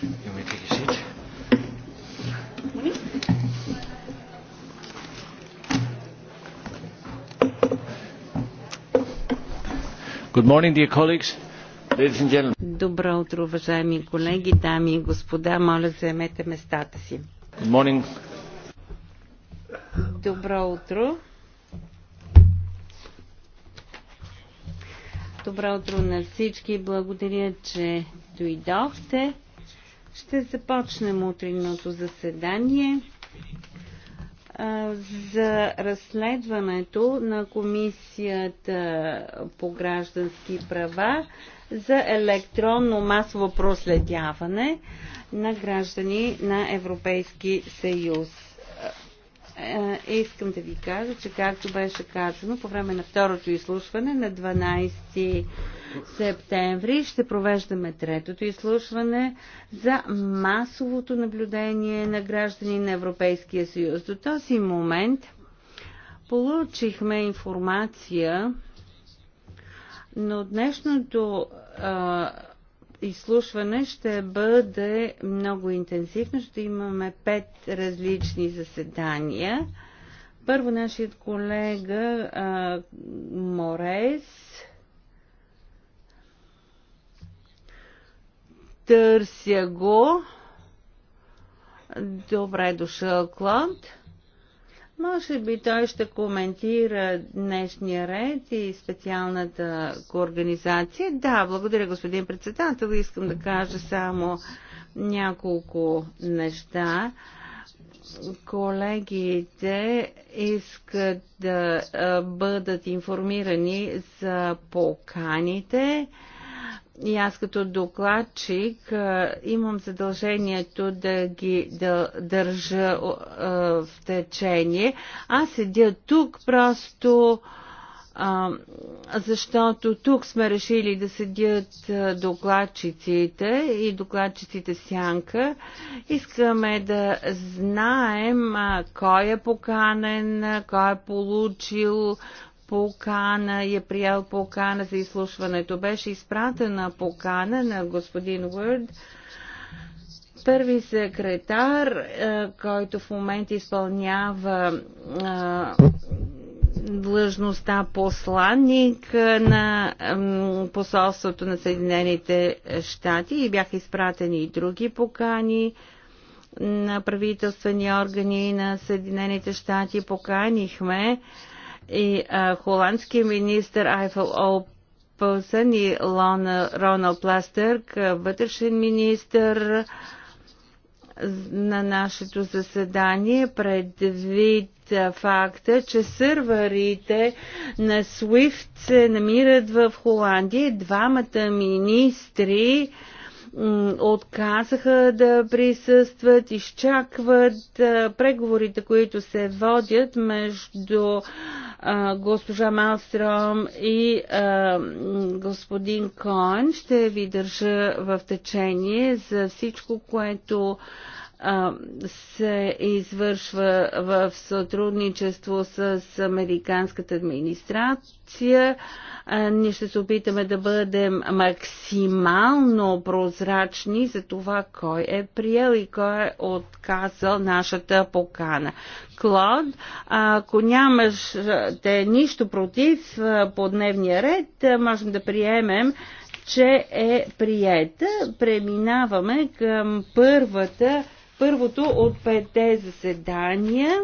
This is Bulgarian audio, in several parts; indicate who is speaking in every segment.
Speaker 1: You may take a seat. Good morning, dear colleagues.
Speaker 2: Добро утро, уважаеми колеги, дами и господа. Моля, заемете местата си. Good morning. Добро утро. Добро утро на всички. Благодаря, че дойдохте. Ще започнем утринното заседание за разследването на Комисията по граждански права за електронно масово проследяване на граждани на Европейски съюз. Е, искам да ви кажа, че както беше казано по време на второто изслушване на 12 септември ще провеждаме третото изслушване за масовото наблюдение на граждани на Европейския съюз. До този момент получихме информация но днешното а, изслушване ще бъде много интензивно. Ще имаме пет различни заседания. Първо нашият колега а, Морес търся го. Добре дошъл, Клод. Може би той ще коментира днешния ред и специалната организация. Да, благодаря господин председател. Искам да кажа само няколко неща. Колегите искат да бъдат информирани за поканите и аз като докладчик имам задължението да ги да, държа в течение. Аз седя тук просто защото тук сме решили да седят докладчиците и докладчиците сянка. Искаме да знаем кой е поканен, кой е получил покана, е приял покана за изслушването. Беше изпратена покана на господин Уърд, първи секретар, е, който в момента изпълнява е, длъжността посланник на посолството на Съединените щати и бяха изпратени и други покани на правителствени органи на Съединените щати. Поканихме и а, холандския министр Айфел Олпълсън и Лона, Ронал Пластърк, вътрешен министр на нашето заседание предвид факта, че сървърите на SWIFT се намират в Холандия. Двамата министри отказаха да присъстват, изчакват преговорите, които се водят между госпожа Малстром и а, господин Коен. Ще ви държа в течение за всичко, което се извършва в сътрудничество с американската администрация. Ние ще се опитаме да бъдем максимално прозрачни за това кой е приел и кой е отказал нашата покана. Клод, ако нямаш те нищо против по дневния ред, можем да приемем че е приета. Преминаваме към първата първото от пете заседания.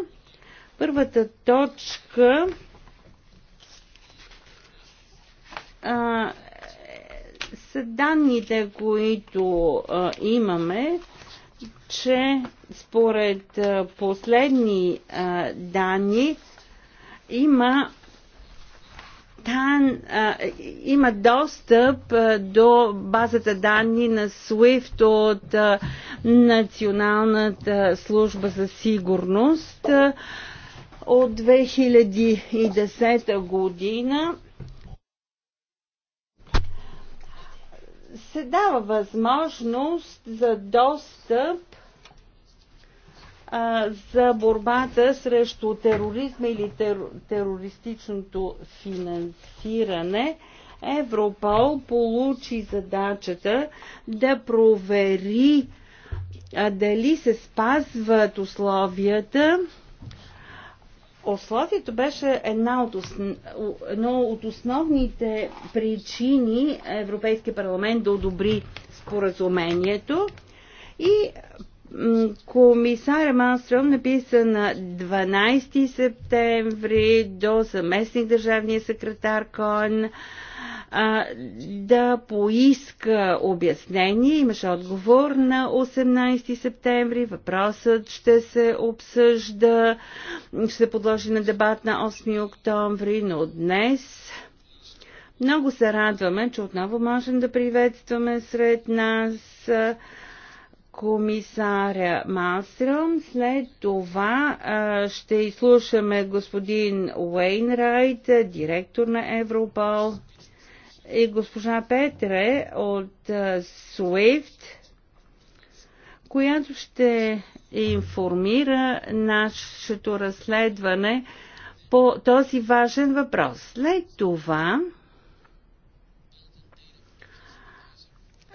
Speaker 2: Първата точка а, са данните, които а, имаме, че според а, последни а, данни има Британ а, има достъп а, до базата данни на SWIFT от а, Националната служба за сигурност а, от 2010 година. се дава възможност за достъп а, за борбата срещу тероризма или тер, терористичното финансиране. Европол получи задачата да провери а, дали се спазват условията. Условието беше една от, основ... едно от основните причини Европейския парламент да одобри споразумението. И Комисар Манстром написа на 12 септември до съместник държавния секретар Кон да поиска обяснение. Имаше отговор на 18 септември. Въпросът ще се обсъжда, ще се подложи на дебат на 8 октомври, но днес много се радваме, че отново можем да приветстваме сред нас комисаря Малстрам. След това а, ще изслушаме господин Уейнрайт, директор на Европол и госпожа Петре от а, SWIFT, която ще информира нашето разследване по този важен въпрос. След това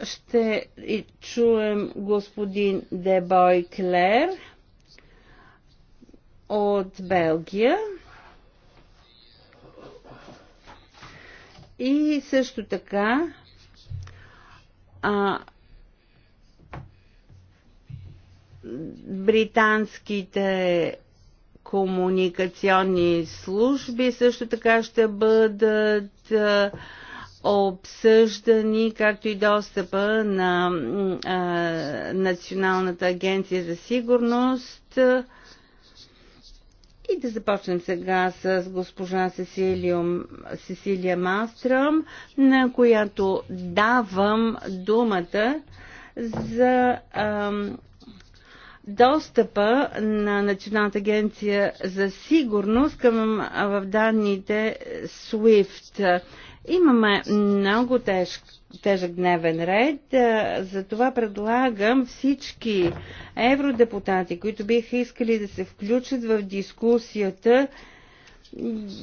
Speaker 2: ще чуем господин Дебой Клер от Белгия. И също така а, британските комуникационни служби също така ще бъдат а, обсъждани, както и достъпа на а, Националната агенция за сигурност. И да започнем сега с госпожа Сесилиум, Сесилия Мастром, на която давам думата за а, достъпа на Националната агенция за сигурност към в данните SWIFT. Имаме много теж, тежък дневен ред. Затова предлагам всички евродепутати, които биха искали да се включат в дискусията,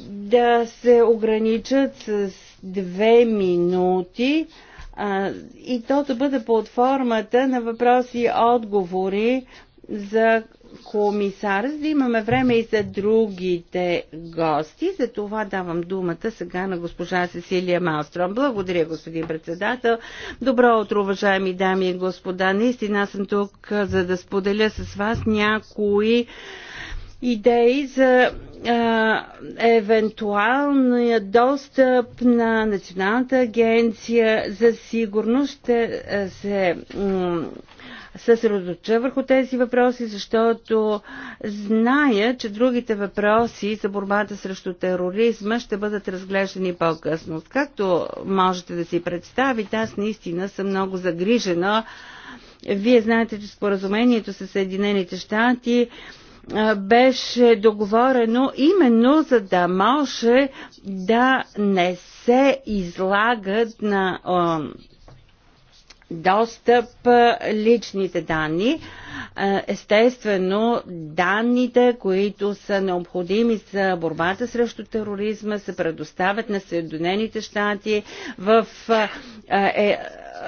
Speaker 2: да се ограничат с две минути и то да бъде под формата на въпроси и отговори за комисар, за да имаме време и за другите гости. За това давам думата сега на госпожа Сесилия Малстром. Благодаря, господин председател. Добро утро, уважаеми дами и господа. Наистина съм тук, за да споделя с вас някои идеи за а, евентуалния достъп на Националната агенция за сигурност. Ще се съсредоточа върху тези въпроси, защото зная, че другите въпроси за борбата срещу тероризма ще бъдат разглеждани по-късно. Както можете да си представите, аз наистина съм много загрижена. Вие знаете, че споразумението с Съединените щати беше договорено именно за да може да не се излагат на достъп личните данни. Естествено, данните, които са необходими за борбата срещу тероризма, се предоставят на Съединените щати в е,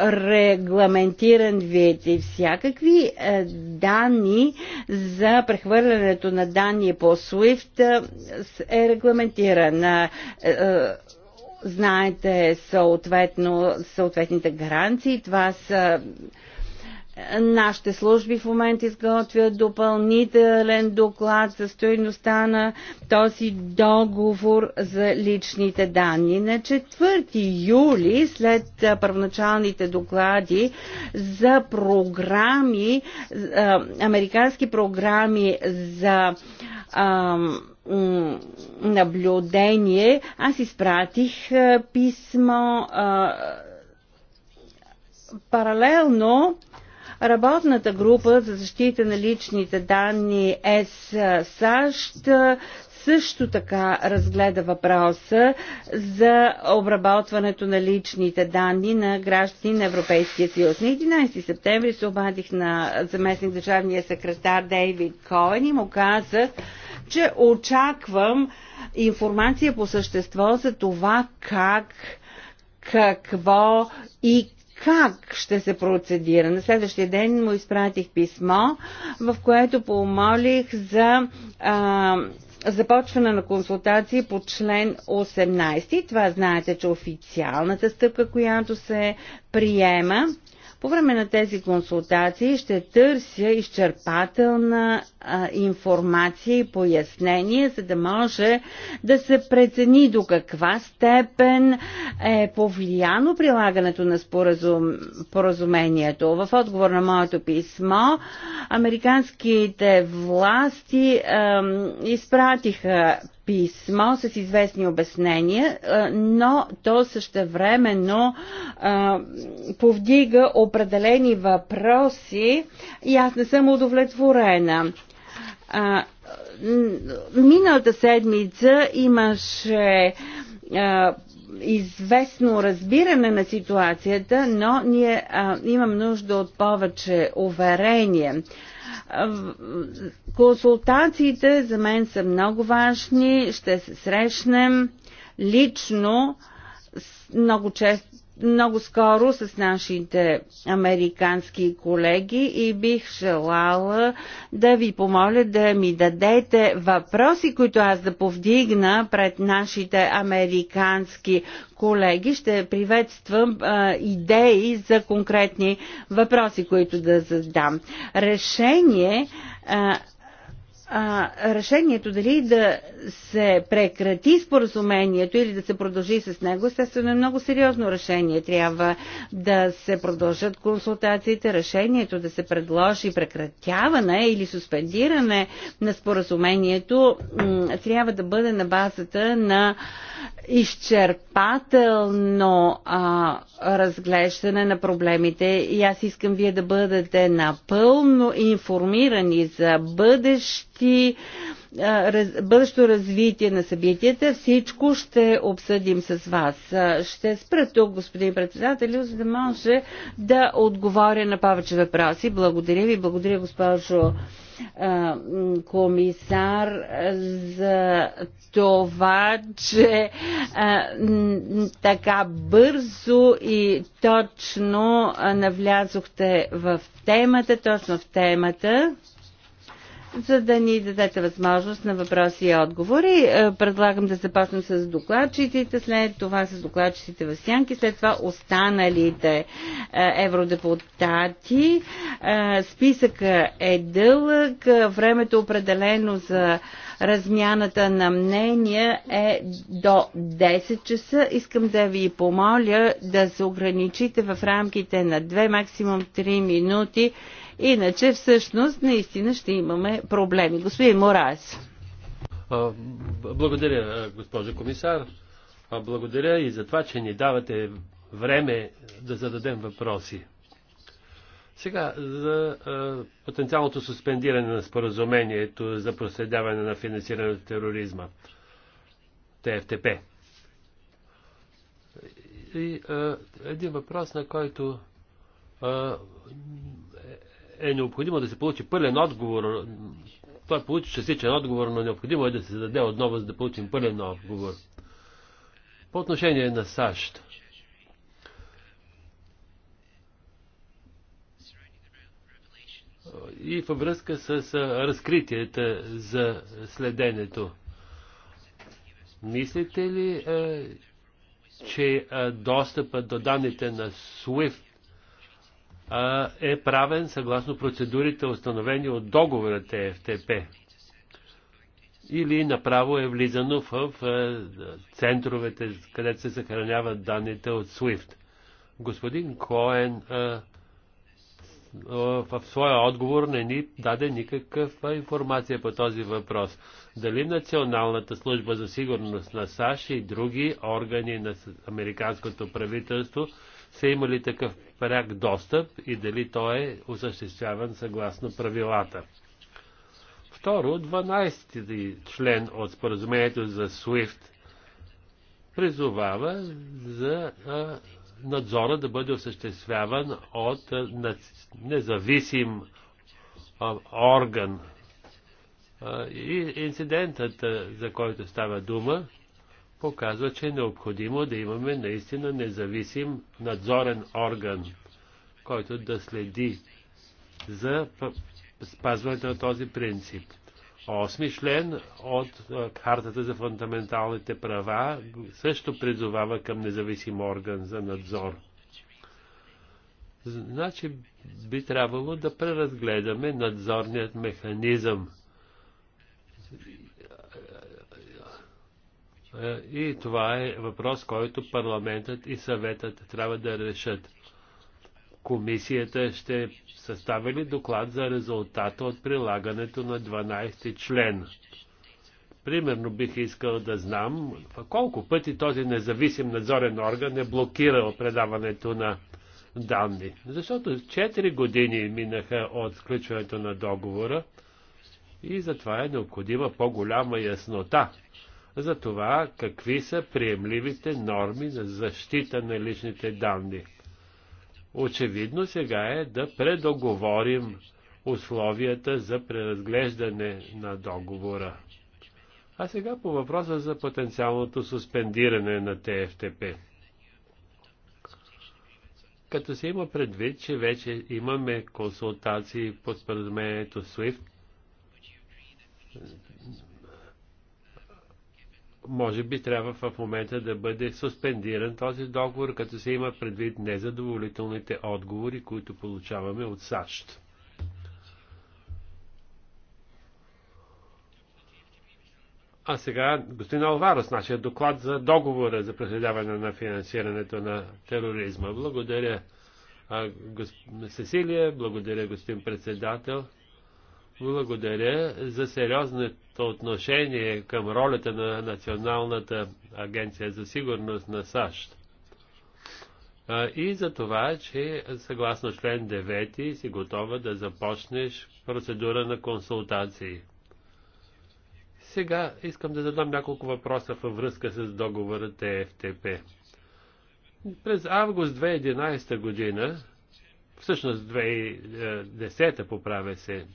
Speaker 2: регламентиран вид и всякакви данни за прехвърлянето на данни по SWIFT е регламентирана знаете съответно, съответните гаранции. Това са е, Нашите служби в момента изготвят допълнителен доклад за стоеността на този договор за личните данни. На 4 юли, след е, първоначалните доклади за програми, е, американски програми за наблюдение, аз изпратих писмо паралелно Работната група за защита на личните данни С. САЩ също така разгледа въпроса за обработването на личните данни на граждани на Европейския съюз. На 11 септември се обадих на заместник държавния секретар Дейвид Коен и му казах, че очаквам информация по същество за това как, какво и как ще се процедира. На следващия ден му изпратих писмо, в което помолих за а, започване на консултации по член 18. Това знаете, че е официалната стъпка, която се приема по време на тези консултации ще търся изчерпателна а, информация и пояснение, за да може да се прецени до каква степен е повлияно прилагането на споразум, споразумението. В отговор на моето писмо, американските власти а, изпратиха писмо с известни обяснения, но то същевременно повдига определени въпроси и аз не съм удовлетворена. миналата седмица имаше известно разбиране на ситуацията, но ние а, имам нужда от повече уверение. Консултациите за мен са много важни. Ще се срещнем лично много често много скоро с нашите американски колеги и бих желала да ви помоля да ми дадете въпроси, които аз да повдигна пред нашите американски колеги. Ще приветствам а, идеи за конкретни въпроси, които да задам. Решение а, а, решението дали да се прекрати споразумението или да се продължи с него, естествено е много сериозно решение. Трябва да се продължат консултациите, решението да се предложи прекратяване или суспендиране на споразумението трябва да бъде на базата на а, изчерпателно а, разглеждане на проблемите и аз искам вие да бъдете напълно информирани за бъдещи а, бъдещо развитие на събитията. Всичко ще обсъдим с вас. Ще спра тук, господин председател, за да може да отговоря на повече въпроси. Благодаря ви, благодаря госпожо комисар за това, че а, така бързо и точно навлязохте в темата, точно в темата за да ни дадете възможност на въпроси и отговори. Е, предлагам да започнем с докладчиците, след това с докладчиците в сянки, след това останалите е, евродепутати. Е, списъка е дълъг, времето определено за размяната на мнения е до 10 часа. Искам да ви помоля да се ограничите в рамките на 2, максимум 3 минути Иначе всъщност наистина ще имаме проблеми. Господин Мораз.
Speaker 1: Благодаря, госпожо комисар. Благодаря и за това, че ни давате време да зададем въпроси. Сега, за а, потенциалното суспендиране на споразумението за проследяване на финансиране на тероризма, ТФТП. И а, един въпрос, на който а, е необходимо да се получи пълен отговор. Той получи частичен отговор, но необходимо е да се даде отново, за да получим пълен отговор. По отношение на САЩ. И във връзка с разкритията за следенето. Мислите ли, че достъпът до данните на SWIFT е правен съгласно процедурите, установени от договора ТФТП. Или направо е влизано в центровете, където се съхраняват данните от SWIFT. Господин Коен в своя отговор не ни даде никаква информация по този въпрос. Дали Националната служба за сигурност на САЩ и други органи на американското правителство са имали такъв пряк достъп и дали той е осъществяван съгласно правилата. Второ, 12-ти член от споразумението за SWIFT призовава за а, надзора да бъде осъществяван от а, независим а, орган. А, и инцидентът, а, за който става дума, показва, че е необходимо да имаме наистина независим надзорен орган, който да следи за спазването на този принцип. Осми член от е, Хартата за фундаменталните права също призовава към независим орган за надзор. Значи би трябвало да преразгледаме надзорният механизъм е, и това е въпрос, който парламентът и съветът трябва да решат. Комисията ще състави ли доклад за резултата от прилагането на 12 член? Примерно бих искал да знам колко пъти този независим надзорен орган е блокирал предаването на данни. Защото 4 години минаха от сключването на договора и затова е необходима по-голяма яснота за това какви са приемливите норми за защита на личните данни. Очевидно сега е да предоговорим условията за преразглеждане на договора. А сега по въпроса за потенциалното суспендиране на ТФТП. Като се има предвид, че вече имаме консултации по споразумението SWIFT, може би трябва в момента да бъде суспендиран този договор, като се има предвид незадоволителните отговори, които получаваме от САЩ. А сега господин Алварос, нашия доклад за договора за преследяване на финансирането на тероризма. Благодаря, госп... Сесилия, благодаря, господин председател. Благодаря за сериозното отношение към ролята на Националната агенция за сигурност на САЩ. И за това, че съгласно член 9 си готова да започнеш процедура на консултации. Сега искам да задам няколко въпроса във връзка с договора ТФТП. През август 2011 година, всъщност 2010 поправя се,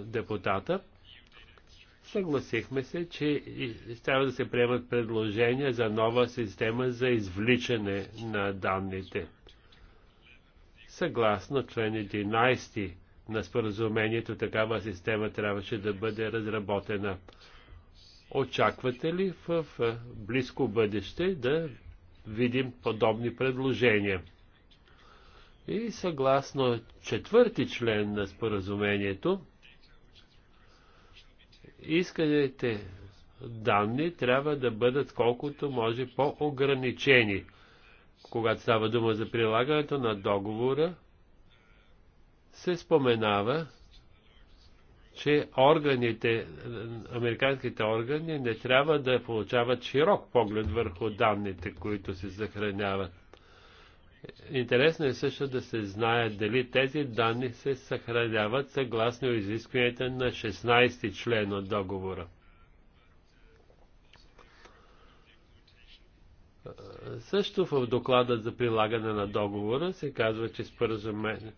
Speaker 1: депутата, съгласихме се, че трябва да се приемат предложения за нова система за извличане на данните. Съгласно член 11 на споразумението, такава система трябваше да бъде разработена. Очаквате ли в близко бъдеще да видим подобни предложения? И съгласно четвърти член на споразумението, исканите данни трябва да бъдат колкото може по-ограничени, когато става дума за прилагането на договора, се споменава, че органите, американските органи не трябва да получават широк поглед върху данните, които се съхраняват. Интересно е също да се знае дали тези данни се съхраняват съгласно изискванията на 16 член от договора. Също в доклада за прилагане на договора се казва, че споразумение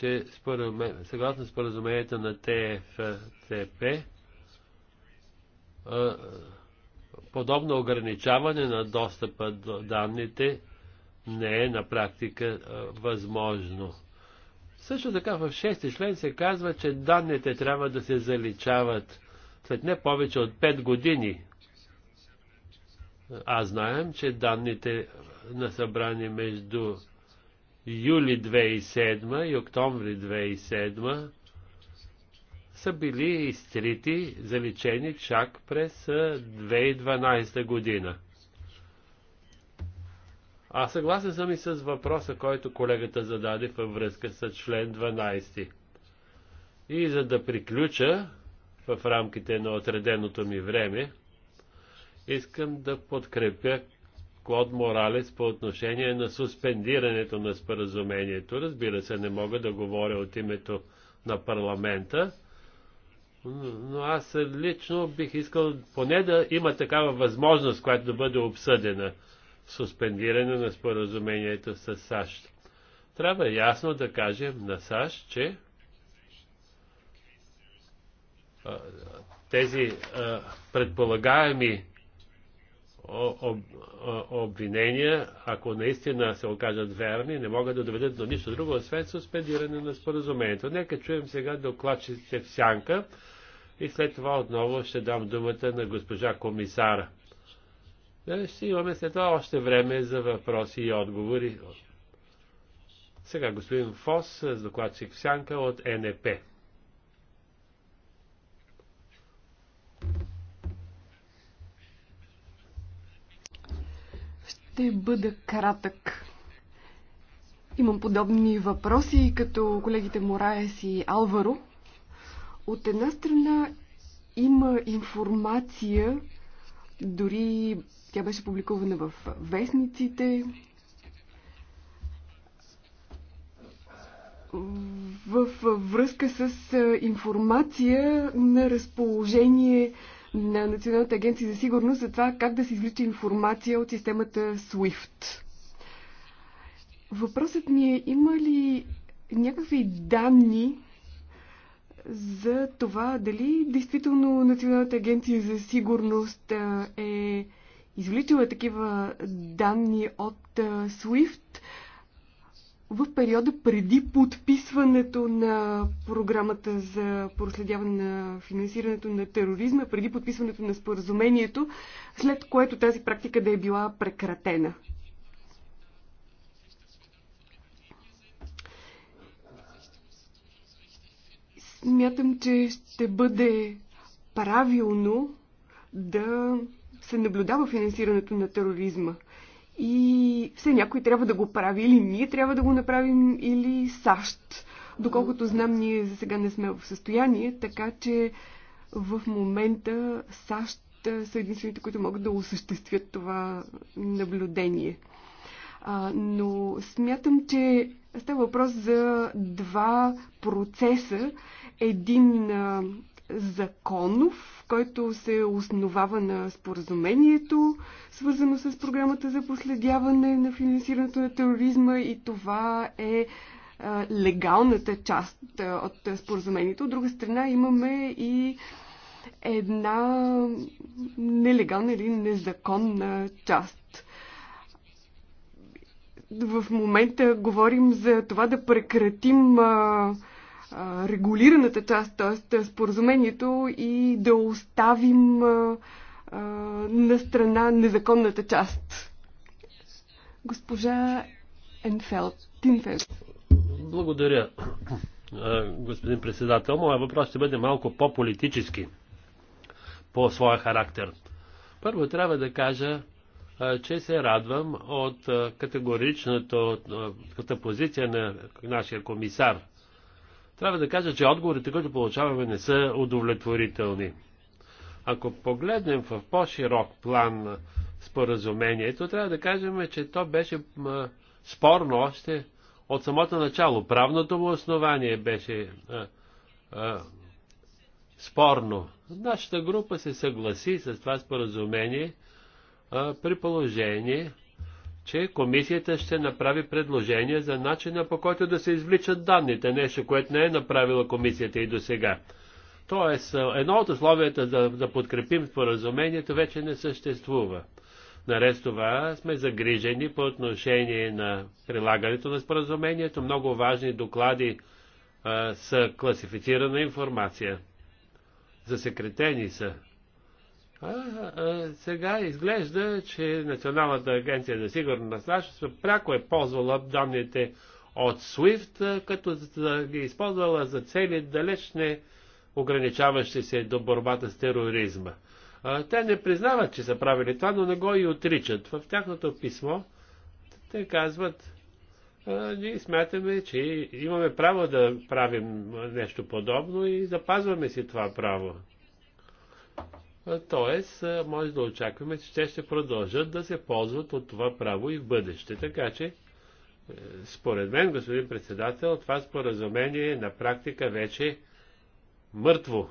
Speaker 1: че споразумение, съгласно споразумението на ТФЦП, подобно ограничаване на достъпа до данните не е на практика а, възможно. Също така в 6 член се казва, че данните трябва да се заличават след не повече от 5 години. Аз знаем, че данните на събрани между юли 2007 и октомври 2007 са били изтрити, заличени чак през 2012 година. А съгласен съм и с въпроса, който колегата зададе във връзка с член 12. И за да приключа в рамките на отреденото ми време, искам да подкрепя Клод Моралес по отношение на суспендирането на споразумението. Разбира се, не мога да говоря от името на парламента, но аз лично бих искал поне да има такава възможност, която да бъде обсъдена – суспендиране на споразумението с САЩ. Трябва ясно да кажем на САЩ, че тези предполагаеми обвинения, ако наистина се окажат верни, не могат да доведат до нищо друго, освен суспендиране на споразумението. Нека чуем сега докладчиците в сянка и след това отново ще дам думата на госпожа комисара. Нали, ще имаме след това още време за въпроси и отговори. Сега господин Фос, с докладчик в Сянка от НЕП.
Speaker 3: Ще бъда кратък. Имам подобни въпроси, като колегите Мораес и Алваро. От една страна има информация, дори тя беше публикувана в вестниците. В връзка с информация на разположение на Националната агенция за сигурност за това как да се извлича информация от системата SWIFT. Въпросът ми е, има ли някакви данни за това дали действително Националната агенция за сигурност е извличала такива данни от SWIFT в периода преди подписването на програмата за проследяване на финансирането на тероризма, преди подписването на споразумението, след което тази практика да е била прекратена. Смятам, че ще бъде правилно да се наблюдава финансирането на тероризма. И все някой трябва да го прави. Или ние трябва да го направим, или САЩ. Доколкото знам, ние за сега не сме в състояние, така че в момента САЩ са единствените, които могат да осъществят това наблюдение. А, но смятам, че става въпрос за два процеса един законов, който се основава на споразумението, свързано с програмата за последяване на финансирането на тероризма и това е легалната част от споразумението. От друга страна имаме и една нелегална или незаконна част. В момента говорим за това да прекратим а, регулираната част, т.е. споразумението и да оставим на страна незаконната част. Госпожа Енфелд, Тинфелд.
Speaker 1: Благодаря, господин председател. Моя въпрос ще бъде малко по-политически по своя характер. Първо трябва да кажа, че се радвам от категоричната позиция на нашия комисар трябва да кажа, че отговорите, които получаваме, не са удовлетворителни. Ако погледнем в по-широк план споразумението, трябва да кажем, че то беше спорно още от самото начало. Правното му основание беше а, а, спорно. Нашата група се съгласи с това споразумение а, при положение, че комисията ще направи предложение за начина по който да се извличат данните, нещо, което не е направила комисията и до сега. Тоест, едно от условията да, да подкрепим споразумението вече не съществува. Наред с това сме загрижени по отношение на прилагането на споразумението. Много важни доклади а, са класифицирана информация. Засекретени са. А, а, сега изглежда, че Националната агенция за сигурност на САЩ пряко е ползвала данните от SWIFT, като ги използвала за цели далеч не ограничаващи се до борбата с тероризма. А, те не признават, че са правили това, но не го и отричат. В тяхното писмо те казват, ние смятаме, че имаме право да правим нещо подобно и запазваме си това право. Тоест, може да очакваме, че те ще продължат да се ползват от това право и в бъдеще. Така че, е, според мен, господин председател, това споразумение е на практика вече мъртво.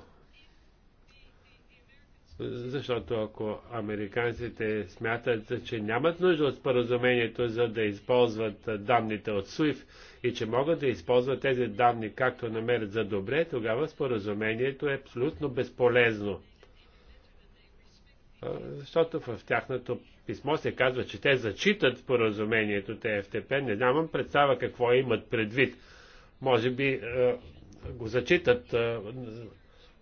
Speaker 1: Защото ако американците смятат, че нямат нужда от споразумението, за да използват данните от SWIFT и че могат да използват тези данни както намерят за добре, тогава споразумението е абсолютно безполезно защото в тяхното писмо се казва, че те зачитат споразумението ТФТП. Не знам представа какво имат предвид. Може би го зачитат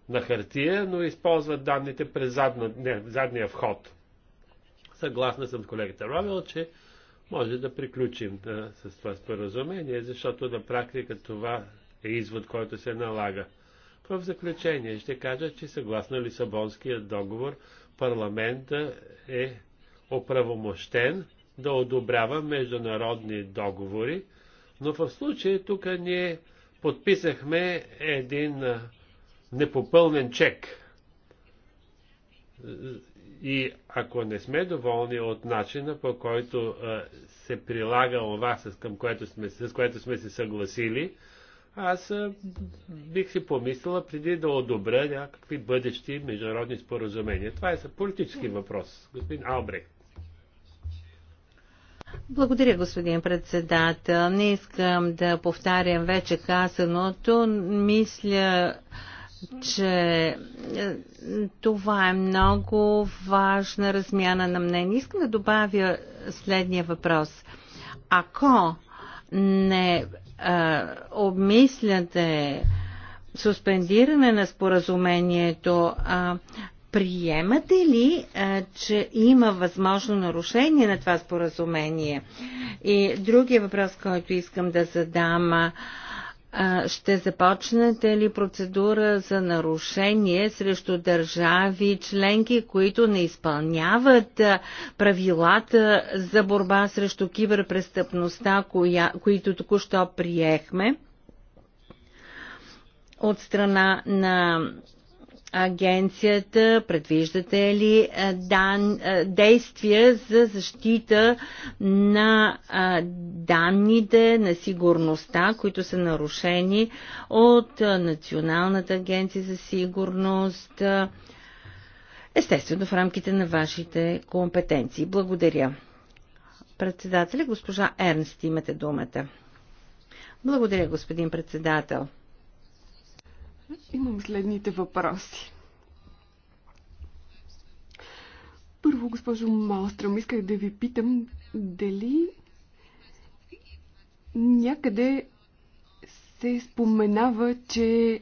Speaker 1: на хартия, но използват данните през задна, не, задния вход. Съгласна съм с колегата Ровел, че може да приключим да, с това споразумение, защото на практика това е извод, който се налага. В заключение ще кажа, че съгласно Лисабонския договор парламента е оправомощен да одобрява международни договори, но в случая тук ние подписахме един непопълнен чек. И ако не сме доволни от начина, по който се прилага това, с, към което сме, с което сме се съгласили, аз бих си помислила преди да одобря някакви бъдещи международни споразумения. Това е политически въпрос. Господин Албрек.
Speaker 2: Благодаря, господин председател. Не искам да повтарям вече казаното. Мисля, че е, това е много важна размяна на мнение. Искам да добавя следния въпрос. Ако не обмисляте суспендиране на споразумението, а, Приемате ли, а, че има възможно нарушение на това споразумение? И другия въпрос, който искам да задам, а, ще започнете ли процедура за нарушение срещу държави членки, които не изпълняват правилата за борба срещу киберпрестъпността, коя, които току-що приехме от страна на агенцията? Предвиждате ли дан, действия за защита на данните, на сигурността, които са нарушени от Националната агенция за сигурност? Естествено, в рамките на вашите компетенции. Благодаря. Председателя, госпожа Ернст, имате думата. Благодаря, господин председател.
Speaker 3: Имам следните въпроси. Първо, госпожо Малстрам, исках да ви питам дали някъде се споменава, че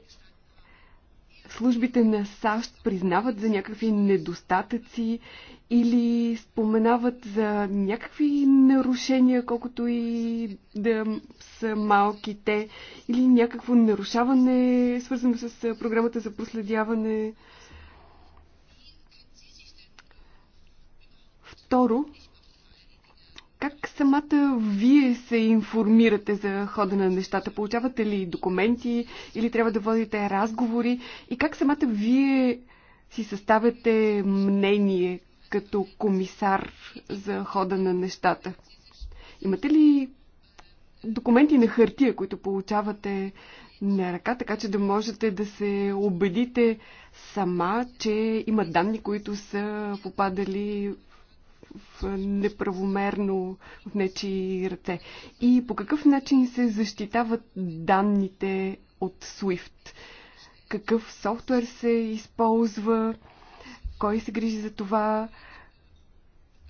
Speaker 3: службите на САЩ признават за някакви недостатъци или споменават за някакви нарушения, колкото и да са малки те, или някакво нарушаване, свързано с програмата за проследяване. Второ, как самата вие се информирате за хода на нещата? Получавате ли документи или трябва да водите разговори? И как самата вие си съставяте мнение като комисар за хода на нещата? Имате ли документи на хартия, които получавате на ръка, така че да можете да се убедите сама, че има данни, които са попадали в неправомерно в нечи ръце? И по какъв начин се защитават данните от SWIFT? Какъв софтуер се използва? Кой се грижи за това?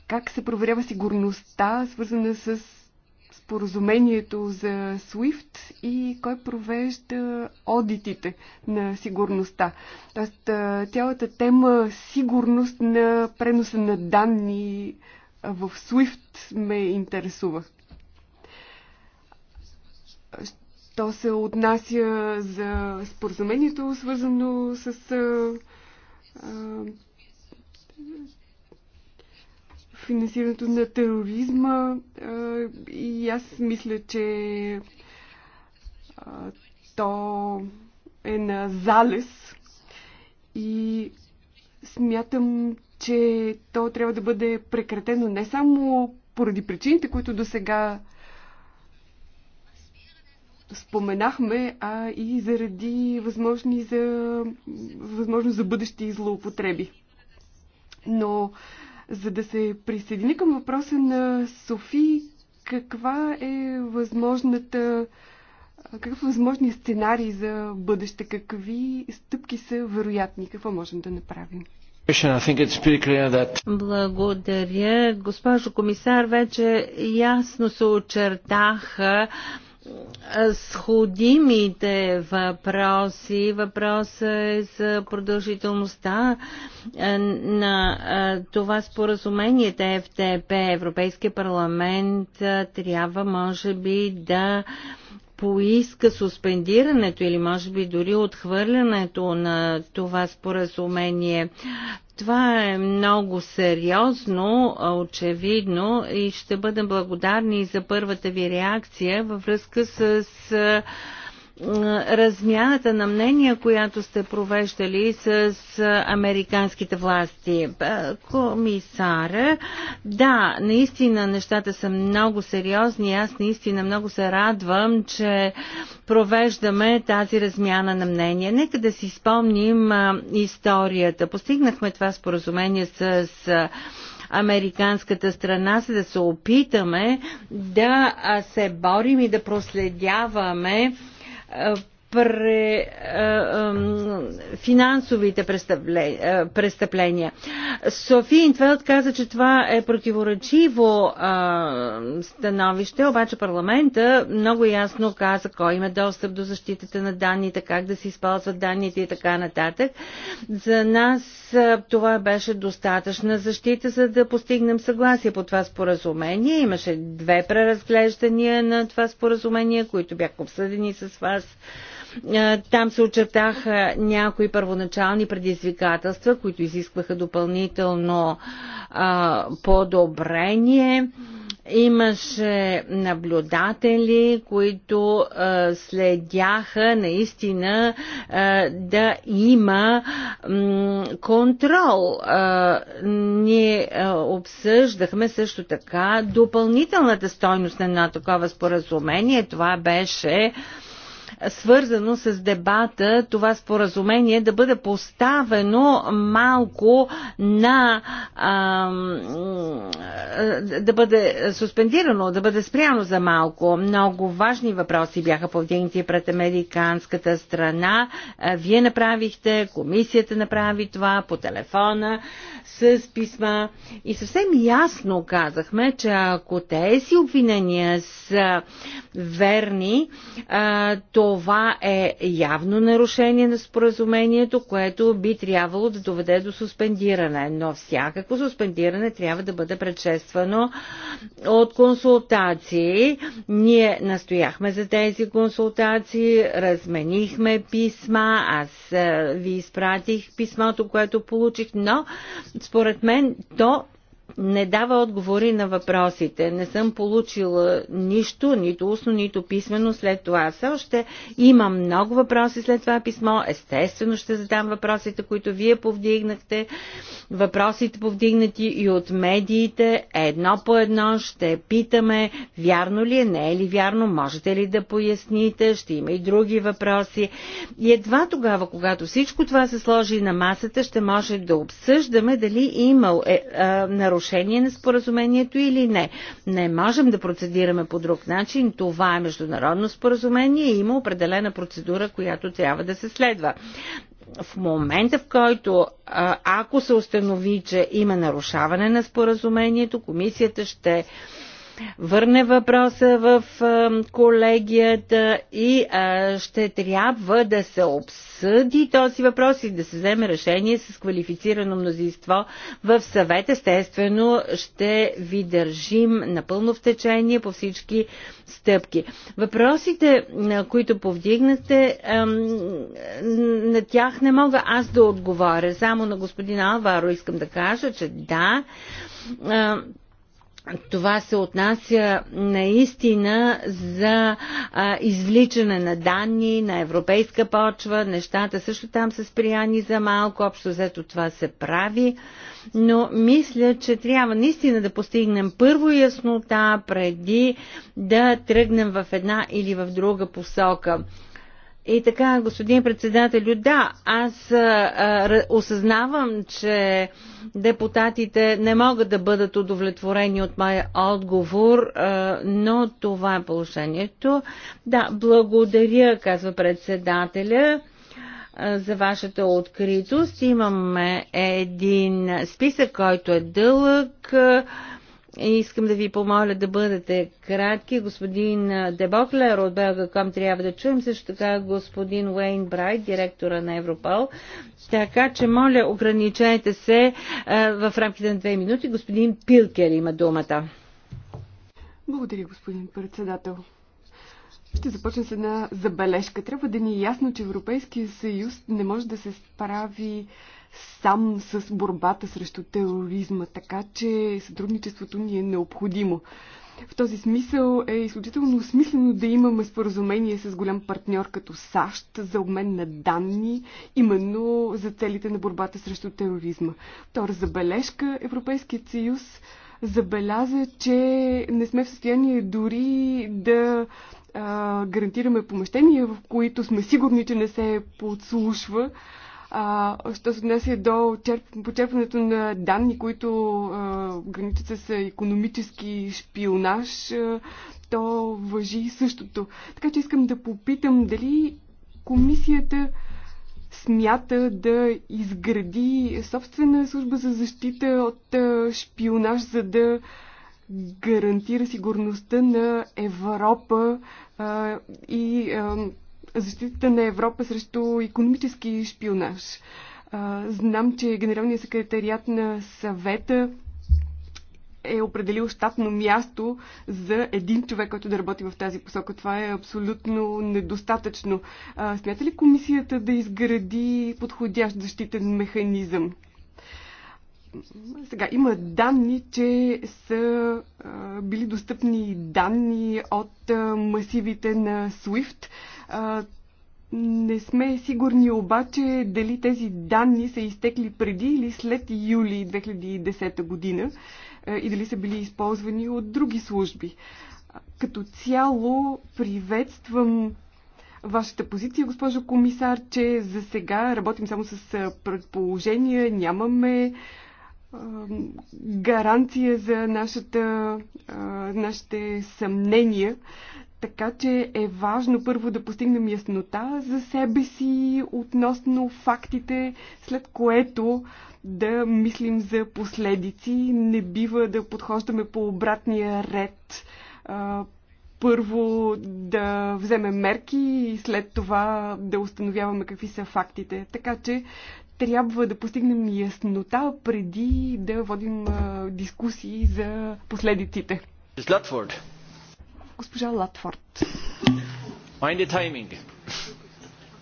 Speaker 3: Как се проверява сигурността, свързана с споразумението за SWIFT и кой провежда одитите на сигурността. Тоест, цялата тема сигурност на преноса на данни в SWIFT ме интересува. То се отнася за споразумението, свързано с финансирането на тероризма и аз мисля, че то е на залез и смятам, че то трябва да бъде прекратено не само поради причините, които до сега споменахме, а и заради възможни за, възможно за бъдещи злоупотреби. Но за да се присъедини към въпроса на Софи, каква е възможната какъв е възможният сценарий за бъдеще? Какви стъпки са вероятни? Какво можем да направим?
Speaker 2: Благодаря. Госпожо комисар, вече ясно се очертаха сходимите въпроси. Въпросът е за продължителността е, на е, това споразумение е ТФТП. Европейския парламент трябва, може би, да поиска суспендирането или може би дори отхвърлянето на това споразумение. Това е много сериозно, очевидно и ще бъдем благодарни за първата ви реакция във връзка с размяната на мнения, която сте провеждали с американските власти. Е, комисара, да, наистина нещата са много сериозни. Аз наистина много се радвам, че провеждаме тази размяна на мнения. Нека да си спомним е, историята. Постигнахме това споразумение с американската страна, за да се опитаме да се борим и да проследяваме а, е, пре, финансовите престъпления. София Интвелд каза, че това е противоречиво становище, обаче парламента много ясно каза кой има достъп до защитата на данните, как да се използват данните и така нататък. За нас това беше достатъчна защита, за да постигнем съгласие по това споразумение. Имаше две преразглеждания на това споразумение, които бяха обсъдени с вас е, там се очертаха някои първоначални предизвикателства, които изискваха допълнително подобрение. Имаше наблюдатели, които а, следяха наистина а, да има м, контрол. А, ние а, обсъждахме също така допълнителната стойност на едно такова споразумение. Това беше а, свързано с дебата това споразумение да бъде поставено малко на а, да бъде суспендирано, да бъде спряно за малко. Много важни въпроси бяха повдигнати пред американската страна. Вие направихте, комисията направи това по телефона с писма и съвсем ясно казахме, че ако тези обвинения са верни, то това е явно нарушение на споразумението, което би трябвало да доведе до суспендиране, но всякакво суспендиране трябва да бъде предшествано от консултации. Ние настояхме за тези консултации, разменихме писма, аз е, ви изпратих писмото, което получих, но според мен то не дава отговори на въпросите. Не съм получила нищо, нито устно, нито писмено след това. Все още имам много въпроси след това писмо. Естествено ще задам въпросите, които вие повдигнахте. Въпросите повдигнати и от медиите. Едно по едно ще питаме вярно ли е, не е ли вярно, можете ли да поясните, ще има и други въпроси. И едва тогава, когато всичко това се сложи на масата, ще може да обсъждаме дали имал е, е, нарушение нарушение на споразумението или не. Не можем да процедираме по друг начин. Това е международно споразумение и има определена процедура, която трябва да се следва в момента, в който ако се установи, че има нарушаване на споразумението, комисията ще върне въпроса в колегията и ще трябва да се обсъди този въпрос и да се вземе решение с квалифицирано мнозинство в съвет. Естествено, ще ви държим напълно в течение по всички стъпки. Въпросите, на които повдигнахте, на тях не мога аз да отговоря. Само на господин Алваро искам да кажа, че да, това се отнася наистина за а, извличане на данни на европейска почва. Нещата също там са сприяни за малко. Общо взето това се прави. Но мисля, че трябва наистина да постигнем първо яснота преди да тръгнем в една или в друга посока. И така, господин председател, да, аз а, осъзнавам, че депутатите не могат да бъдат удовлетворени от моя отговор, а, но това е положението. Да, благодаря, казва председателя за вашата откритост. Имаме един списък, който е дълъг. А, Искам да ви помоля да бъдете кратки. Господин Дебоклер от Белгаком трябва да чуем също така господин Уейн Брайт, директора на Европол. Така че, моля, ограничайте се в рамките на две минути. Господин Пилкер има думата.
Speaker 3: Благодаря, господин председател. Ще започна с една забележка. Трябва да ни е ясно, че Европейския съюз не може да се справи сам с борбата срещу тероризма, така че сътрудничеството ни е необходимо. В този смисъл е изключително смислено да имаме споразумение с голям партньор като САЩ за обмен на данни, именно за целите на борбата срещу тероризма. Втора забележка Европейският съюз забеляза, че не сме в състояние дори да а, гарантираме помещения, в които сме сигурни, че не се подслушва. А, що се отнася до почерпването на данни, които а, граничат с економически шпионаж, а, то въжи същото. Така че искам да попитам дали комисията смята да изгради собствена служба за защита от шпионаж, за да гарантира сигурността на Европа а, и а, защитата на Европа срещу економически шпионаж. Знам, че Генералният секретариат на съвета е определил щатно място за един човек, който да работи в тази посока. Това е абсолютно недостатъчно. Смята ли комисията да изгради подходящ защитен механизъм? сега, има данни, че са а, били достъпни данни от а, масивите на SWIFT. А, не сме сигурни обаче дали тези данни са изтекли преди или след юли 2010 година а, и дали са били използвани от други служби. А, като цяло приветствам вашата позиция, госпожо комисар, че за сега работим само с предположения, нямаме гаранция за нашата, нашите съмнения. Така че е важно първо да постигнем яснота за себе си относно фактите, след което да мислим за последици. Не бива да подхождаме по обратния ред. Първо да вземем мерки и след това да установяваме какви са фактите. Така че трябва да постигнем яснота преди да водим дискусии за последиците. Госпожа Латфорд.
Speaker 1: Mind the timing.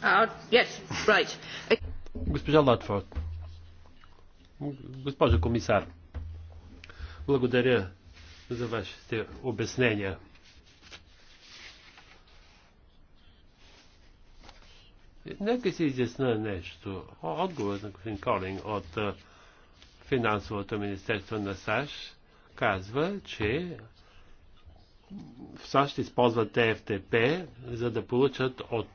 Speaker 3: Uh, yes, right.
Speaker 1: Госпожа Латфорд. Госпожа комисар. Благодаря за вашите обяснения. Нека си изясна нещо. Отговорът на господин Колинг от финансовото министерство на САЩ казва, че в САЩ използват ТФТП, за да получат от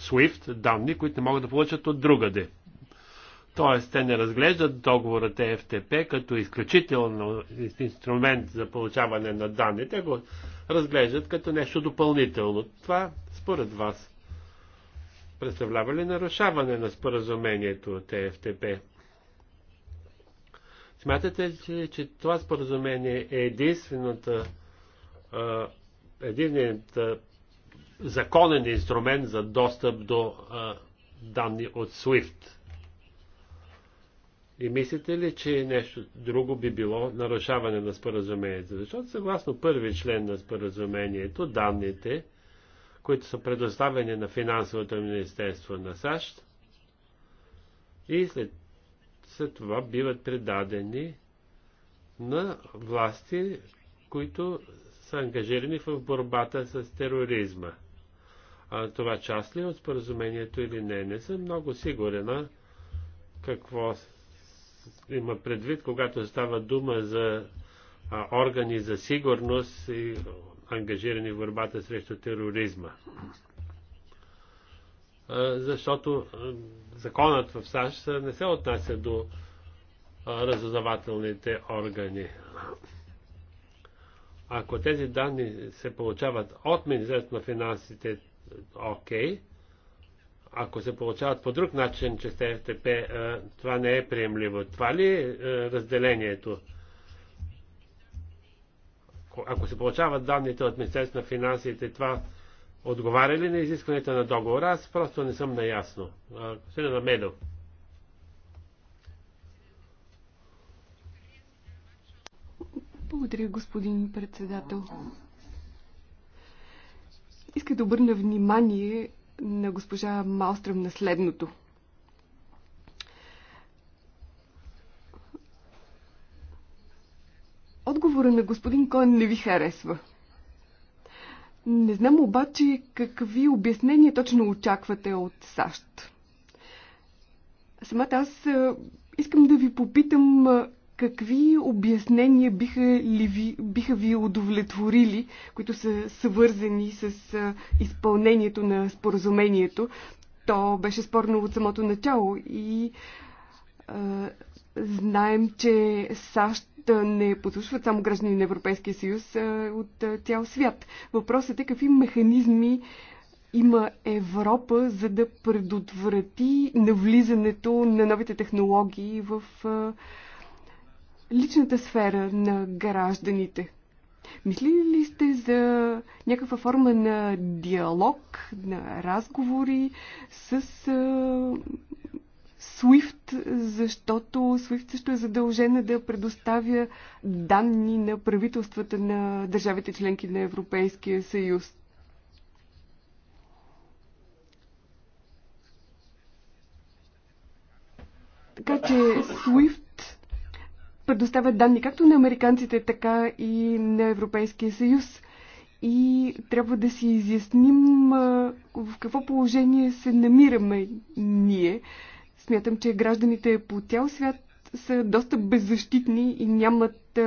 Speaker 1: SWIFT данни, които не могат да получат от другаде. Тоест, те не разглеждат договора ТФТП като изключително инструмент за получаване на данни. Те го разглеждат като нещо допълнително. Това, според вас, представлява ли нарушаване на споразумението от ТФТП? Смятате ли, че това споразумение е единствената, единственият законен инструмент за достъп до данни от SWIFT? И мислите ли, че нещо друго би било нарушаване на споразумението? Защото съгласно първи член на споразумението, данните, които са предоставени на финансовото министерство на САЩ и след, след това биват предадени на власти, които са ангажирани в борбата с тероризма. А това част ли е от споразумението или не? Не съм много сигурена какво има предвид, когато става дума за органи за сигурност и ангажирани в борбата срещу тероризма. Защото законът в САЩ не се отнася до разузнавателните органи. Ако тези данни се получават от Министерството на финансите, окей. Ако се получават по друг начин че сте ФТП, това не е приемливо. Това ли е разделението? ако, ако се получават данните от Министерство на финансите, това отговаря ли на изискването на договора? Аз просто не съм наясно. Се на Медо.
Speaker 3: Благодаря, господин председател. Иска да обърна внимание на госпожа Малстръм на следното – Отговора на господин Коен не ви харесва. Не знам обаче какви обяснения точно очаквате от САЩ. Самата аз искам да ви попитам какви обяснения биха, ли ви, биха ви удовлетворили, които са свързани с изпълнението на споразумението. То беше спорно от самото начало и а, знаем, че САЩ да не подслушват само граждани на Европейския съюз а, от а, цял свят. Въпросът е какви механизми има Европа, за да предотврати навлизането на новите технологии в а, личната сфера на гражданите. Мислили ли сте за някаква форма на диалог, на разговори с а, SWIFT, защото SWIFT също е задължена да предоставя данни на правителствата на държавите членки на Европейския съюз. Така че SWIFT предоставя данни както на американците, така и на Европейския съюз. И трябва да си изясним в какво положение се намираме ние Смятам, че гражданите по цял свят са доста беззащитни и нямат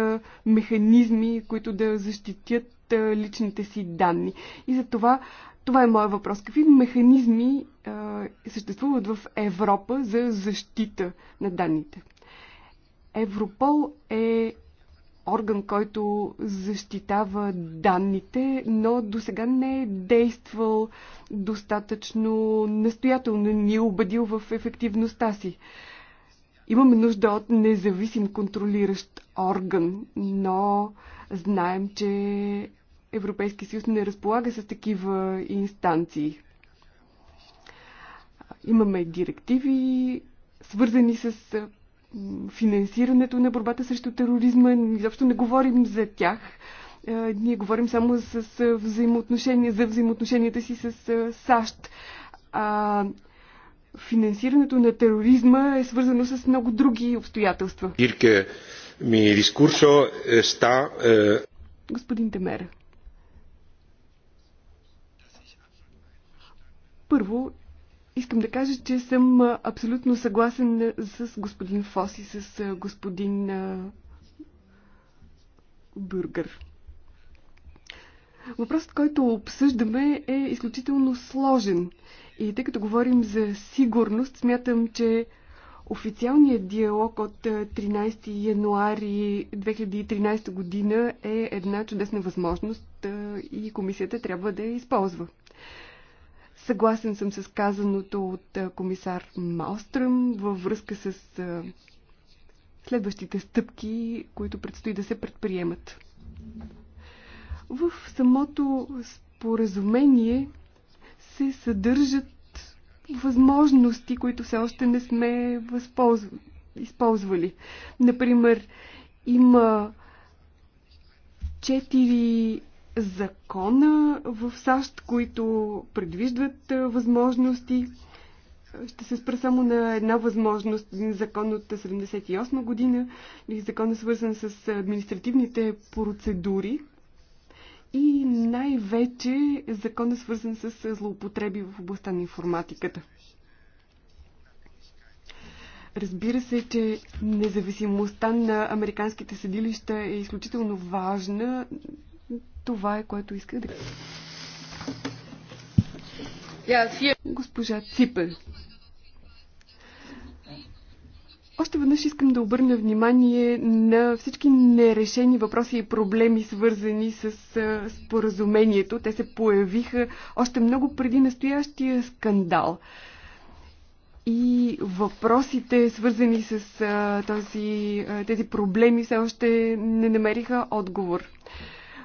Speaker 3: механизми, които да защитят личните си данни. И за това, това е моят въпрос. Какви механизми а, съществуват в Европа за защита на данните? Европол е орган, който защитава данните, но до сега не е действал достатъчно настоятелно, ни е убедил в ефективността си. Имаме нужда от независим контролиращ орган, но знаем, че Европейски съюз не разполага с такива инстанции. Имаме директиви, свързани с финансирането на борбата срещу тероризма. Изобщо не говорим за тях. Ние говорим само с взаимоотношения, за взаимоотношенията си с САЩ. А, финансирането на тероризма е свързано с много други обстоятелства. Ирке, ми дискурсо е ста... Е- Господин Темер. Първо, Искам да кажа, че съм абсолютно съгласен с господин Фос и с господин Бюргър. Въпросът, който обсъждаме, е изключително сложен. И тъй като говорим за сигурност, смятам, че официалният диалог от 13 януари 2013 година е една чудесна възможност и комисията трябва да я използва. Съгласен съм с казаното от комисар Малстръм във връзка с следващите стъпки, които предстои да се предприемат. В самото споразумение се съдържат възможности, които все още не сме възползв... използвали. Например, има четири закона в САЩ, които предвиждат възможности. Ще се спра само на една възможност. закон от 1978 година, закон е свързан с административните процедури и най-вече закон е свързан с злоупотреби в областта на информатиката. Разбира се, че независимостта на американските съдилища е изключително важна това е което иска да кажа. Госпожа Ципер. Още веднъж искам да обърна внимание на всички нерешени въпроси и проблеми, свързани с споразумението. Те се появиха още много преди настоящия скандал. И въпросите, свързани с този, тези проблеми, все още не намериха отговор.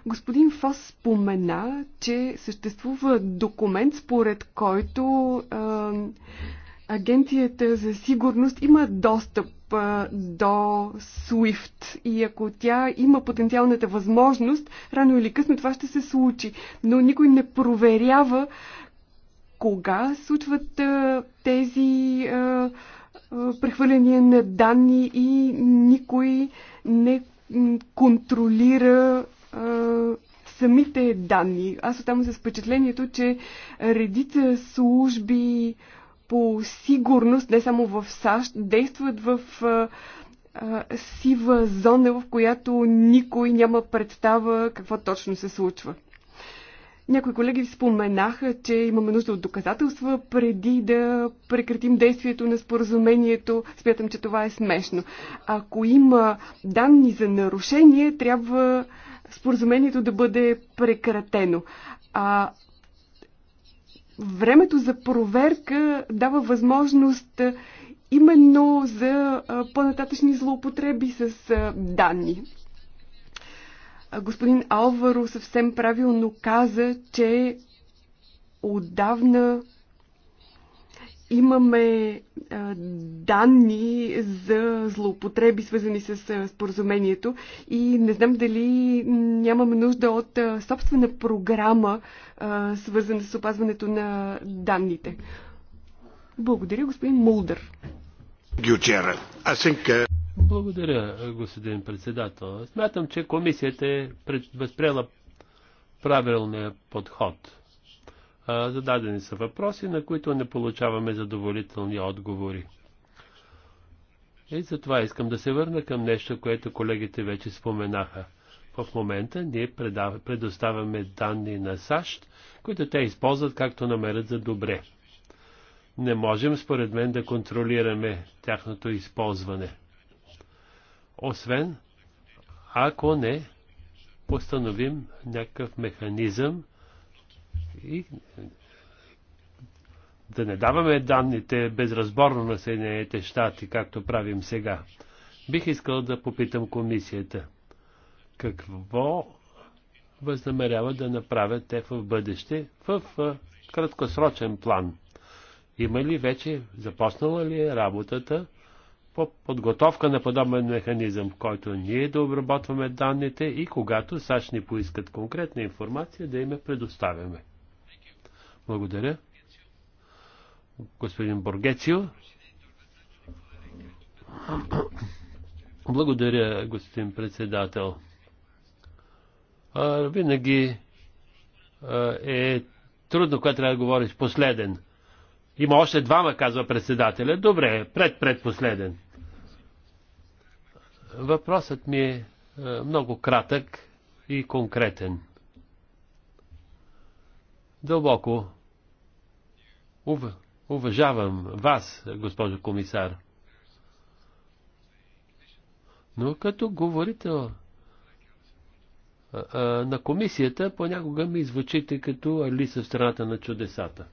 Speaker 3: Господин Фос спомена, че съществува документ, според който а, Агенцията за сигурност има достъп а, до SWIFT и ако тя има потенциалната възможност, рано или късно това ще се случи. Но никой не проверява кога случват а, тези а, а, прехвърляния на данни и никой не контролира самите данни. Аз оставам с впечатлението, че редица служби по сигурност, не само в САЩ, действат в а, а, сива зона, в която никой няма представа какво точно се случва. Някои колеги споменаха, че имаме нужда от доказателства преди да прекратим действието на споразумението. Смятам, че това е смешно. Ако има данни за нарушение, трябва споразумението да бъде прекратено. А времето за проверка дава възможност именно за по-нататъчни злоупотреби с данни. Господин Алваро съвсем правилно каза, че отдавна имаме данни за злоупотреби, свързани с споразумението и не знам дали нямаме нужда от собствена програма, свързана с опазването на данните. Благодаря, господин Мулдър.
Speaker 1: Благодаря, господин председател. Смятам, че комисията е възприела правилния подход – Зададени са въпроси, на които не получаваме задоволителни отговори. И затова искам да се върна към нещо, което колегите вече споменаха. В момента ние предоставяме данни на САЩ, които те използват както намерят за добре. Не можем, според мен, да контролираме тяхното използване. Освен, ако не постановим някакъв механизъм, и е, да не даваме данните безразборно на Съединените щати, както правим сега. Бих искал да попитам комисията. Какво възнамерява да направят те в бъдеще в е, краткосрочен план? Има ли вече, започнала ли е работата по подготовка на подобен механизъм, в който ние да обработваме данните и когато САЩ ни поискат конкретна информация, да им я предоставяме? Благодаря. Господин Боргецио. Благодаря, господин председател. А, винаги а, е трудно, когато трябва да говориш последен. Има още двама, казва председателя. Добре, пред предпоследен. Въпросът ми е много кратък и конкретен. Дълбоко Ув... Уважавам вас, госпожо комисар. Но като говорител а, а, на комисията, понякога ми звучите като Алиса в страната на чудесата.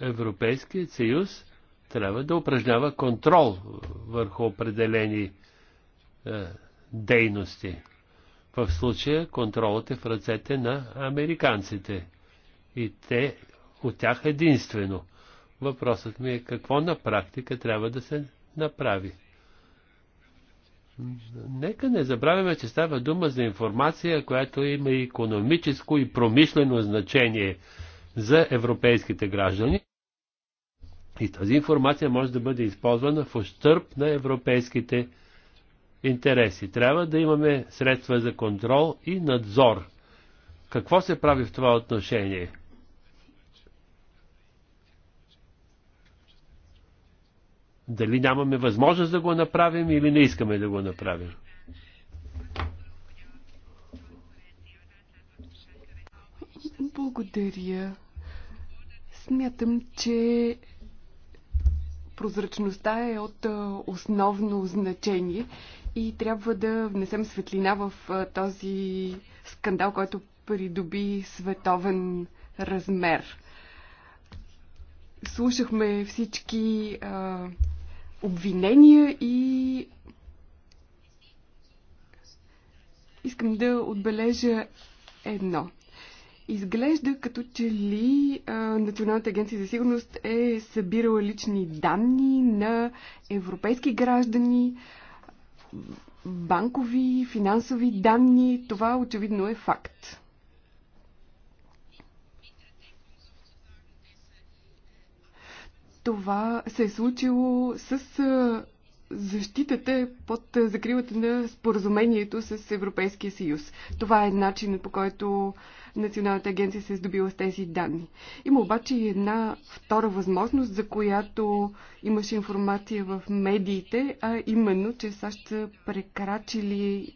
Speaker 1: Европейският съюз трябва да упражнява контрол върху определени е, дейности. В случая контролът е в ръцете на американците и те от тях единствено. Въпросът ми е какво на практика трябва да се направи. Нека не забравяме, че става дума за информация, която има и економическо и промишлено значение за европейските граждани. И тази информация може да бъде използвана в ощърп на европейските граждани интереси. Трябва да имаме средства за контрол и надзор. Какво се прави в това отношение? Дали нямаме възможност да го направим или не искаме да го направим?
Speaker 3: Благодаря. Смятам, че прозрачността е от основно значение и трябва да внесем светлина в този скандал, който придоби световен размер. Слушахме всички а, обвинения и искам да отбележа едно. Изглежда като че ли а, Националната агенция за сигурност е събирала лични данни на европейски граждани, банкови, финансови данни. Това очевидно е факт. Това се е случило с защитата под закривата на споразумението с Европейския съюз. Това е начинът по който Националната агенция се е здобила с тези данни. Има обаче и една втора възможност, за която имаше информация в медиите, а именно, че САЩ са прекрачили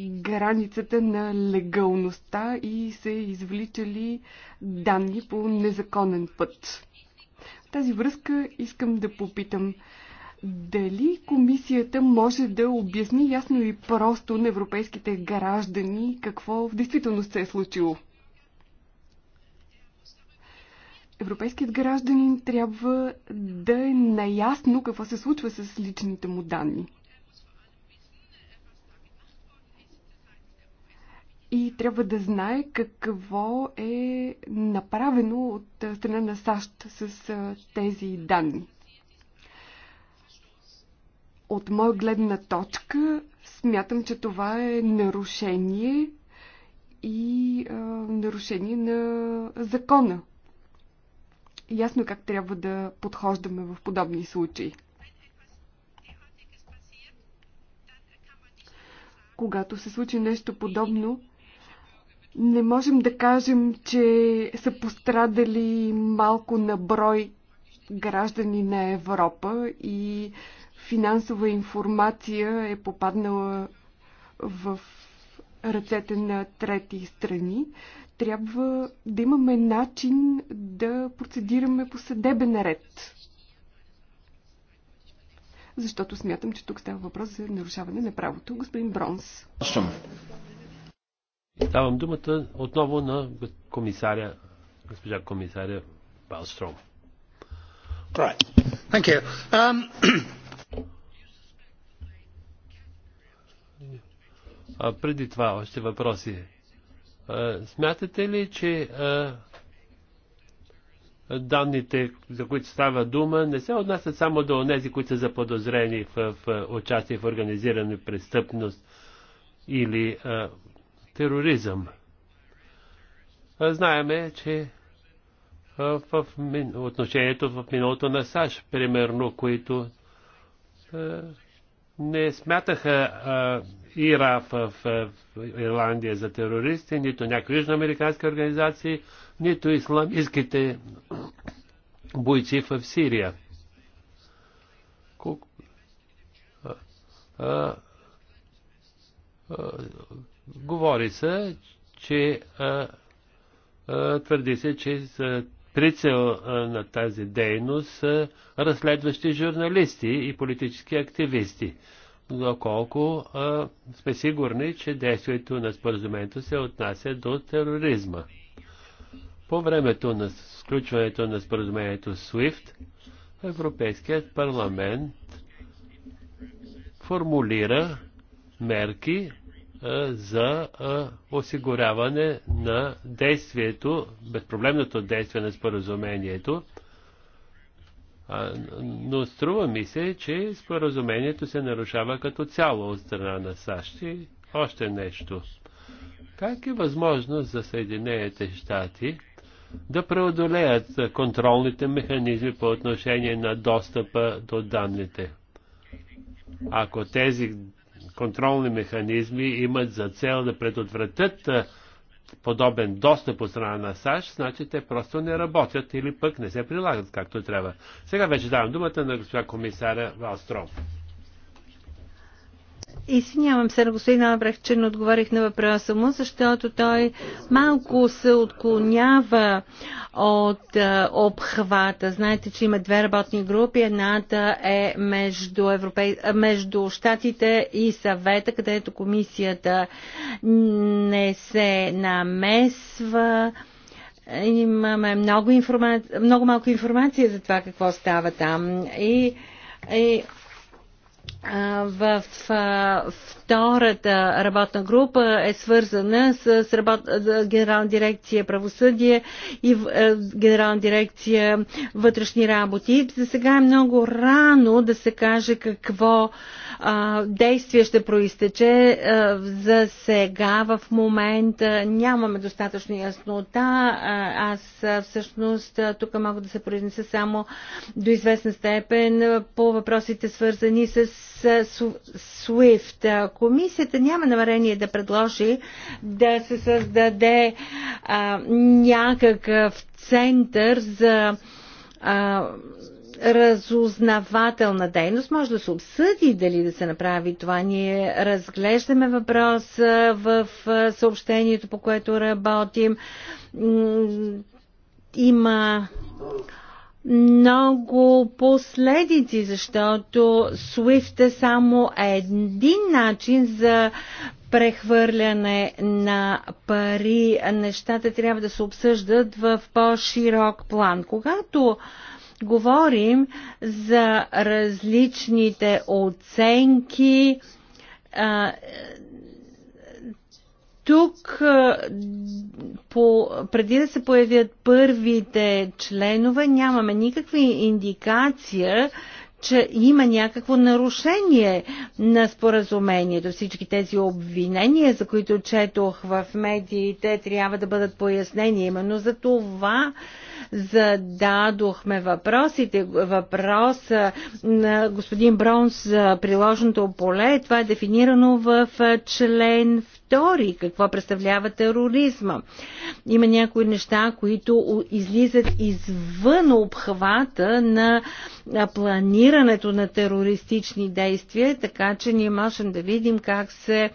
Speaker 3: границата на легалността и се извличали данни по незаконен път. В тази връзка искам да попитам, дали комисията може да обясни ясно и просто на европейските граждани какво в действителност се е случило? Европейският гражданин трябва да е наясно какво се случва с личните му данни. и трябва да знае какво е направено от страна на САЩ с тези данни. От моя гледна точка смятам, че това е нарушение и а, нарушение на закона. Ясно как трябва да подхождаме в подобни случаи. Когато се случи нещо подобно, не можем да кажем, че са пострадали малко на брой граждани на Европа и финансова информация е попаднала в ръцете на трети страни, трябва да имаме начин да процедираме по съдебен ред. Защото смятам, че тук става въпрос за нарушаване на правото. Господин Бронс.
Speaker 1: Давам думата отново на комисаря, госпожа комисаря Балстром. Right.
Speaker 2: Thank you. Um...
Speaker 1: А, преди това още въпроси. А, смятате ли, че а, данните, за които става дума, не се отнасят само до тези, които са заподозрени в, в участие в организирана престъпност или а, тероризъм? А, знаеме, че а, в отношението в миналото на САЩ, примерно, които а, не смятаха а, ИРА в, в, в Ирландия за терористи, нито някои южноамерикански организации, нито исламистските бойци в Сирия. Кук... А, а, а, говори се, че а, а, твърди се, че прицел на тази дейност са разследващи журналисти и политически активисти, доколко а, сме сигурни, че действието на споразумението се отнася до тероризма. По времето на сключването на споразумението SWIFT, Европейският парламент формулира мерки за осигуряване на действието, безпроблемното действие на споразумението. Но струва ми се, че споразумението се нарушава като цяло от страна на САЩ и още нещо. Как е възможно за Съединените щати да преодолеят контролните механизми по отношение на достъпа до данните? Ако тези контролни механизми имат за цел да предотвратят подобен достъп от страна на САЩ, значи те просто не работят или пък не се прилагат както трябва. Сега вече давам думата на госпожа комисара Валстром.
Speaker 2: Извинявам се на господин Албрех, че не отговорих на въпроса му, защото той малко се отклонява от а, е, обхвата. Знаете, че има две работни групи. Едната е между, Европей... между Штатите и съвета, където комисията не се намесва. Имаме много, информа, много малко информация за това какво става там. И, и в втората работна група е свързана с Генерална дирекция правосъдие и Генерална дирекция вътрешни работи. За сега е много рано да се каже какво действие ще проистече. за сега, в момента, нямаме достатъчно яснота. Аз всъщност тук мога да се произнеса само до известна степен по въпросите свързани с SWIFT. Комисията няма намерение да предложи да се създаде а, някакъв център за а, разузнавателна дейност. Може да се обсъди дали да се направи това. Ние разглеждаме въпроса в съобщението, по което работим. Има много последици, защото SWIFT е само един начин за прехвърляне на пари. Нещата трябва да се обсъждат в по-широк план. Когато говорим за различните оценки, тук, по, преди да се появят първите членове, нямаме никаква индикация, че има някакво нарушение на споразумението. Всички тези обвинения, за които четох в медиите, трябва да бъдат пояснени. Именно за това зададохме въпросите. Въпрос на господин Бронс за приложното поле. Това е дефинирано в член теории, какво представлява тероризма. Има някои неща, които излизат извън обхвата на планирането на терористични действия, така че ние можем да видим как се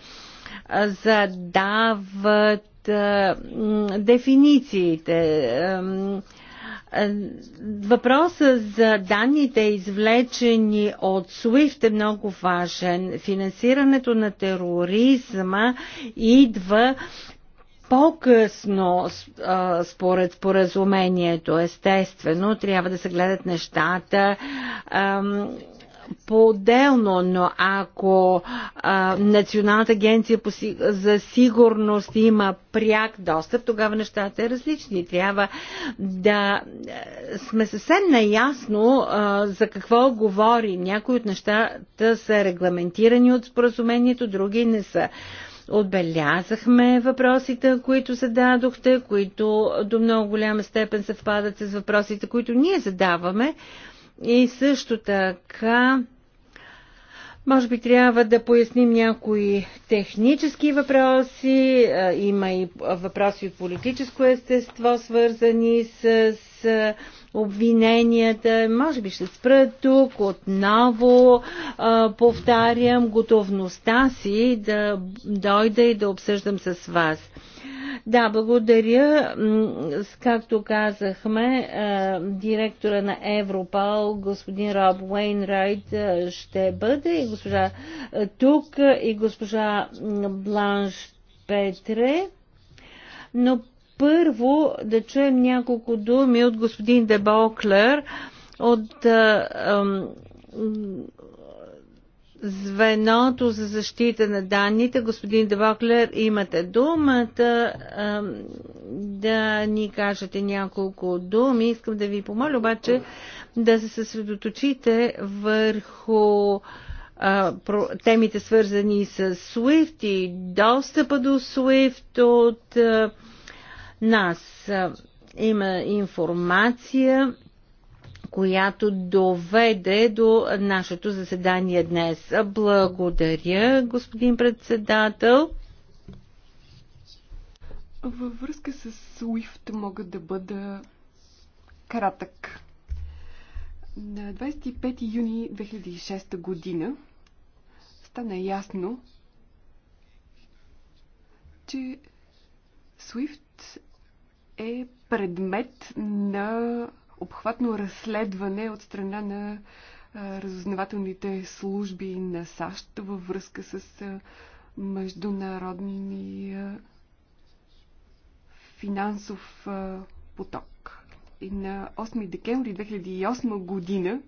Speaker 2: задават дефинициите е, Въпросът за данните, извлечени от SWIFT, е много важен. Финансирането на тероризма идва по-късно, според споразумението, естествено, трябва да се гледат нещата по-отделно, но ако а, Националната агенция по, за сигурност има пряк достъп, тогава нещата е различни. Трябва да сме съвсем наясно а, за какво говори. Някои от нещата са регламентирани от споразумението, други не са. Отбелязахме въпросите, които зададохте, които до много голяма степен съвпадат с въпросите, които ние задаваме. И също така, може би трябва да поясним някои технически въпроси. Има и въпроси от политическо естество, свързани с обвиненията. Може би ще спра тук отново. А, повтарям готовността си да дойда и да обсъждам с вас. Да, благодаря. Както казахме, директора на Европол, господин Роб Уейнрайт ще бъде и госпожа тук и госпожа Бланш Петре. Но първо да чуем няколко думи от господин Дебоклер от а, ам, звеното за защита на данните. Господин Дебоклер, имате думата ам, да ни кажете няколко думи. Искам да ви помоля обаче да се съсредоточите върху темите свързани с SWIFT и достъпа до SWIFT от нас. Има информация, която доведе до нашето заседание днес. Благодаря, господин председател.
Speaker 3: Във връзка с SWIFT мога да бъда кратък. На 25 юни 2006 година стана ясно, че SWIFT е предмет на обхватно разследване от страна на разузнавателните служби на САЩ във връзка с международни финансов поток. И на 8 декември 2008 година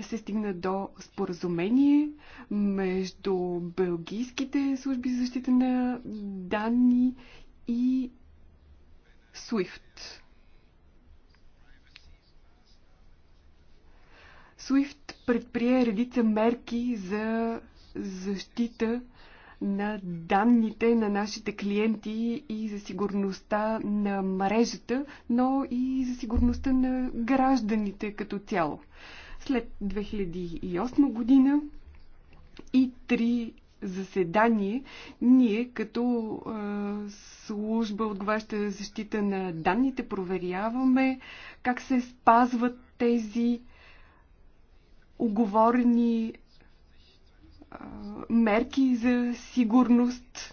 Speaker 3: се стигна до споразумение между белгийските служби за защита на данни и SWIFT. SWIFT предприе редица мерки за защита на данните на нашите клиенти и за сигурността на мрежата, но и за сигурността на гражданите като цяло. След 2008 година и три заседание ние като е, служба отговаряща за защита на данните проверяваме как се спазват тези оговорени е, мерки за сигурност.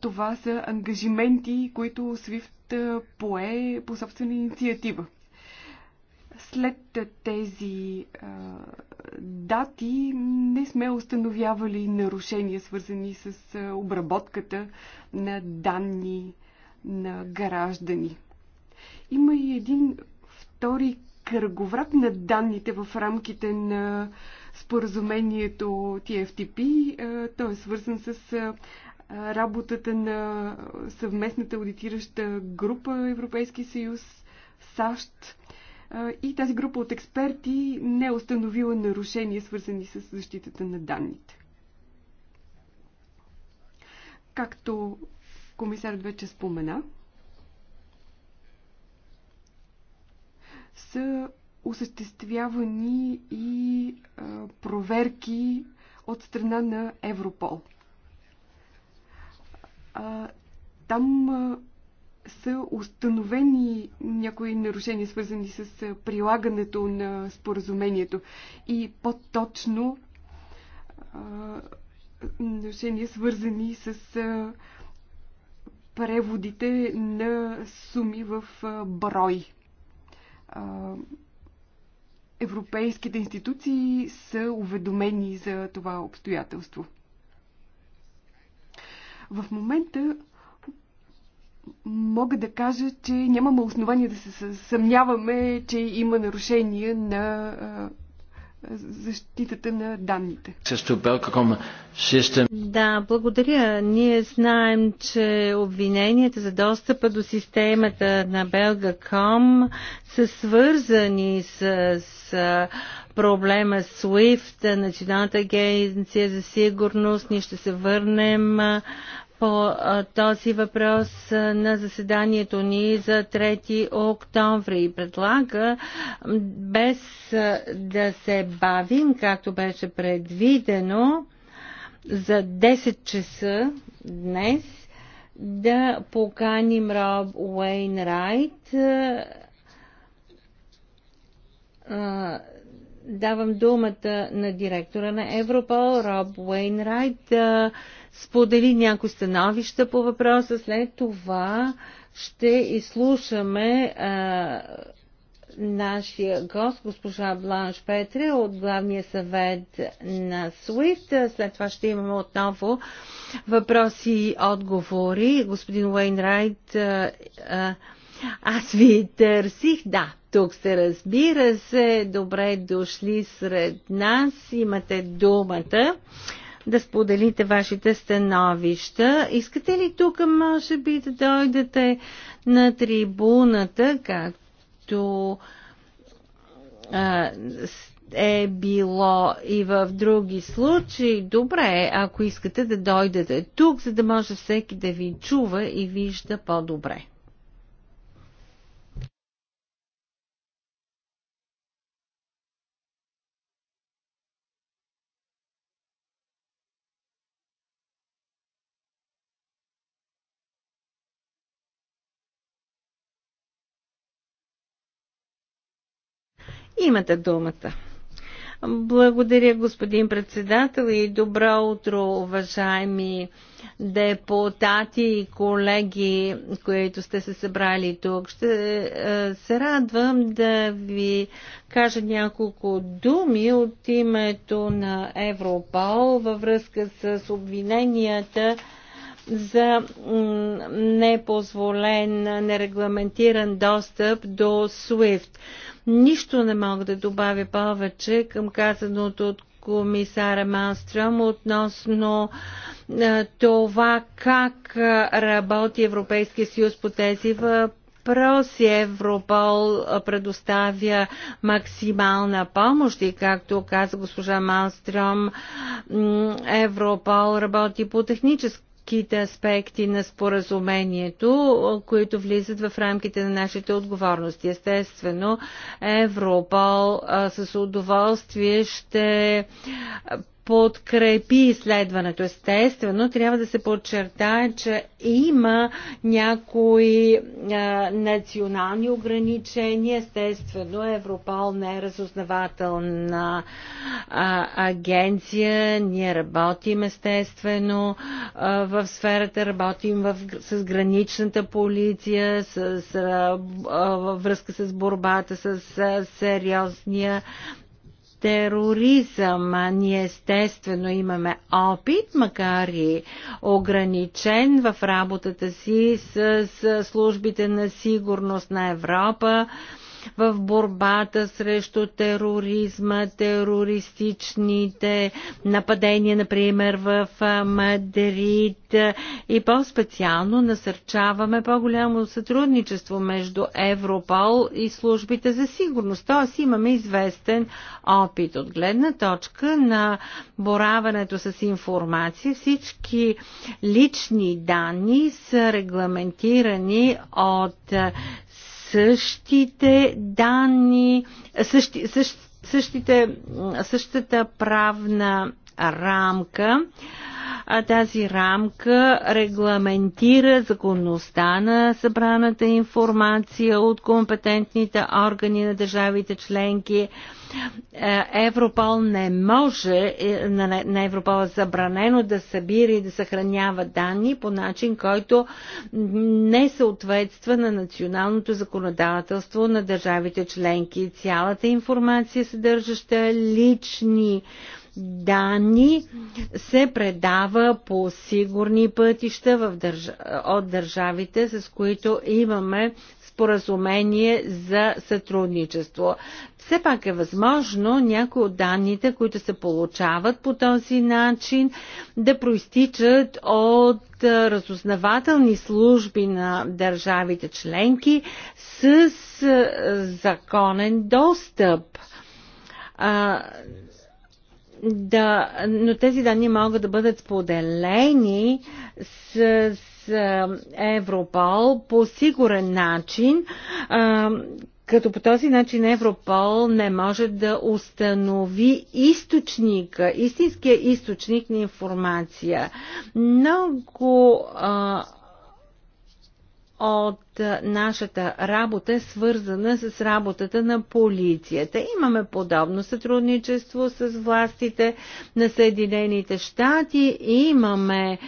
Speaker 3: Това са ангажименти, които СВИФТ пое по собствена инициатива. След тези а, дати не сме установявали нарушения, свързани с а, обработката на данни на граждани. Има и един втори кръговрат на данните в рамките на споразумението TFTP. Той е свързан с работата на съвместната аудитираща група Европейски съюз, САЩ и тази група от експерти не е установила нарушения, свързани с защитата на данните. Както комисарът вече спомена, са осъществявани и а, проверки от страна на Европол. А, там а, са установени някои нарушения, свързани с прилагането на споразумението и по-точно нарушения, свързани с преводите на суми в брой. Европейските институции са уведомени за това обстоятелство. В момента мога да кажа, че нямаме основания да се съмняваме, че има нарушение на защитата на данните.
Speaker 2: Да, благодаря. Ние знаем, че обвиненията за достъпа до системата на Belga.com са свързани с, с проблема SWIFT, Националната агенция за сигурност. Ние ще се върнем по този въпрос на заседанието ни за 3 октомври и предлага без да се бавим, както беше предвидено, за 10 часа днес да поканим Роб Уейнрайт давам думата на директора на Европол, Роб Уейнрайт, да сподели някои становища по въпроса. След това ще изслушаме а, нашия гост, госпожа Бланш Петре от главния съвет на SWIFT. След това ще имаме отново въпроси и отговори. Господин Уейнрайт, а, а, аз ви търсих, да, тук сте, разбира се, добре дошли сред нас, имате думата да споделите вашите становища. Искате ли тук, може би, да дойдете на трибуната, както а, е било и в други случаи? Добре, ако искате да дойдете тук, за да може всеки да ви чува и вижда по-добре. Имате думата. Благодаря, господин председател и добро утро, уважаеми депутати и колеги, които сте се събрали тук. Ще е, се радвам да ви кажа няколко думи от името на Европол във връзка с обвиненията за непозволен, нерегламентиран достъп до SWIFT. Нищо не мога да добавя повече към казаното от комисара Манстрам относно това как работи Европейския съюз по тези въпроси Европол предоставя максимална помощ и както каза госпожа Малстром, Европол работи по технически всичките аспекти на споразумението, които влизат в рамките на нашите отговорности. Естествено, Европол с удоволствие ще подкрепи изследването. Естествено, трябва да се подчертае, че има някои а, национални ограничения. Естествено, Европол не е разузнавателна а, агенция. Ние работим, естествено, а, в сферата, работим в, с граничната полиция, с, с а, във връзка с борбата с а, сериозния тероризъм. Ние естествено имаме опит, макар и ограничен в работата си с службите на сигурност на Европа, в борбата срещу тероризма, терористичните нападения, например, в Мадрид и по-специално насърчаваме по-голямо сътрудничество между Европол и службите за сигурност. Тоест имаме известен опит от гледна точка на бораването с информация. Всички лични данни са регламентирани от същите данни, същи, същ, същите, същата правна рамка. А тази рамка регламентира законността на събраната информация от компетентните органи на държавите членки е, Европол не може, е, на Европол е забранено да събира и да съхранява данни по начин, който не съответства на националното законодателство на държавите членки. Цялата информация, съдържаща лични данни се предава по сигурни пътища в държ... от държавите, с които имаме споразумение за сътрудничество. Все пак е възможно някои от данните, които се получават по този начин, да проистичат от разузнавателни служби на държавите членки с законен достъп да, но тези данни могат да бъдат споделени с, с е, Европол по сигурен начин, е, като по този начин Европол не може да установи източника, истинския източник на информация. Много а, е, от е, нашата работа, е свързана с работата на полицията. Имаме подобно сътрудничество с властите на Съединените щати, имаме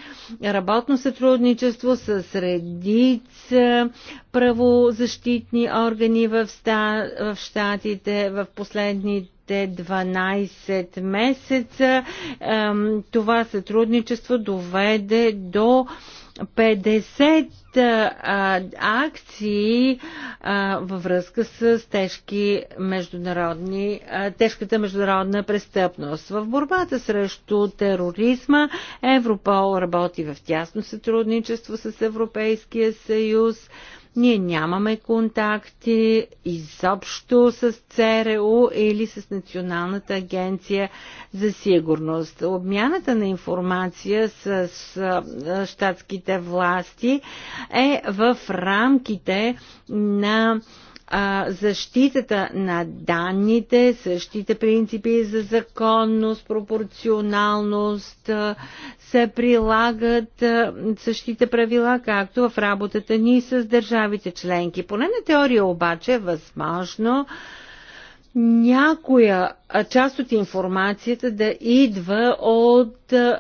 Speaker 2: работно сътрудничество с редица правозащитни органи в, в щатите в последните 12 месеца. Това сътрудничество доведе до 50 акции във връзка с тежки международни, тежката международна престъпност. В борбата срещу тероризма Европол работи в тясно сътрудничество с Европейския съюз. Ние нямаме контакти изобщо с ЦРУ или с Националната агенция за сигурност. Обмяната на информация с щатските власти е в рамките на защитата на данните, същите принципи за законност, пропорционалност се прилагат същите правила, както в работата ни с държавите членки. Поне на теория обаче е възможно някоя част от информацията да идва от а,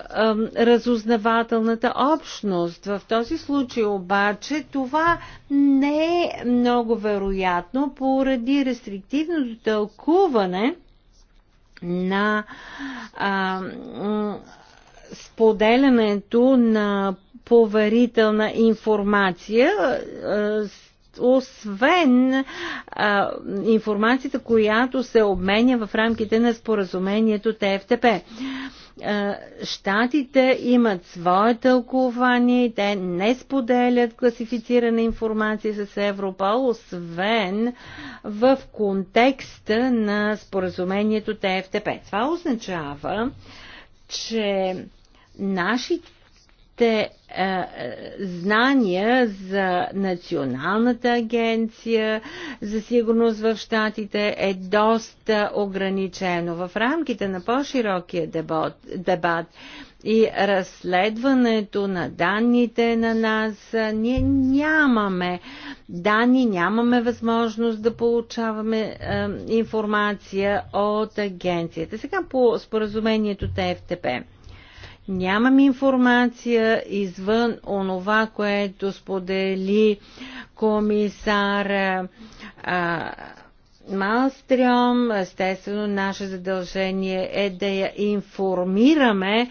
Speaker 2: разузнавателната общност. В този случай обаче това не е много вероятно поради рестриктивното тълкуване на а, споделянето на поверителна информация освен а, информацията, която се обменя в рамките на споразумението ТФТП. Штатите имат свое тълкование и те не споделят класифицирана информация с Европол, освен в контекста на споразумението ТФТП. Това означава, че нашите имате знания за Националната агенция за сигурност в щатите е доста ограничено. В рамките на по-широкия дебат, дебат и разследването на данните на нас, ние нямаме данни, нямаме възможност да получаваме е, информация от агенцията. Сега по споразумението ТФТП. Нямам информация извън онова, което сподели комисар а, Малстрем. Естествено, наше задължение е да я информираме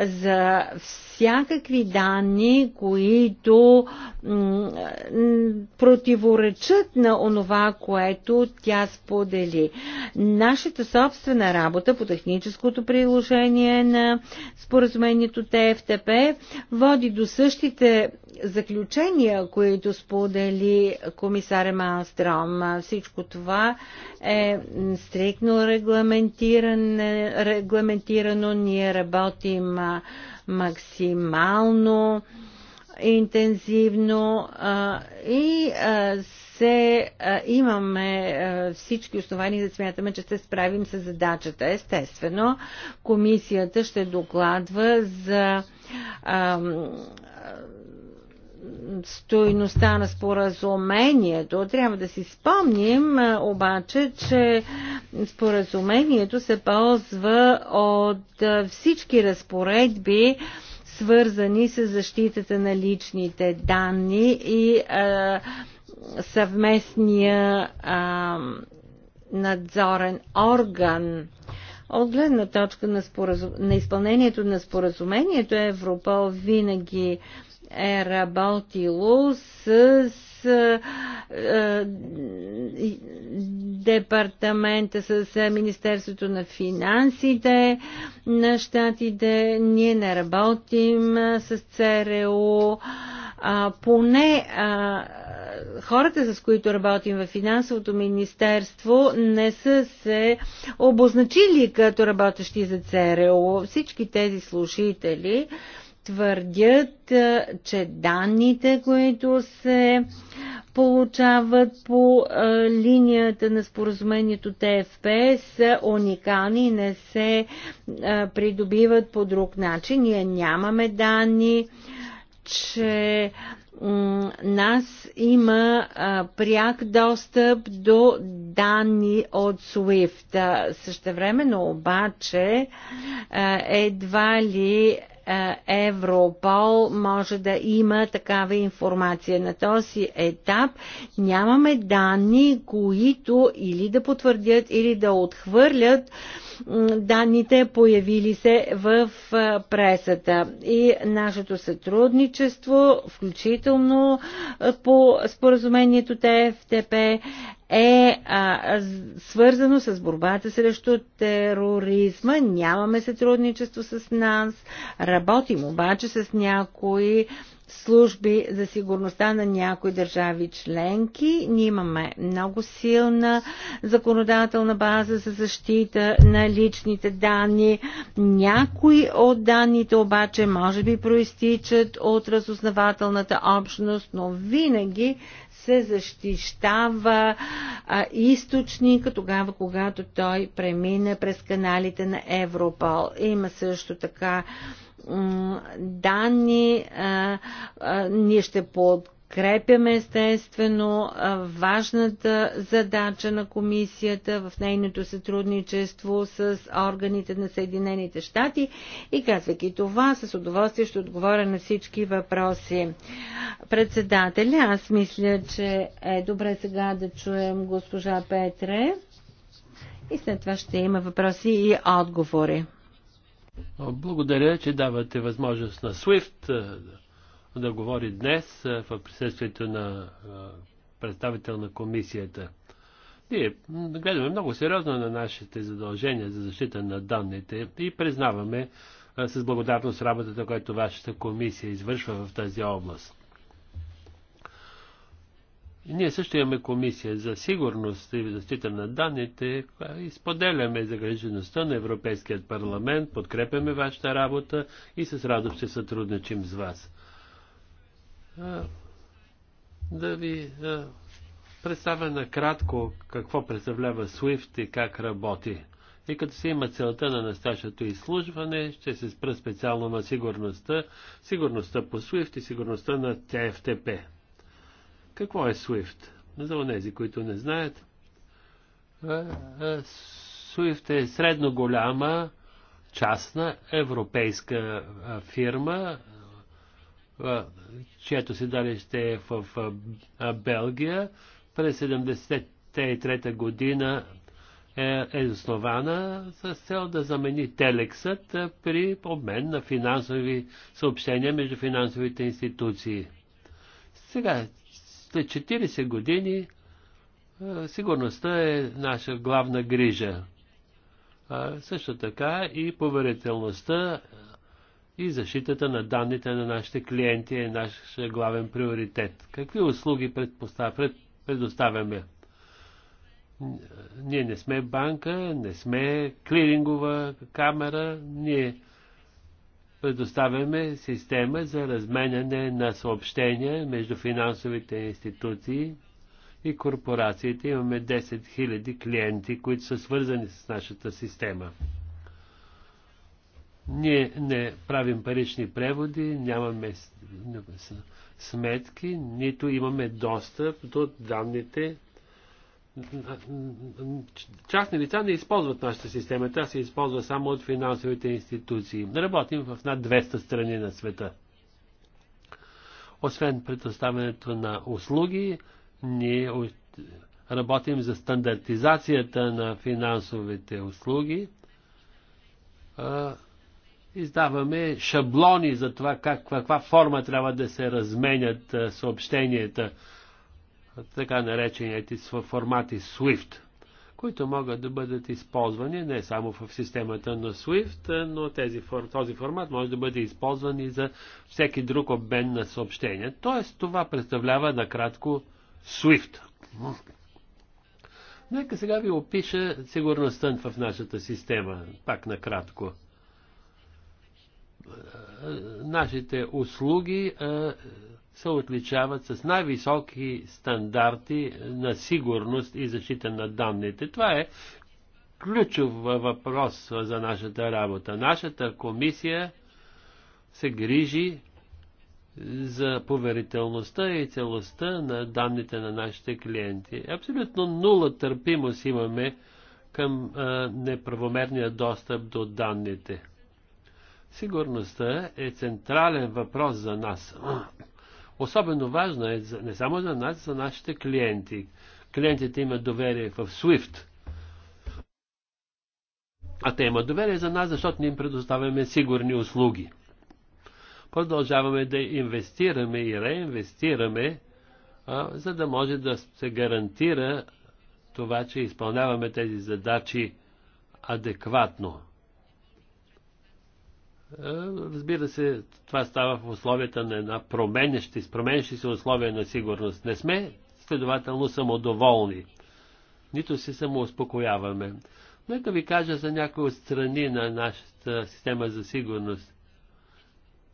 Speaker 2: за всякакви данни, които противоречат на онова, което тя сподели. Нашата собствена работа по техническото приложение на споразумението ТФТП води до същите заключения, които сподели комисаря Малстром. Всичко това е стрикно регламентирано. Ние работим максимално интензивно и се имаме всички основания да смятаме, че се справим с задачата. Естествено, комисията ще докладва за стойността на споразумението. Трябва да си спомним обаче, че споразумението се ползва от всички разпоредби, свързани с защитата на личните данни и а, съвместния а, надзорен орган. От гледна точка на, споразум... на изпълнението на споразумението Европол винаги а, е работило с е, департамента, с Министерството на финансите на щатите. Ние не работим с ЦРУ. А, поне а, хората, с които работим в финансовото министерство, не са се обозначили като работещи за ЦРУ. Всички тези служители а, твърдят, че данните, които се получават по линията на споразумението ТФП са уникални и не се придобиват по друг начин. Ние нямаме данни, че нас има а, пряк достъп до данни от SWIFT. Същевременно обаче а, едва ли е, Европол може да има такава информация. На този етап нямаме данни, които или да потвърдят, или да отхвърлят данните, появили се в пресата. И нашето сътрудничество, включително по споразумението ТФТП, е, е а, свързано с борбата срещу тероризма. Нямаме сътрудничество с нас, работим обаче с някои м- служби за сигурността на някои държави членки. Ние имаме много силна законодателна база за защита на личните данни. Някои от данните обаче може би проистичат от разузнавателната общност, но винаги се защищава а, източника тогава, когато той премине през каналите на Европол. Има също така данни. Ние ще подкрепяме естествено важната задача на комисията в нейното сътрудничество с органите на Съединените щати и казвайки това, с удоволствие ще отговоря на всички въпроси. Председателя, аз мисля, че е добре сега да чуем госпожа Петре и след това ще има въпроси и отговори.
Speaker 1: Благодаря, че давате възможност на SWIFT да говори днес в присъствието на представител на комисията. Ние гледаме много сериозно на нашите задължения за защита на данните и признаваме с благодарност работата, която вашата комисия извършва в тази област. И ние също имаме комисия за сигурност и защита на данните. Изподеляме загрежеността на Европейският парламент, подкрепяме вашата работа и с радост ще сътрудничим с вас. Да ви представя накратко какво представлява SWIFT и как работи. И като се има целта на настащото изслужване, ще се спра специално на сигурността, сигурността по SWIFT и сигурността на TFTP. Какво е SWIFT? За онези, които не знаят, SWIFT е средно голяма частна европейска фирма, чието седалище е в Белгия. През 1973 година е, е основана с цел да замени телексът при обмен на финансови съобщения между финансовите институции. Сега след 40 години сигурността е наша главна грижа. А, също така и поверителността и защитата на данните на нашите клиенти е наш главен приоритет. Какви услуги предоставяме? Ние не сме банка, не сме клирингова камера, ние предоставяме система за разменяне на съобщения между финансовите институции и корпорациите. Имаме 10 000 клиенти, които са свързани с нашата система. Ние не правим парични преводи, нямаме сметки, нито имаме достъп до данните частни лица не използват нашата система. Тя се използва само от финансовите институции. Работим в над 200 страни на света. Освен предоставянето на услуги, ние работим за стандартизацията на финансовите услуги. Издаваме шаблони за това как, каква форма трябва да се разменят съобщенията така наречените формати SWIFT, които могат да бъдат използвани не само в системата на SWIFT, но тези, този формат може да бъде използван и за всеки друг обмен на съобщения. Тоест това представлява накратко SWIFT. Нека сега ви опиша сигурността в нашата система, пак накратко. Нашите услуги се отличават с най-високи стандарти на сигурност и защита на данните. Това е ключов въпрос за нашата работа. Нашата комисия се грижи за поверителността и целостта на данните на нашите клиенти. Абсолютно нула търпимост имаме към а, неправомерния достъп до данните. Сигурността е централен въпрос за нас особено важна е не само за нас, за нашите клиенти. Клиентите имат доверие в SWIFT. А те имат доверие за нас, защото ни им предоставяме сигурни услуги. Продължаваме да инвестираме и реинвестираме, а, за да може да се гарантира това, че изпълняваме тези задачи адекватно. Разбира се, това става в условията на една променещи, променещи се условия на сигурност. Не сме, следователно, самодоволни. Нито се самоуспокояваме. Нека ви кажа за някои от страни на нашата система за сигурност.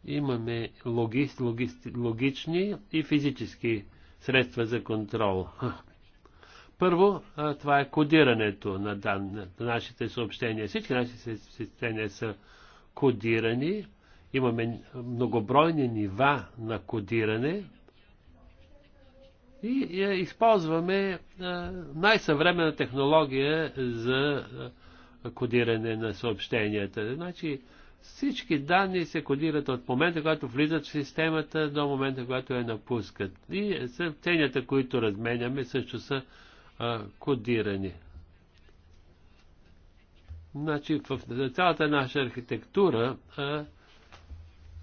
Speaker 1: Имаме логист, логист, логични и физически средства за контрол. Първо, това е кодирането на, дан, на нашите съобщения. Всички наши съобщения са кодирани, имаме многобройни нива на кодиране и е, използваме е, най-съвременна технология за е, кодиране на съобщенията. Значи всички данни се кодират от момента, когато влизат в системата до момента, когато я напускат. И съобщенията, които разменяме, също са кодирани. Значи в цялата наша архитектура а,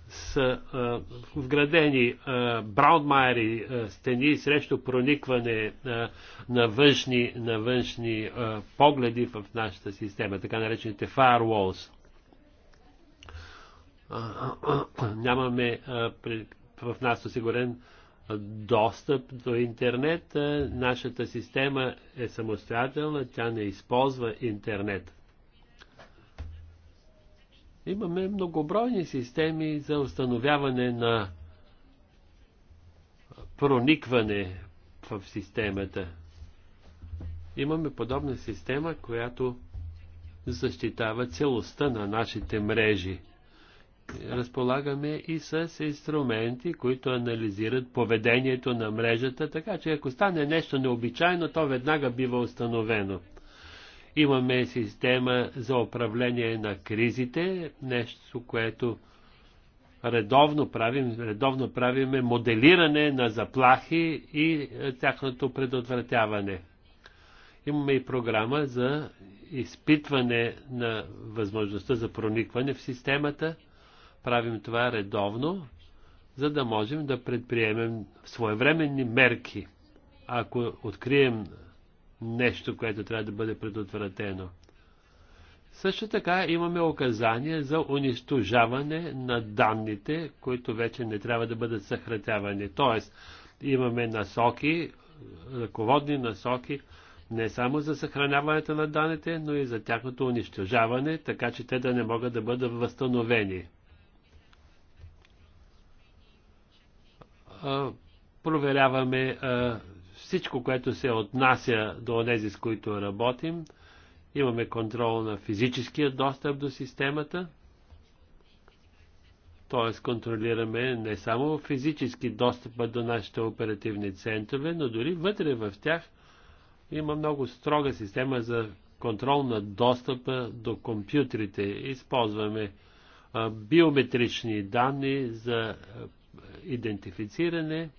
Speaker 1: са а, вградени а, браунмайери а, стени срещу проникване а, на външни, на външни а, погледи в нашата система, така наречените firewalls. нямаме а, при, в нас осигурен достъп до интернет. Нашата система е самостоятелна, тя не използва интернет. Имаме многобройни системи за установяване на проникване в системата. Имаме подобна система, която защитава целостта на нашите мрежи. Разполагаме и с инструменти, които анализират поведението на мрежата, така че ако стане нещо необичайно, то веднага бива установено. Имаме система за управление на кризите, нещо, което редовно правим, редовно правиме моделиране на заплахи и е, тяхното предотвратяване. Имаме и програма за изпитване на възможността за проникване в системата. Правим това редовно, за да можем да предприемем своевременни мерки. Ако открием нещо, което трябва да бъде предотвратено. Също така имаме указания за унищожаване на данните, които вече не трябва да бъдат съхратявани. Тоест, имаме насоки, ръководни насоки, не само за съхраняването на данните, но и за тяхното унищожаване, така че те да не могат да бъдат възстановени. проверяваме всичко, което се отнася до тези, с които работим. Имаме контрол на физическия достъп до системата, т.е. контролираме не само физически достъпа до нашите оперативни центрове, но дори вътре в тях има много строга система за контрол на достъпа до компютрите. Използваме биометрични данни за идентифициране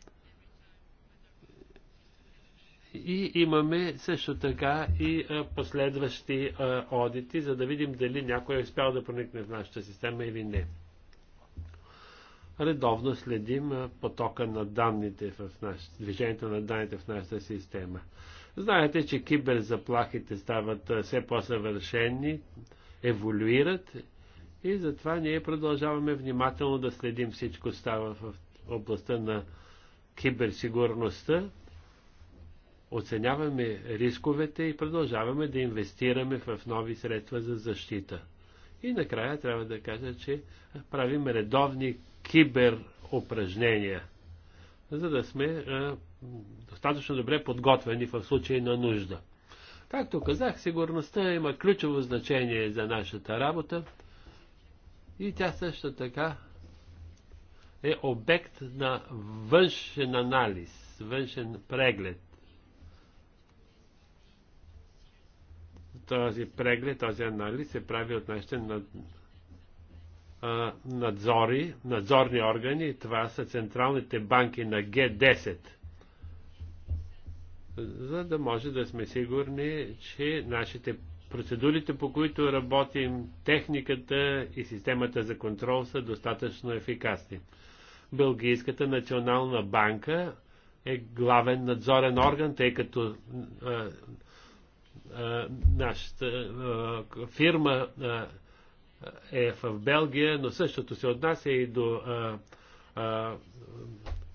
Speaker 1: и имаме също така и последващи одити, за да видим дали някой е успял да проникне в нашата система или не. Редовно следим потока на данните в нашата, движението на данните в нашата система. Знаете, че киберзаплахите стават все по-съвършени, еволюират и затова ние продължаваме внимателно да следим всичко става в областта на киберсигурността оценяваме рисковете и продължаваме да инвестираме в нови средства за защита. И накрая трябва да кажа, че правим редовни киберупражнения, за да сме а, достатъчно добре подготвени в случай на нужда. Както казах, сигурността има ключово значение за нашата работа и тя също така е обект на външен анализ, външен преглед. Този преглед, този анализ се прави от нашите над, а, надзори, надзорни органи. Това са централните банки на Г10 за да може да сме сигурни, че нашите процедурите, по които работим, техниката и системата за контрол са достатъчно ефикасни. Белгийската национална банка е главен надзорен орган, тъй като Нашата фирма е в Белгия, но същото се отнася и до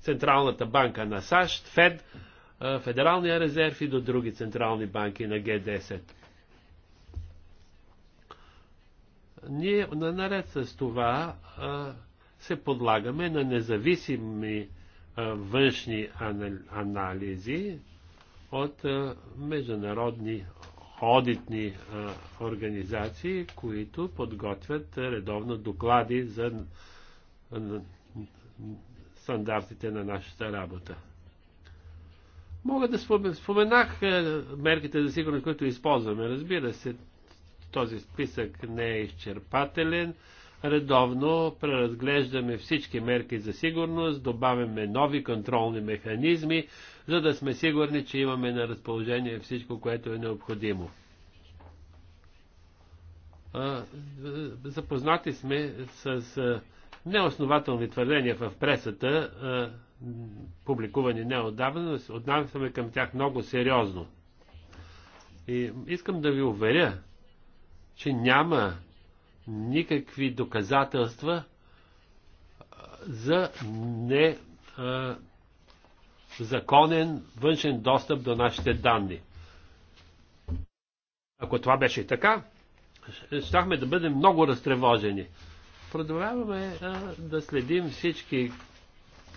Speaker 1: Централната банка на САЩ, ФЕД, Федералния резерв и до други централни банки на Г10. Ние наред с това се подлагаме на независими външни анализи от международни одитни а, организации, които подготвят редовно доклади за на, стандартите на нашата работа. Мога да споменах е, мерките за сигурност, които използваме. Разбира се, този списък не е изчерпателен редовно преразглеждаме всички мерки за сигурност, добавяме нови контролни механизми, за да сме сигурни, че имаме на разположение всичко, което е необходимо. Запознати сме с неоснователни твърдения в пресата, публикувани неодавна, но отнасяме към тях много сериозно. И искам да ви уверя, че няма никакви доказателства за незаконен външен достъп до нашите данни. Ако това беше така, щяхме да бъдем много разтревожени. Продължаваме да следим всички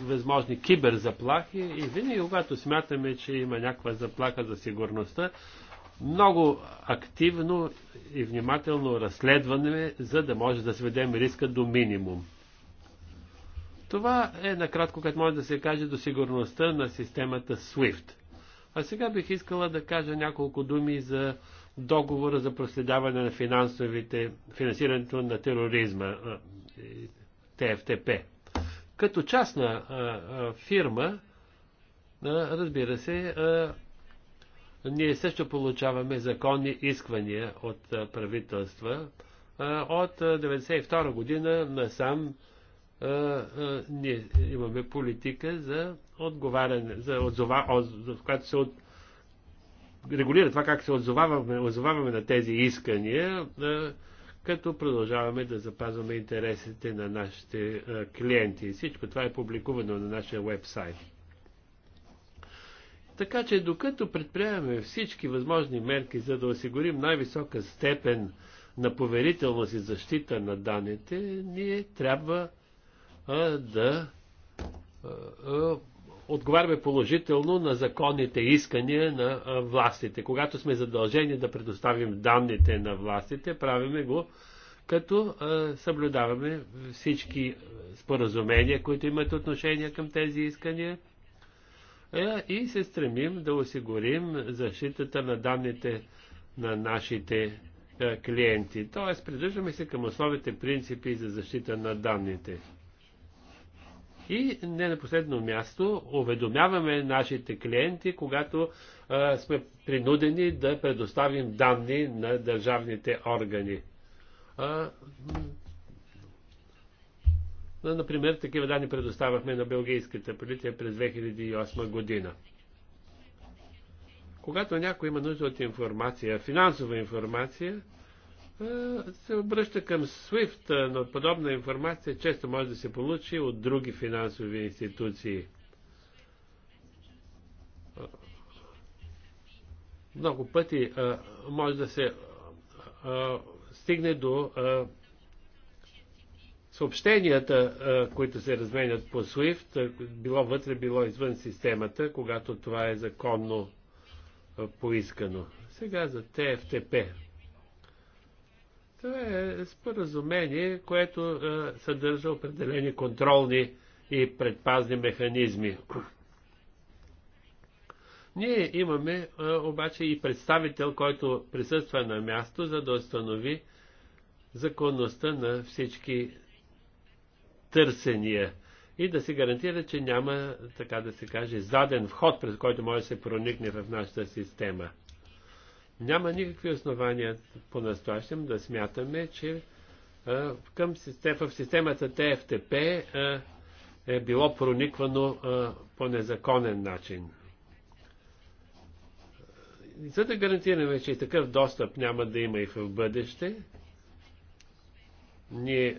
Speaker 1: възможни киберзаплахи и винаги, когато смятаме, че има някаква заплаха за сигурността, много активно и внимателно разследване, за да може да сведем риска до минимум. Това е накратко, като може да се каже, до сигурността на системата SWIFT. А сега бих искала да кажа няколко думи за договора за проследяване на финансовите, финансирането на тероризма, ТФТП. Като частна фирма, разбира се, ние също получаваме законни исквания от правителства. От 1992 година насам ние имаме политика за отговаряне, за отзова, която се от, регулира това как се отзоваваме, отзоваваме на тези искания, като продължаваме да запазваме интересите на нашите клиенти. Всичко това е публикувано на нашия вебсайт. Така че докато предприемаме всички възможни мерки, за да осигурим най-висока степен на поверителност и защита на данните, ние трябва а, да а, а, отговаряме положително на законните искания на а, властите. Когато сме задължени да предоставим данните на властите, правиме го като а, съблюдаваме всички споразумения, които имат отношение към тези искания и се стремим да осигурим защитата на данните на нашите клиенти. Тоест, придържаме се към основните принципи за защита на данните. И не на последно място, уведомяваме нашите клиенти, когато а, сме принудени да предоставим данни на държавните органи. А, Например, такива данни предоставахме на белгийската полиция през 2008 година. Когато някой има нужда от информация, финансова информация, се обръща към SWIFT, но подобна информация често може да се получи от други финансови институции. Много пъти може да се стигне до съобщенията, които се разменят по SWIFT, било вътре, било извън системата, когато това е законно поискано. Сега за ТФТП. Това е споразумение, което съдържа определени контролни и предпазни механизми. Ние имаме обаче и представител, който присъства на място, за да установи законността на всички търсения и да се гарантира, че няма, така да се каже, заден вход, през който може да се проникне в нашата система. Няма никакви основания по-настоящем да смятаме, че а, към систем, в системата ТФТП а, е било прониквано а, по незаконен начин. За да гарантираме, че такъв достъп няма да има и в бъдеще, ние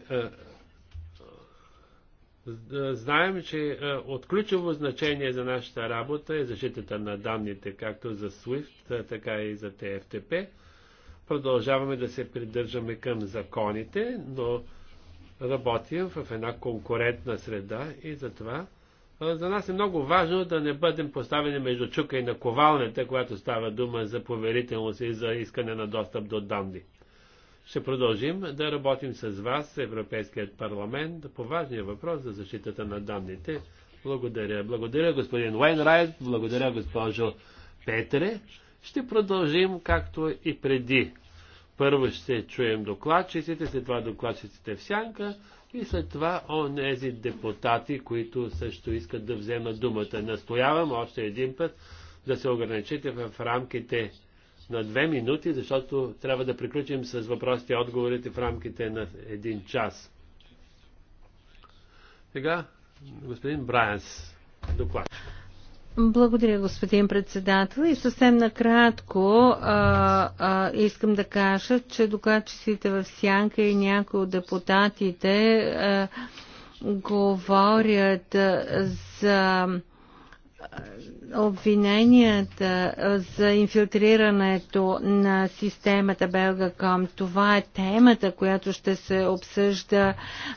Speaker 1: Знаем, че от ключово значение за нашата работа е защитата на данните, както за SWIFT, така и за TFTP. Продължаваме да се придържаме към законите, но работим в една конкурентна среда и затова за нас е много важно да не бъдем поставени между чука и наковалната, когато става дума за поверителност и за искане на достъп до данни. Ще продължим да работим с вас, Европейският парламент, по важния въпрос за защитата на данните. Благодаря. Благодаря, господин Уайнрайт. Благодаря, госпожо Петре. Ще продължим както и преди. Първо ще чуем докладчиците, след това докладчиците в сянка и след това онези депутати, които също искат да вземат думата. Настоявам още един път да се ограничите в рамките на две минути, защото трябва да приключим с въпросите и отговорите в рамките на един час. Сега господин Брайанс, доклад.
Speaker 2: Благодаря, господин председател. И съвсем накратко а, а, искам да кажа, че докладчиците в Сянка и някои от депутатите а, говорят за обвиненията за инфилтрирането на системата Белгаком. Това е темата, която ще се обсъжда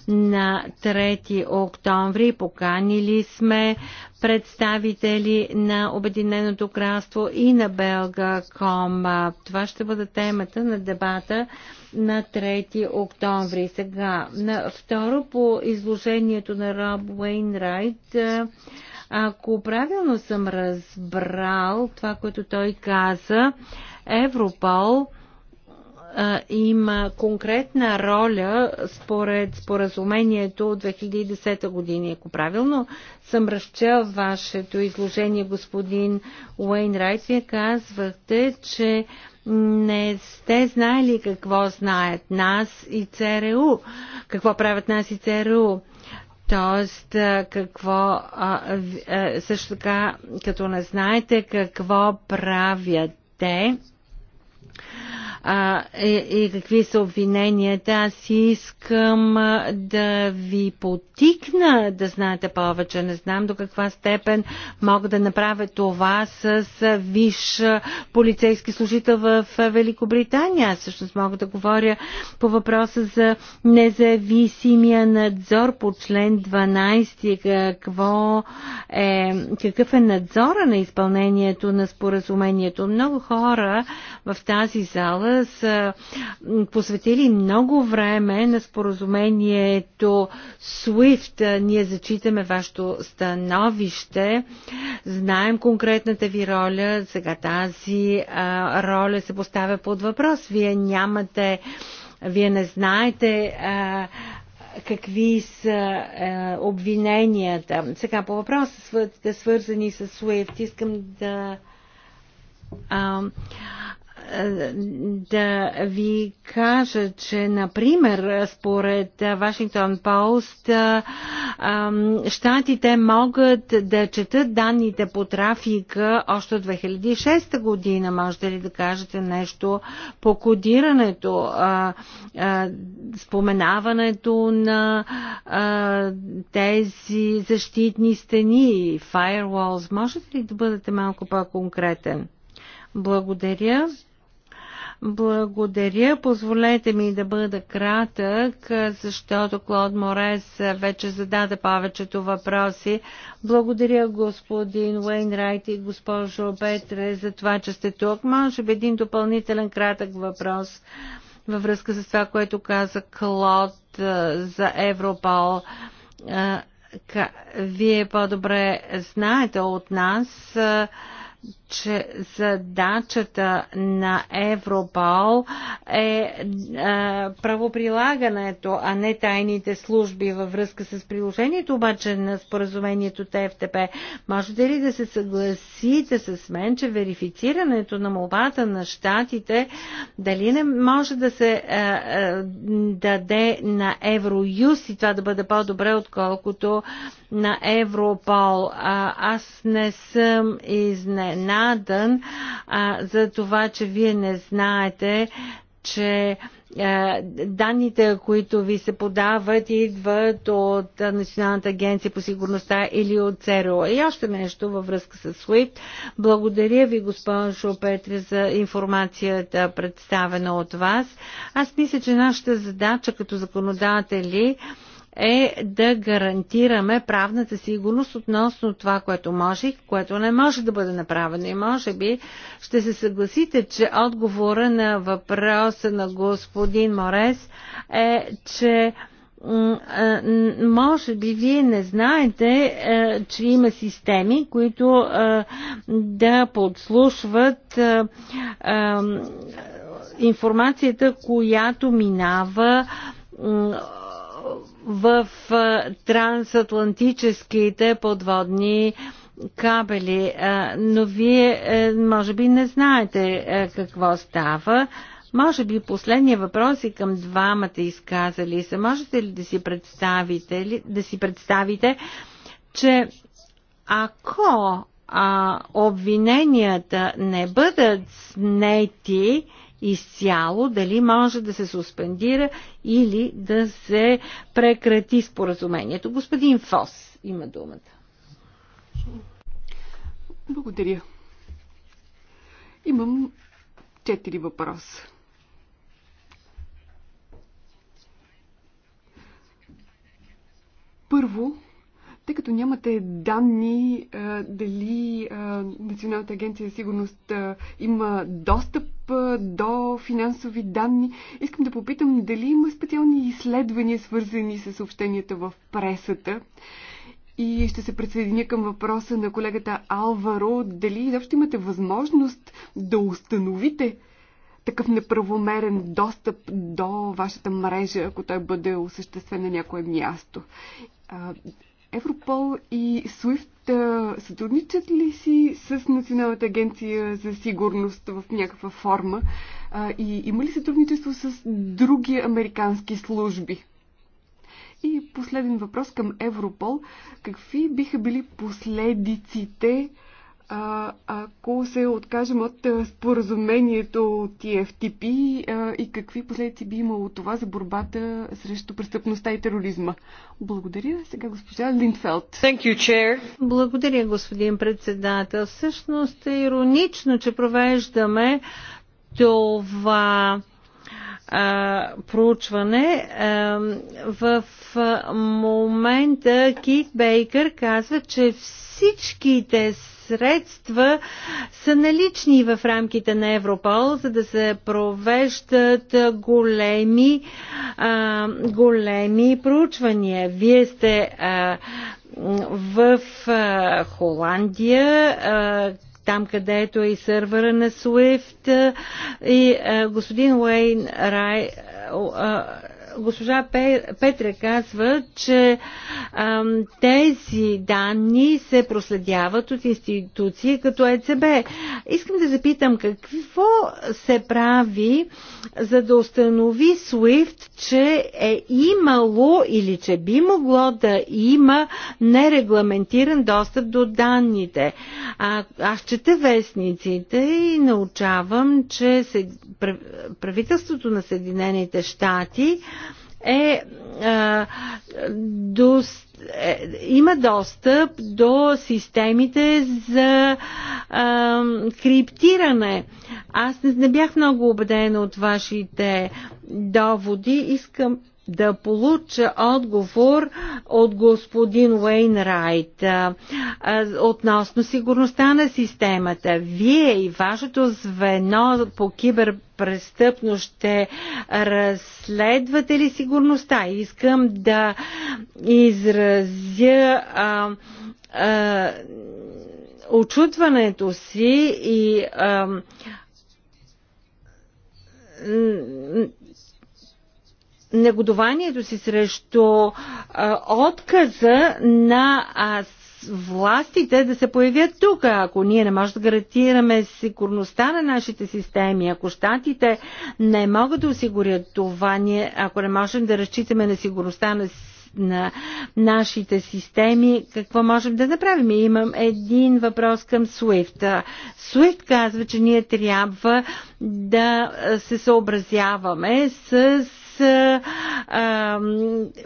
Speaker 2: на 3 октомври. Поканили сме представители на Обединеното кралство и на Белгаком. Това ще бъде темата на дебата на 3 октомври. Сега, на второ по изложението на Роб Уейнрайт ако правилно съм разбрал това, което той каза, Европол има конкретна роля според споразумението от 2010 година. Ако правилно съм разчел вашето изложение, господин Уейнрайт, вие казвахте, че не сте знаели какво знаят нас и ЦРУ, какво правят нас и ЦРУ. Тоест, какво, също така, като не знаете какво правят те, а, и, е, и е, какви са обвиненията. Аз искам да ви потикна да знаете повече. Не знам до каква степен мога да направя това с виш полицейски служител в Великобритания. Аз всъщност мога да говоря по въпроса за независимия надзор по член 12. Какво е, какъв е надзора на изпълнението на споразумението? Много хора в тази зала са посветили много време на споразумението SWIFT. Ние зачитаме вашето становище. Знаем конкретната ви роля. Сега тази а, роля се поставя под въпрос. Вие нямате, вие не знаете. А, какви са е, обвиненията. Сега по въпроса, свързани с SWIFT, искам да да ви кажа, че, например, според Вашингтон Пост, щатите могат да четат данните по трафика още от 2006 година. Можете ли да кажете нещо по кодирането, споменаването на тези защитни стени, firewalls? Можете ли да бъдете малко по-конкретен? Благодаря. Благодаря. Позволете ми да бъда кратък, защото Клод Морес вече зададе повечето въпроси. Благодаря господин Уейнрайт и госпожо Петре за това, че сте тук. Може би един допълнителен кратък въпрос във връзка с това, което каза Клод за Европол. Вие по-добре знаете от нас че задачата на Европол е, е правоприлагането, а не тайните служби във връзка с приложението, обаче на споразумението ТФТП. Можете ли да се съгласите с мен, че верифицирането на молбата на щатите дали не може да се е, е, даде на Евроюз и това да бъде по-добре, отколкото на Европол. А, аз не съм изненадана изненадан а, за това, че вие не знаете, че данните, които ви се подават, идват от Националната агенция по сигурността или от ЦРО. И още нещо във връзка с SWIFT. Благодаря ви, госпожо Петри, за информацията представена от вас. Аз мисля, че нашата задача като законодатели е е да гарантираме правната сигурност относно това, което може и което не може да бъде направено. И може би ще се съгласите, че отговора на въпроса на господин Морес е, че може би вие не знаете, че има системи, които да подслушват информацията, която минава в трансатлантическите подводни кабели. Но вие е, може би не знаете е, какво става. Може би последния въпрос и към двамата изказали се. Можете ли да си представите, да си представите че ако а, обвиненията не бъдат снети, изцяло, дали може да се суспендира или да се прекрати споразумението. Господин Фос
Speaker 3: има думата. Благодаря. Имам четири въпроса. Първо, тъй като нямате данни а, дали а, Националната агенция за сигурност а, има достъп до финансови данни. Искам да попитам дали има специални изследвания, свързани с съобщенията в пресата. И ще се присъединя към въпроса на колегата Алваро, дали изобщо имате възможност да установите такъв неправомерен достъп до вашата мрежа, ако той бъде осъществен на някое място. Европол и SWIFT сътрудничат ли си с Националната агенция за сигурност в някаква форма? И има ли сътрудничество с други американски служби? И последен въпрос към Европол. Какви биха били последиците а, ако се откажем от споразумението TFTP а, и какви последици би имало това за борбата срещу престъпността и тероризма. Благодаря. Сега госпожа Линфелд. Thank you, chair. Благодаря, господин председател. Всъщност е иронично,
Speaker 2: че провеждаме това а, проучване. А, в момента Кит Бейкър казва, че всичките средства са налични в рамките на Европол, за да се провеждат големи, а, големи проучвания. Вие сте а, в а, Холандия, а, там където е и сървъра на SWIFT и а, господин Уейн Рай а, госпожа Петра казва, че ам, тези данни се проследяват от институции като ЕЦБ. Искам да запитам какво се прави, за да установи SWIFT, че е имало или че би могло да има нерегламентиран достъп до данните. А, аз чета вестниците и научавам, че се, правителството на Съединените щати е, а, е, до, е, има достъп до системите за а, е, криптиране. Аз не, не бях много убедена от вашите доводи. Искам да получа отговор от господин Уейн Райт относно сигурността на системата. Вие и вашето звено по киберпрестъпност ще разследвате ли сигурността? Искам да изразя а, а, очутването си и а, негодованието си срещу а, отказа на а, властите да се появят тук. Ако ние не можем да гарантираме сигурността на нашите системи, ако щатите не могат да осигурят това, ние, ако не можем да разчитаме на сигурността на на нашите системи, какво можем да направим? Имам един въпрос към SWIFT. SWIFT казва, че ние трябва да се съобразяваме с а,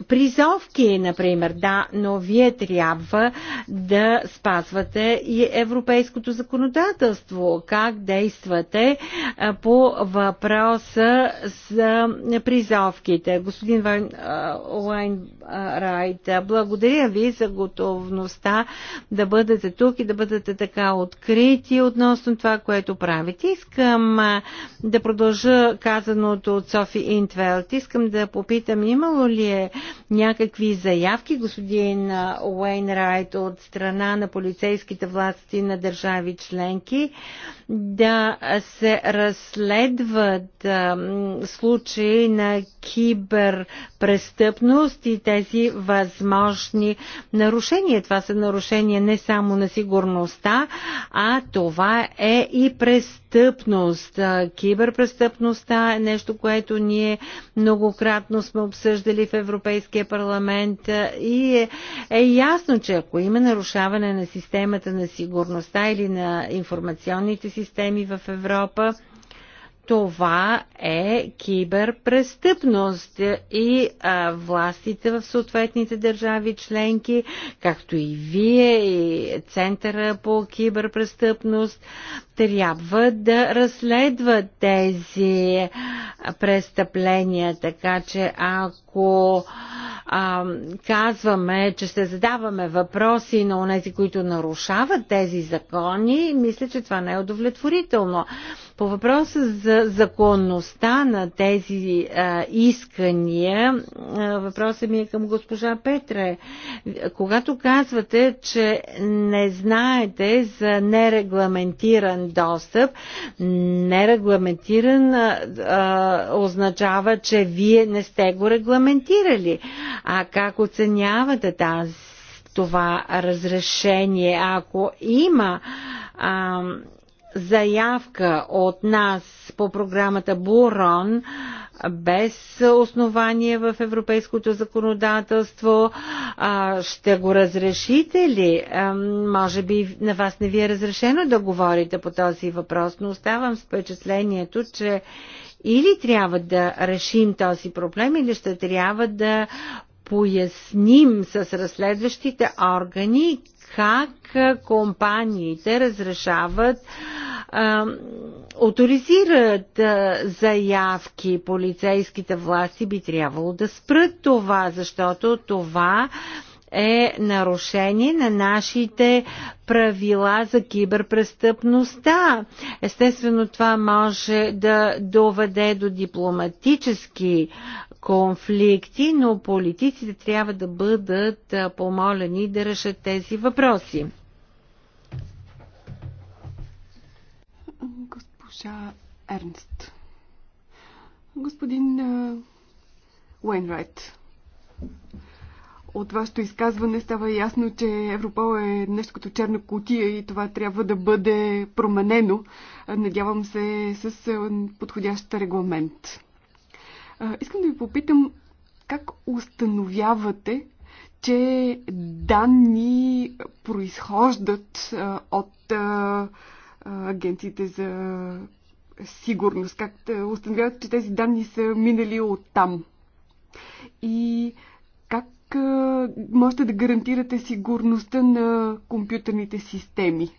Speaker 2: призовки, например. Да, но вие трябва да спазвате и европейското законодателство. Как действате а, по въпроса за призовките? Господин Вайн, а, Лайн а, Райт, благодаря ви за готовността да бъдете тук и да бъдете така открити относно това, което правите. Искам а, да продължа казаното от Софи Интвелти искам да попитам, имало ли е някакви заявки, господин Уейнрайт, от страна на полицейските власти на държави членки, да се разследват случаи на киберпрестъпност и тези възможни нарушения. Това са нарушения не само на сигурността, а това е и престъпност. Киберпрестъпността е нещо, което ние много многократно сме обсъждали в Европейския парламент и е, е ясно, че ако има нарушаване на системата на сигурността или на информационните системи в Европа, това е киберпрестъпност и а, властите в съответните държави членки, както и вие и Центъра по киберпрестъпност, трябва да разследват тези престъпления, така че ако а, казваме, че ще задаваме въпроси на онези, които нарушават тези закони, мисля, че това не е удовлетворително. По въпроса за законността на тези а, искания, а, въпросът ми е към госпожа Петре. Когато казвате, че не знаете за нерегламентиран достъп, нерегламентиран а, означава, че вие не сте го регламентирали. А как оценявате тази това разрешение, ако има а, заявка от нас по програмата Бурон без основание в европейското законодателство. А, ще го разрешите ли? А, може би на вас не ви е разрешено да говорите по този въпрос, но оставам с впечатлението, че или трябва да решим този проблем, или ще трябва да поясним с разследващите органи как компаниите разрешават, авторизират заявки. Полицейските власти би трябвало да спрат това, защото това е нарушение на нашите правила за киберпрестъпността. Естествено, това може да доведе до дипломатически конфликти, но политиците трябва да бъдат помолени да решат тези въпроси.
Speaker 3: Госпожа Ернст. Господин Уейнрайт. От вашето изказване става ясно, че Европол е нещо като черна кутия и това трябва да бъде променено. Надявам се с подходящ регламент. А, искам да ви попитам как установявате, че данни произхождат а, от а, агенциите за сигурност? Как установявате, че тези данни са минали от там? И как можете да гарантирате сигурността на компютърните системи?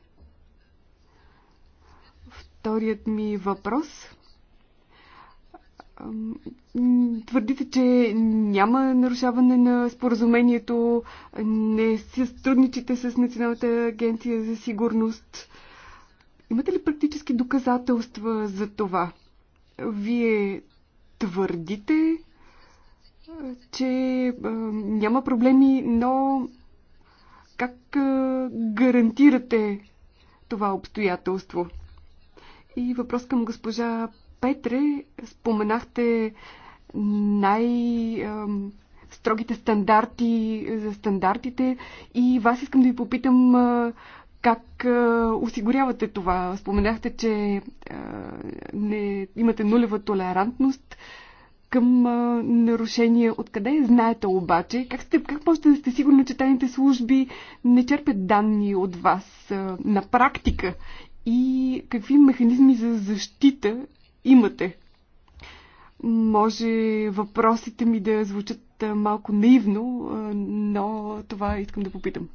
Speaker 3: Вторият ми въпрос Твърдите, че няма нарушаване на споразумението, не се трудничите с Националната агенция за сигурност. Имате ли практически доказателства за това? Вие твърдите, че а, няма проблеми, но как а, гарантирате това обстоятелство? И въпрос към госпожа Петре, споменахте най-строгите стандарти за стандартите и вас искам да ви попитам как осигурявате това. Споменахте, че не, имате нулева толерантност към нарушения. Откъде знаете обаче? Как, сте, как можете да сте сигурни, че тайните служби не черпят данни от вас на практика? И какви механизми за защита имате. Може въпросите ми да звучат малко наивно, но това искам да попитам.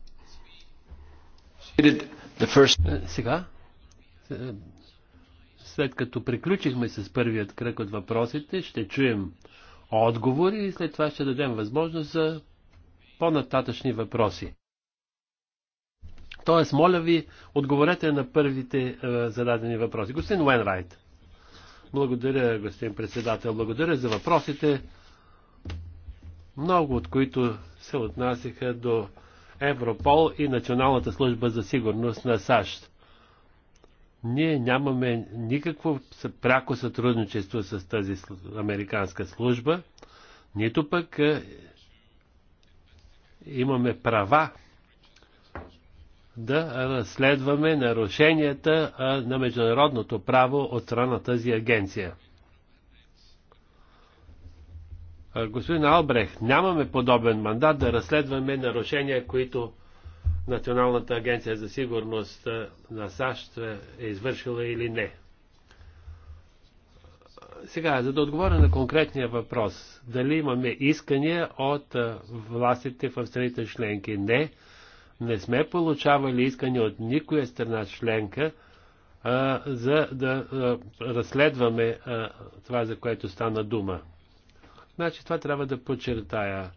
Speaker 1: Е, сега, е, след като приключихме с първият кръг от въпросите, ще чуем отговори и след това ще дадем възможност за по-нататъчни въпроси. Тоест, моля ви, отговорете на първите е, зададени въпроси. Господин Уенрайт. Благодаря, господин председател. Благодаря за въпросите, много от които се отнасяха до Европол и Националната служба за сигурност на САЩ. Ние нямаме никакво пряко сътрудничество с тази американска служба, нито пък е, имаме права да разследваме нарушенията на международното право от страна на тази агенция. Господин Албрех, нямаме подобен мандат да разследваме нарушения, които Националната агенция за сигурност на САЩ е извършила или не. Сега, за да отговоря на конкретния въпрос, дали имаме искания от властите в страните членки? Не не сме получавали искане от никоя страна членка, а, за да а, разследваме а, това, за което стана дума. Значи това трябва да подчертая.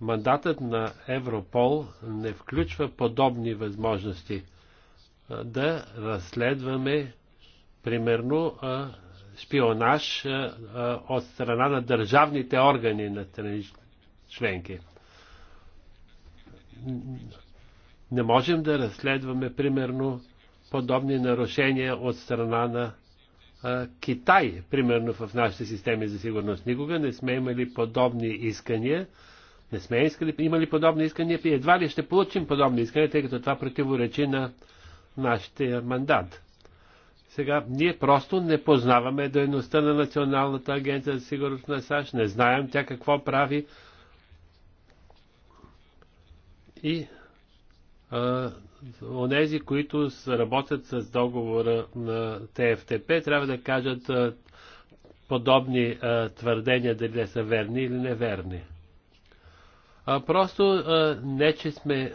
Speaker 1: Мандатът на Европол не включва подобни възможности а, да разследваме, примерно, а, шпионаж а, а, от страна на държавните органи на страни членки. Не можем да разследваме, примерно, подобни нарушения от страна на а, Китай, примерно в нашите системи за сигурност. Никога не сме имали подобни искания. Не сме искали, имали подобни искания и едва ли ще получим подобни искания, тъй като това противоречи на нашите мандат. Сега, ние просто не познаваме дейността на Националната агенция за сигурност на САЩ, не знаем тя какво прави. И онези, които работят с договора на ТФТП, трябва да кажат подобни твърдения, дали са верни или неверни. Просто не, че сме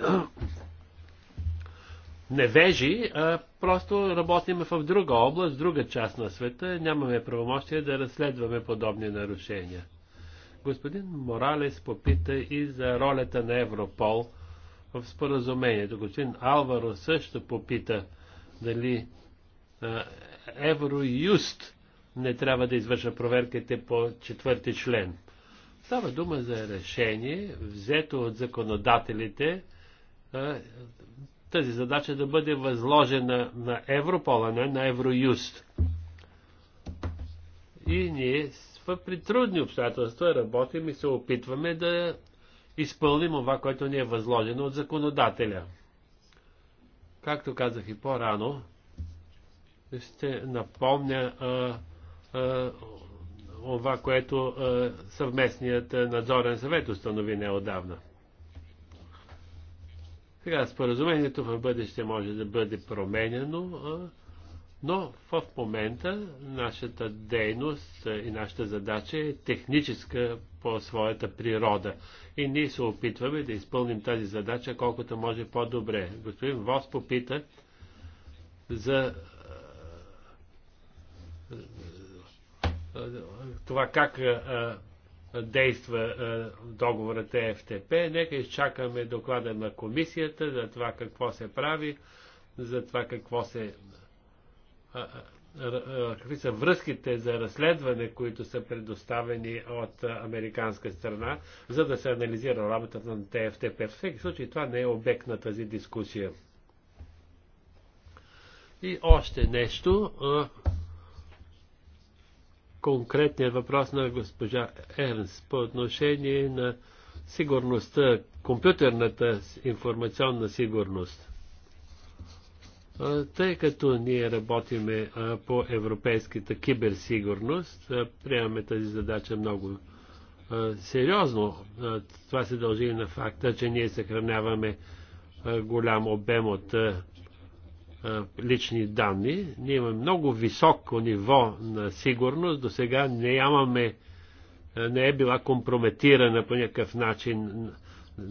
Speaker 1: невежи, а просто работим в друга област, в друга част на света. Нямаме правомощие да разследваме подобни нарушения. Господин Моралес попита и за ролята на Европол – в споразумението. Господин Алваро също попита дали Евроюст не трябва да извърша проверките по четвърти член. Става дума за решение, взето от законодателите, тази задача да бъде възложена на Европола, не на Евроюст. И ние при трудни обстоятелства работим и се опитваме да изпълним това, което ни е възложено от законодателя. Както казах и по-рано, ще напомня а, а, това, което а, съвместният надзорен съвет установи неодавна. Сега споразумението в бъдеще може да бъде променено, а, но в момента нашата дейност и нашата задача е техническа по своята природа. И ние се опитваме да изпълним тази задача колкото може по-добре. Господин Вос попита за това как действа договорът ЕФТП. Нека изчакаме доклада на комисията за това какво се прави, за това какво се какви са връзките за разследване, които са предоставени от американска страна, за да се анализира работата на ТФТП. В всеки случай това не е обект на тази дискусия. И още нещо. Конкретният въпрос на госпожа Ернс по отношение на сигурността, компютърната информационна сигурност. Тъй като ние работиме по европейската киберсигурност, приемаме тази задача много сериозно. Това се дължи на факта, че ние съхраняваме голям обем от лични данни. Ние имаме много високо ниво на сигурност. До сега не не е била компрометирана по някакъв начин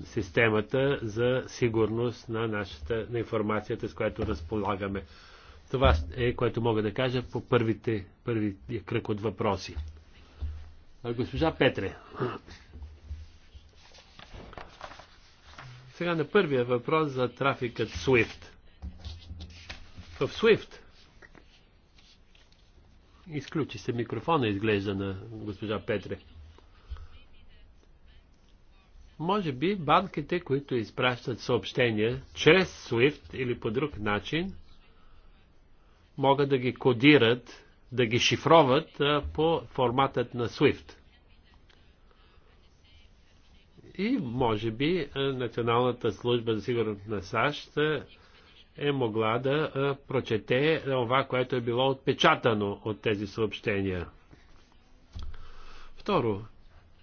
Speaker 1: системата за сигурност на, нашата, на информацията, с която разполагаме. Това е, което мога да кажа по първите, първите кръг от въпроси. Госпожа Петре. Сега на първия въпрос за трафикът SWIFT. В SWIFT изключи се микрофона, изглежда на госпожа Петре. Може би банките, които изпращат съобщения чрез SWIFT или по друг начин, могат да ги кодират, да ги шифроват по форматът на SWIFT. И може би Националната служба за сигурност на САЩ е могла да прочете това, което е било отпечатано от тези съобщения. Второ,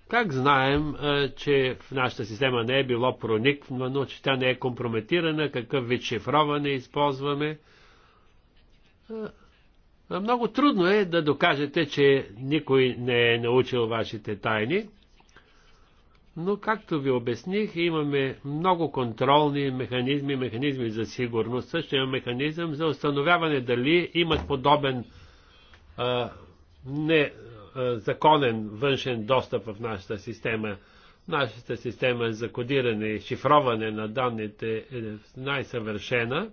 Speaker 1: как знаем, че в нашата система не е било прониквано, че тя не е компрометирана, какъв вид шифроване използваме? Много трудно е да докажете, че никой не е научил вашите тайни, но както ви обясних, имаме много контролни механизми, механизми за сигурност, също има механизъм за установяване дали имат подобен а, не, е, законен външен достъп в нашата система. Нашата система за кодиране и шифроване на данните е най-съвършена.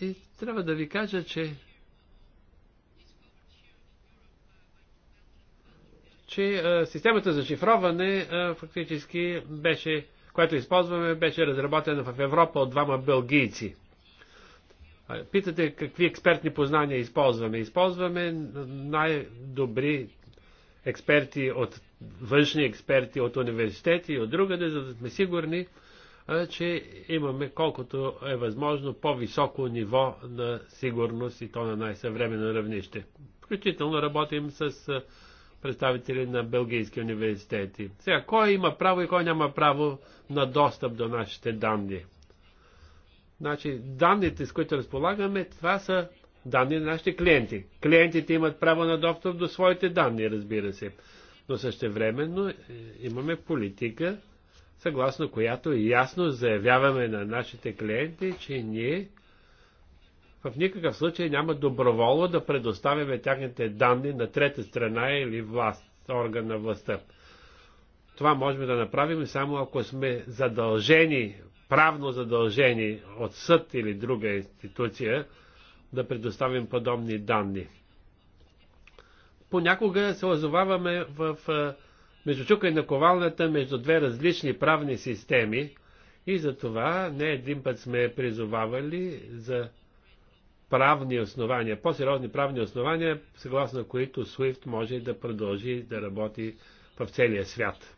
Speaker 1: И трябва да ви кажа, че че е, системата за шифроване е, фактически беше, която използваме, беше разработена в Европа от двама бългийци. Питате какви експертни познания използваме. Използваме най-добри експерти от външни експерти от университети и от другаде, за да сме сигурни, че имаме колкото е възможно по-високо ниво на сигурност и то на най-съвременно равнище. Включително работим с представители на бългийски университети. Сега, кой има право и кой няма право на достъп до нашите данни? Значи, данните, с които разполагаме, това са данни на нашите клиенти. Клиентите имат право на достъп до своите данни, разбира се. Но същевременно е, имаме политика, съгласно която ясно заявяваме на нашите клиенти, че ние в никакъв случай няма доброволно да предоставяме тяхните данни на трета страна или власт, орган на властта. Това можем да направим само ако сме задължени правно задължени от съд или друга институция да предоставим подобни данни. Понякога се озоваваме в между чука и наковалната между две различни правни системи и за това не един път сме призовавали за правни основания, по-сериозни правни основания, съгласно които SWIFT може да продължи да работи в целия свят.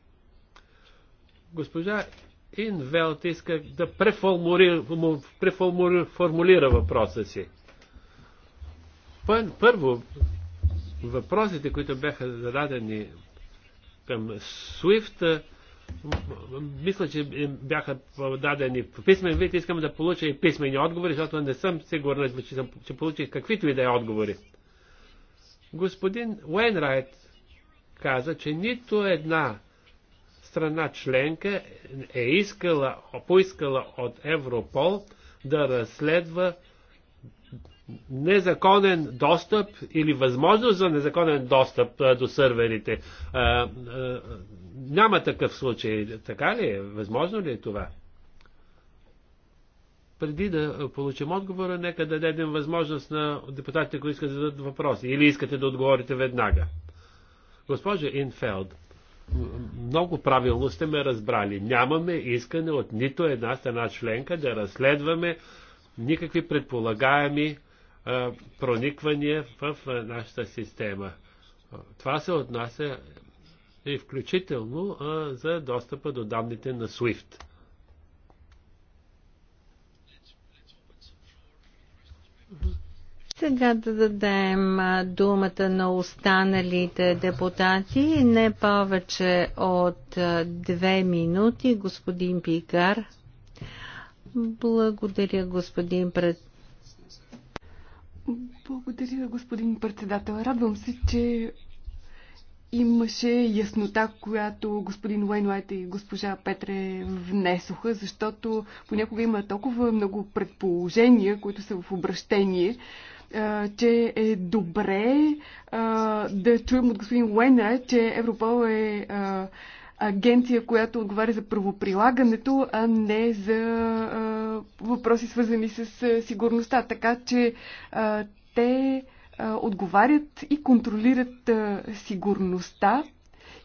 Speaker 1: Госпожа Инвелт иска да преформулира въпроса си. Първо, въпросите, които бяха зададени към SWIFT, мисля, че бяха дадени в писмен вид. Искам да получа и писмени отговори, защото не съм сигурна, че, съм, че получих каквито и да е отговори. Господин Уейнрайт каза, че нито една страна членка е искала, поискала от Европол да разследва незаконен достъп или възможност за незаконен достъп до серверите. А, а, няма такъв случай. Така ли е? Възможно ли е това? Преди да получим отговора, нека да дадем възможност на депутатите, които искат да зададат въпроси. Или искате да отговорите веднага. Госпожо Инфелд, много правилно сте ме разбрали. Нямаме искане от нито една страна членка да разследваме никакви предполагаеми а, прониквания в а, нашата система. Това се отнася и включително а, за достъпа до данните на SWIFT.
Speaker 2: Mm-hmm. Сега да дадем думата на останалите депутати. Не повече от две минути, господин Пикар. Благодаря, господин пред.
Speaker 3: Благодаря, господин председател. Радвам се, че имаше яснота, която господин Уейнлайт и госпожа Петре внесоха, защото понякога има толкова много предположения, които са в обращение, че е добре да чуем от господин Уена, че Европол е агенция, която отговаря за правоприлагането, а не за въпроси свързани с сигурността. Така че те отговарят и контролират сигурността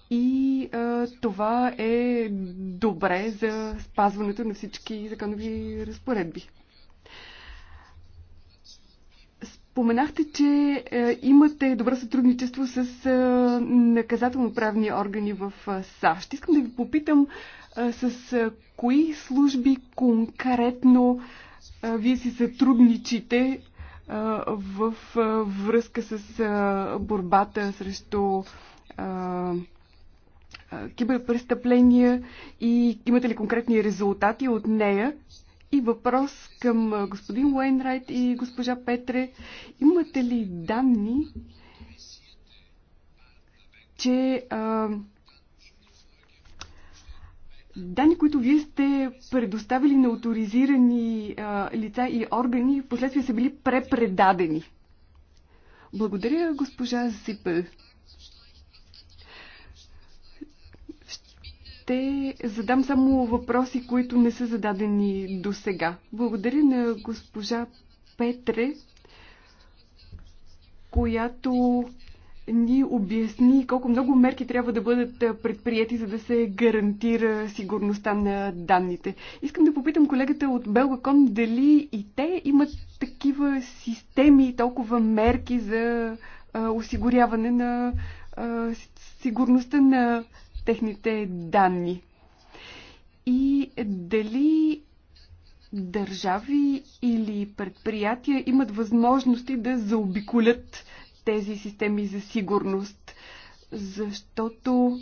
Speaker 3: и а, това е добре за спазването на всички законови разпоредби. Споменахте, че е, имате добро сътрудничество с е, наказателно-правни органи в е, САЩ. Искам да ви попитам е, с е, кои служби конкретно е, вие си сътрудничите е, в е, връзка с е, борбата срещу е, е киберпрестъпления и имате ли конкретни резултати от нея? И въпрос към господин Уейнрайт и госпожа Петре. Имате ли данни, че а, данни, които вие сте предоставили на авторизирани лица и органи, в последствие са били препредадени? Благодаря, госпожа Сипъл. ще задам само въпроси, които не са зададени до сега. Благодаря на госпожа Петре, която ни обясни колко много мерки трябва да бъдат предприяти, за да се гарантира сигурността на данните. Искам да попитам колегата от Белгаком дали и те имат такива системи и толкова мерки за а, осигуряване на а, сигурността на техните данни. И дали държави или предприятия имат възможности да заобиколят тези системи за сигурност, защото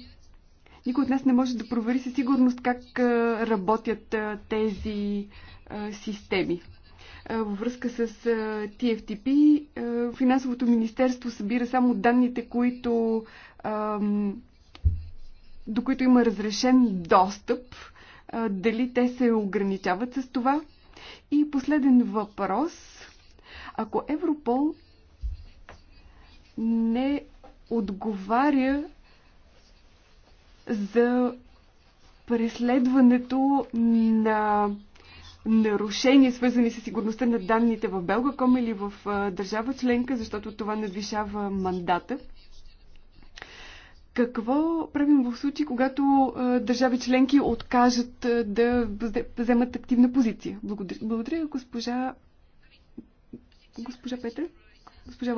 Speaker 3: никой от нас не може да провери със сигурност как работят тези системи. Във връзка с TFTP, финансовото министерство събира само данните, които до които има разрешен достъп, дали те се ограничават с това? И последен въпрос. Ако Европол не отговаря за преследването на нарушения, свързани с сигурността на данните в Белгаком или в държава членка, защото това надвишава мандата. Какво правим в случай, когато държави членки откажат да вземат активна позиция? Благодаря, Благодаря госпожа... Госпожа Петър? Госпожа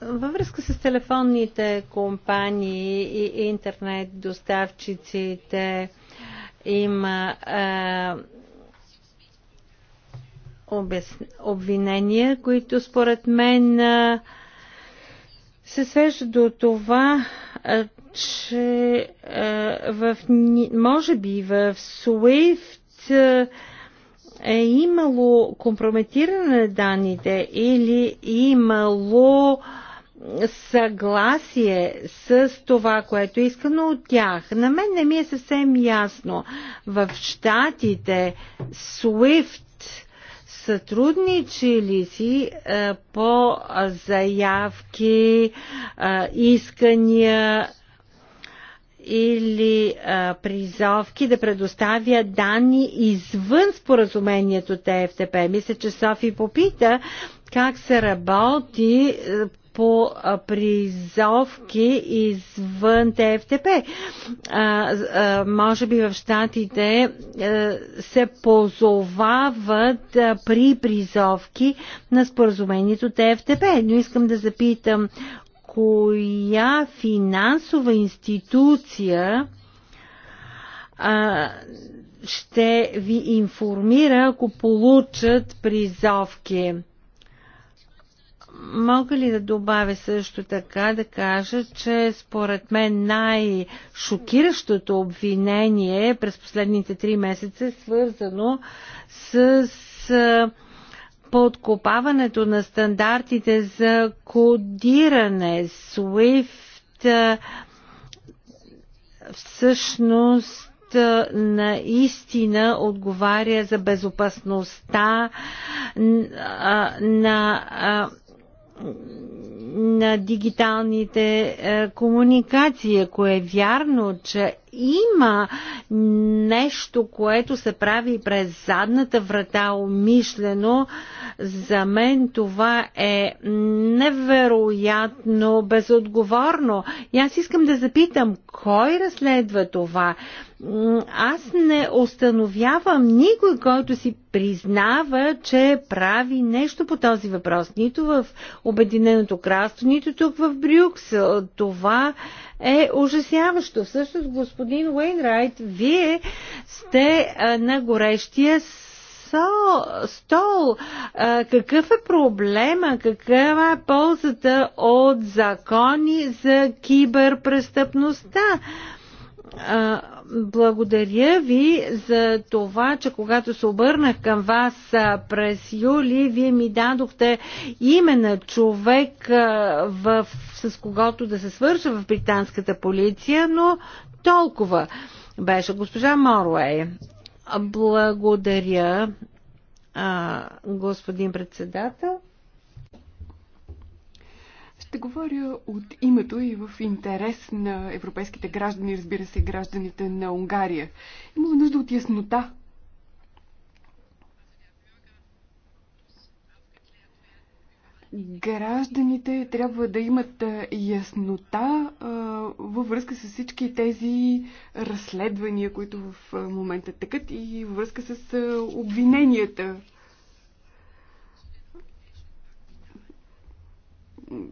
Speaker 2: Във връзка с телефонните компании и интернет доставчиците има обвинения, които според мен се свежда до това, че в, може би в SWIFT е имало компрометиране на данните или имало съгласие с това, което е искано от тях. На мен не ми е съвсем ясно. В щатите SWIFT Сътрудничили си по заявки, искания или а, призовки да предоставя данни извън споразумението ТФТП. Мисля, че Софи попита как се работи по призовки извън ТФТП. може би в Штатите се позовават при призовки на споразумението ТФТП. Но искам да запитам, коя финансова институция ще ви информира, ако получат призовки? Мога ли да добавя също така да кажа, че според мен най-шокиращото обвинение през последните три месеца е свързано с подкопаването на стандартите за кодиране SWIFT всъщност наистина отговаря за безопасността на на дигиталните е, комуникации. Ако е вярно, че има нещо, което се прави през задната врата умишлено, за мен това е невероятно безотговорно. И аз искам да запитам, кой разследва това? Аз не установявам никой, който си признава, че прави нещо по този въпрос. Нито в Обединеното кралство, нито тук в Брюксел. Това е е ужасяващо. Всъщност, господин Уейнрайт, вие сте а, на горещия стол. А, какъв е проблема? Каква е ползата от закони за киберпрестъпността? А, благодаря ви за това, че когато се обърнах към вас през юли, вие ми дадохте име на човек в с когото да се свърша в британската полиция, но толкова беше. Госпожа Морвей, благодаря, а, господин председател.
Speaker 3: Ще говоря от името и в интерес на европейските граждани, разбира се, гражданите на Унгария. Имаме нужда от яснота Гражданите трябва да имат яснота във връзка с всички тези разследвания, които в момента тъкат, и във връзка с обвиненията.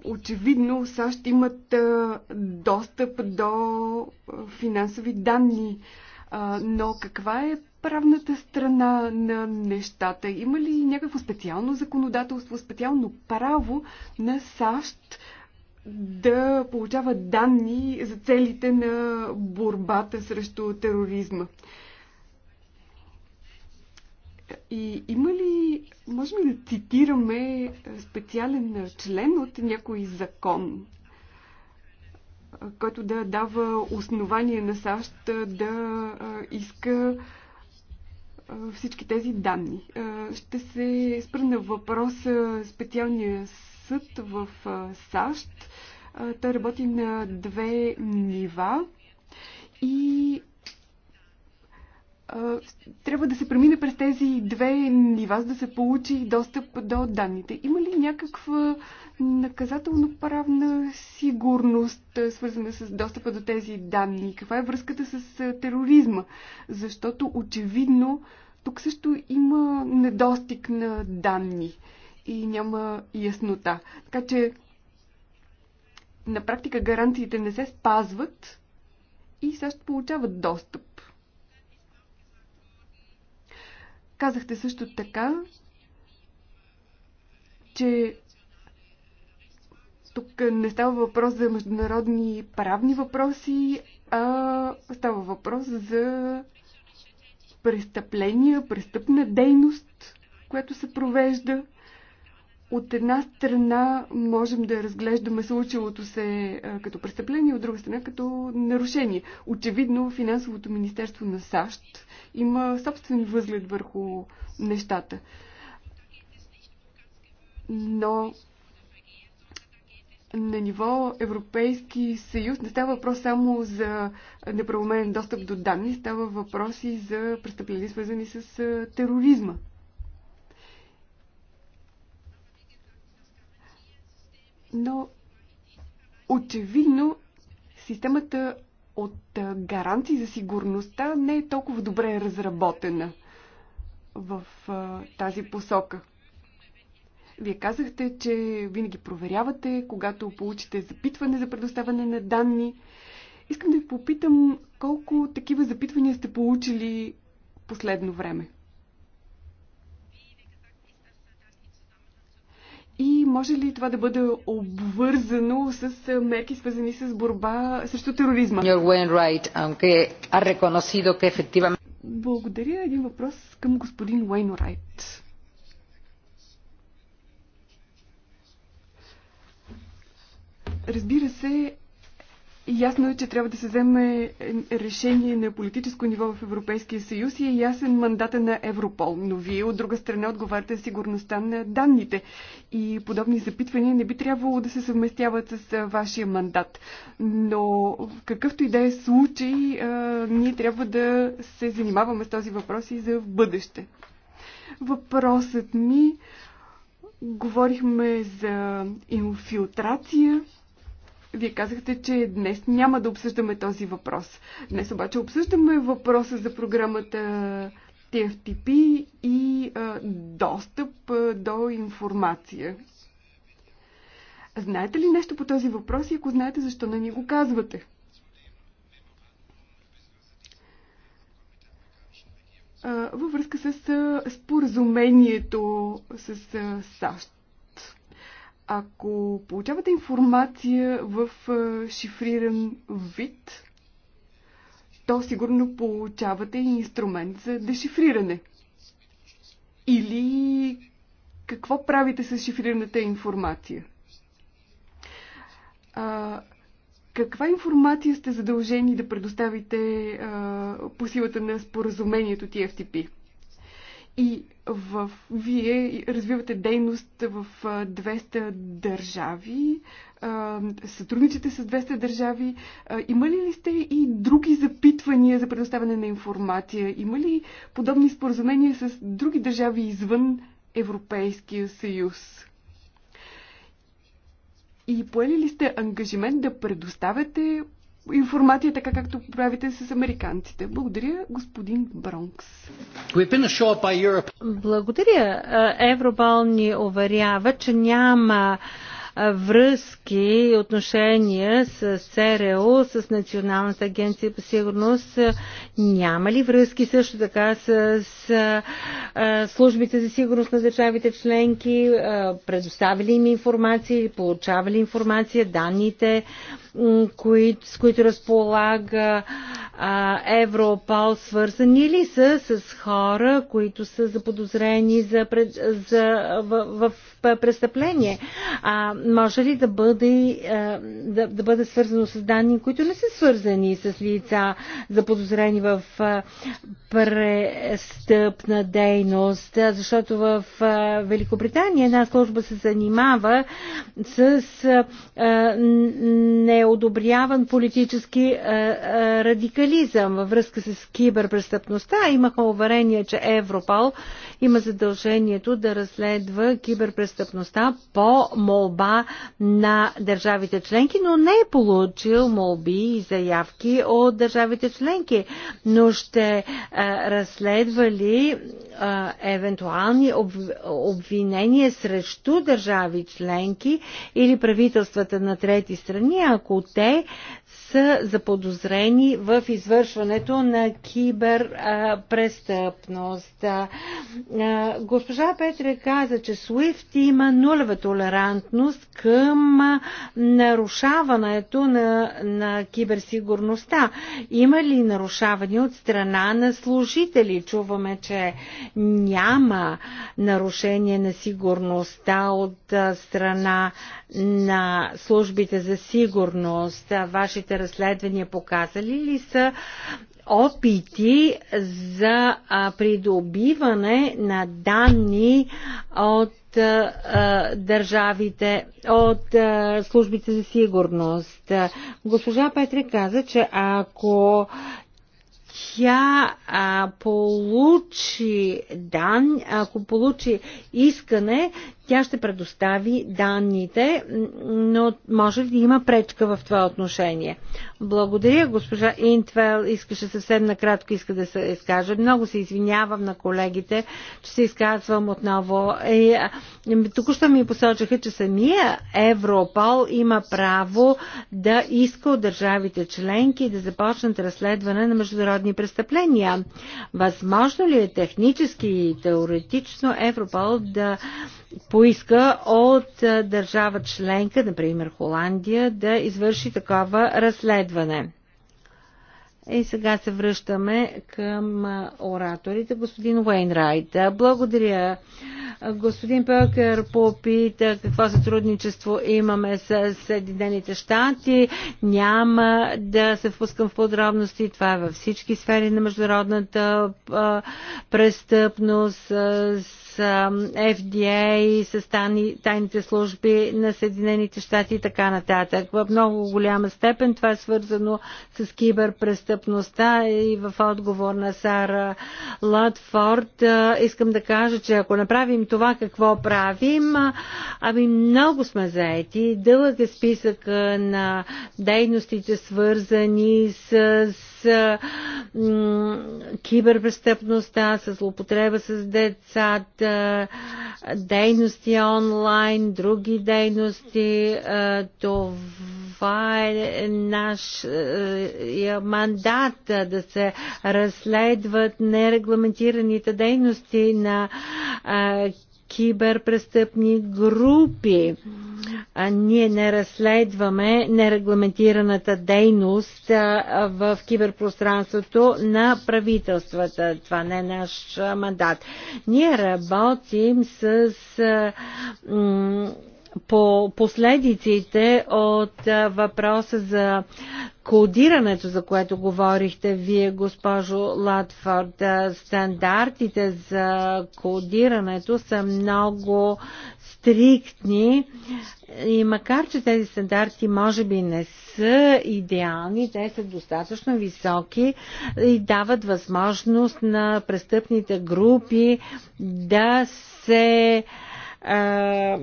Speaker 3: Очевидно САЩ имат достъп до финансови данни, но каква е правната страна на нещата? Има ли някакво специално законодателство, специално право на САЩ да получава данни за целите на борбата срещу тероризма? И има ли, можем ли да цитираме специален член от някой закон, който да дава основание на САЩ да иска всички тези данни. Ще се спра на въпроса специалния съд в САЩ. Той работи на две нива и трябва да се премине през тези две нива, за да се получи достъп до данните. Има ли някаква наказателно-правна сигурност, свързана с достъпа до тези данни? Каква е връзката с тероризма? Защото очевидно тук също има недостиг на данни и няма яснота. Така че на практика гаранциите не се спазват и САЩ получават достъп Казахте също така, че тук не става въпрос за международни правни въпроси, а става въпрос за престъпления, престъпна дейност, която се провежда. От една страна можем да разглеждаме случилото се като престъпление, от друга страна като нарушение. Очевидно Финансовото министерство на САЩ има собствен възглед върху нещата. Но на ниво Европейски съюз не става въпрос само за неправомерен достъп до данни, става въпрос и за престъпления, свързани с тероризма. но очевидно системата от гаранции за сигурността не е толкова добре разработена в а, тази посока. Вие казахте, че винаги проверявате, когато получите запитване за предоставяне на данни. Искам да ви попитам колко такива запитвания сте получили последно време. И може ли това да бъде обвързано с мерки, свързани с борба срещу тероризма? Благодаря. Един въпрос към господин Уейн Райт. Разбира се, Ясно е, че трябва да се вземе е, решение на политическо ниво в Европейския съюз и е ясен мандата на Европол. Но вие от друга страна отговаряте сигурността на данните. И подобни запитвания не би трябвало да се съвместяват с вашия мандат. Но в какъвто и да е случай, ние трябва да се занимаваме с този въпрос и за в бъдеще. Въпросът ми говорихме за инфилтрация вие казахте, че днес няма да обсъждаме този въпрос. Днес обаче обсъждаме въпроса за програмата TFTP и а, достъп а, до информация. Знаете ли нещо по този въпрос и ако знаете, защо не ни го казвате? във връзка с споразумението с САЩ. Ако получавате информация в е, шифриран вид, то сигурно получавате инструмент за дешифриране. Или какво правите с шифрираната информация? А, каква информация сте задължени да предоставите а, по силата на споразумението TFTP? И в... вие развивате дейност в 200 държави, сътрудничате с 200 държави. Имали ли сте и други запитвания за предоставяне на информация? Има ли подобни споразумения с други държави извън Европейския съюз? И поели ли сте ангажимент да предоставяте информация, така както правите с американците. Благодаря, господин Бронкс.
Speaker 2: Благодаря. Е, Евробал ни уверява, че няма връзки и отношения с ЦРУ, с Националната агенция по сигурност? Няма ли връзки също така с, с службите за сигурност на държавите членки? Предоставили им информация или получавали информация, данните, кои, с които разполага Европол, свързани ли са с хора, които са заподозрени за, за, в, в престъпление? А, може ли да бъде, е, да, да бъде свързано с данни, които не са свързани с лица заподозрени в е, престъпна дейност, защото в е, Великобритания една служба се занимава с неодобряван политически радикализъм във връзка с киберпрестъпността. Имахме уверение, че Европол има задължението да разследва киберпрестъпността по молба на държавите членки, но не е получил молби и заявки от държавите членки, но ще а, е, разследва ли а, е, евентуални об, обвинения срещу държави членки или правителствата на трети страни, ако те са заподозрени в извършването на киберпрестъпност. Госпожа Петре каза, че SWIFT има нулева толерантност към нарушаването на, на киберсигурността. Има ли нарушаване от страна на служители? Чуваме, че няма нарушение на сигурността от страна на службите за сигурност. Вашите разследвания показали ли са опити за придобиване на данни от държавите, от службите за сигурност. Госпожа Петри каза, че ако тя а, получи дан, ако получи искане, тя ще предостави данните, но може да има пречка в това отношение. Благодаря, госпожа Интвел. Искаше съвсем накратко иска да се изкаже. Много се извинявам на колегите, че се изказвам отново. Е, е, току-що ми посочиха, че самия Европол има право да иска от държавите членки да започнат разследване на международни престъпления. Възможно ли е технически и теоретично Европол да поиска от държава членка, например Холандия, да извърши такова разследване. И сега се връщаме към ораторите. Господин Уейнрайт, благодаря. Господин Пелкер попита какво сътрудничество имаме с Съединените щати. Няма да се впускам в подробности. Това е във всички сфери на международната престъпност, с FDA, с тайните служби на Съединените щати и така нататък. В много голяма степен това е свързано с киберпрестъпността и в отговор на Сара Латфорд искам да кажа, че ако направим това какво правим, ами много сме заети. Дълъг е списък на дейностите свързани с киберпрестъпността, с злоупотреба с децата, дейности онлайн, други дейности. Е, това е наш е, е, мандат да се разследват нерегламентираните дейности на киберпрестъпни групи. А ние не разследваме нерегламентираната дейност в киберпространството на правителствата. Това не е наш мандат. Ние работим с по последиците от въпроса за кодирането, за което говорихте вие, госпожо Латфорд. Стандартите за кодирането са много стриктни и макар, че тези стандарти може би не са идеални, те са достатъчно високи и дават възможност на престъпните групи да се а,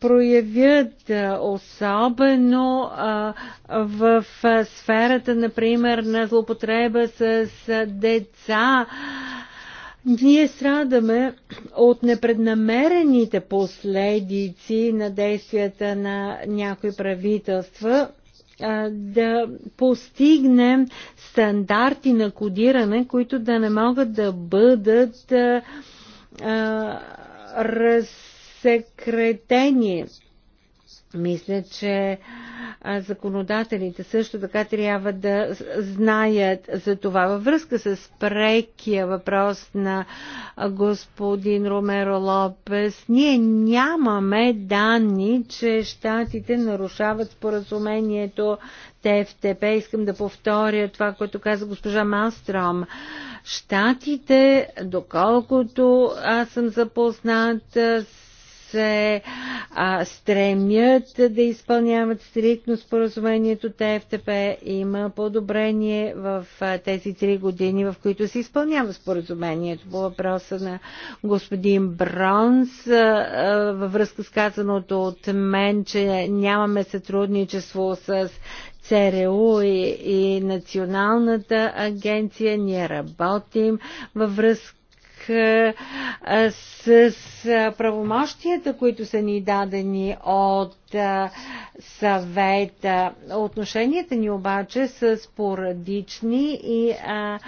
Speaker 2: проявят особено а, в сферата, например, на злопотреба с деца. Ние страдаме от непреднамерените последици на действията на някои правителства да постигнем стандарти на кодиране, които да не могат да бъдат разсекретение мисля, че законодателите също така трябва да знаят за това. Във връзка с прекия въпрос на господин Ромеро Лопес, ние нямаме данни, че щатите нарушават споразумението ТФТП. Искам да повторя това, което каза госпожа Мастром. Штатите, доколкото аз съм запознат, се а, стремят да изпълняват стриктно споразумението ТФТП. Има подобрение в а, тези три години, в които се изпълнява споразумението. По въпроса на господин Бронс, а, а, във връзка с казаното от мен, че нямаме сътрудничество с ЦРУ и, и Националната агенция. Ние работим във връзка с правомощията, които са ни дадени от съвета. Отношенията ни обаче са спорадични и а,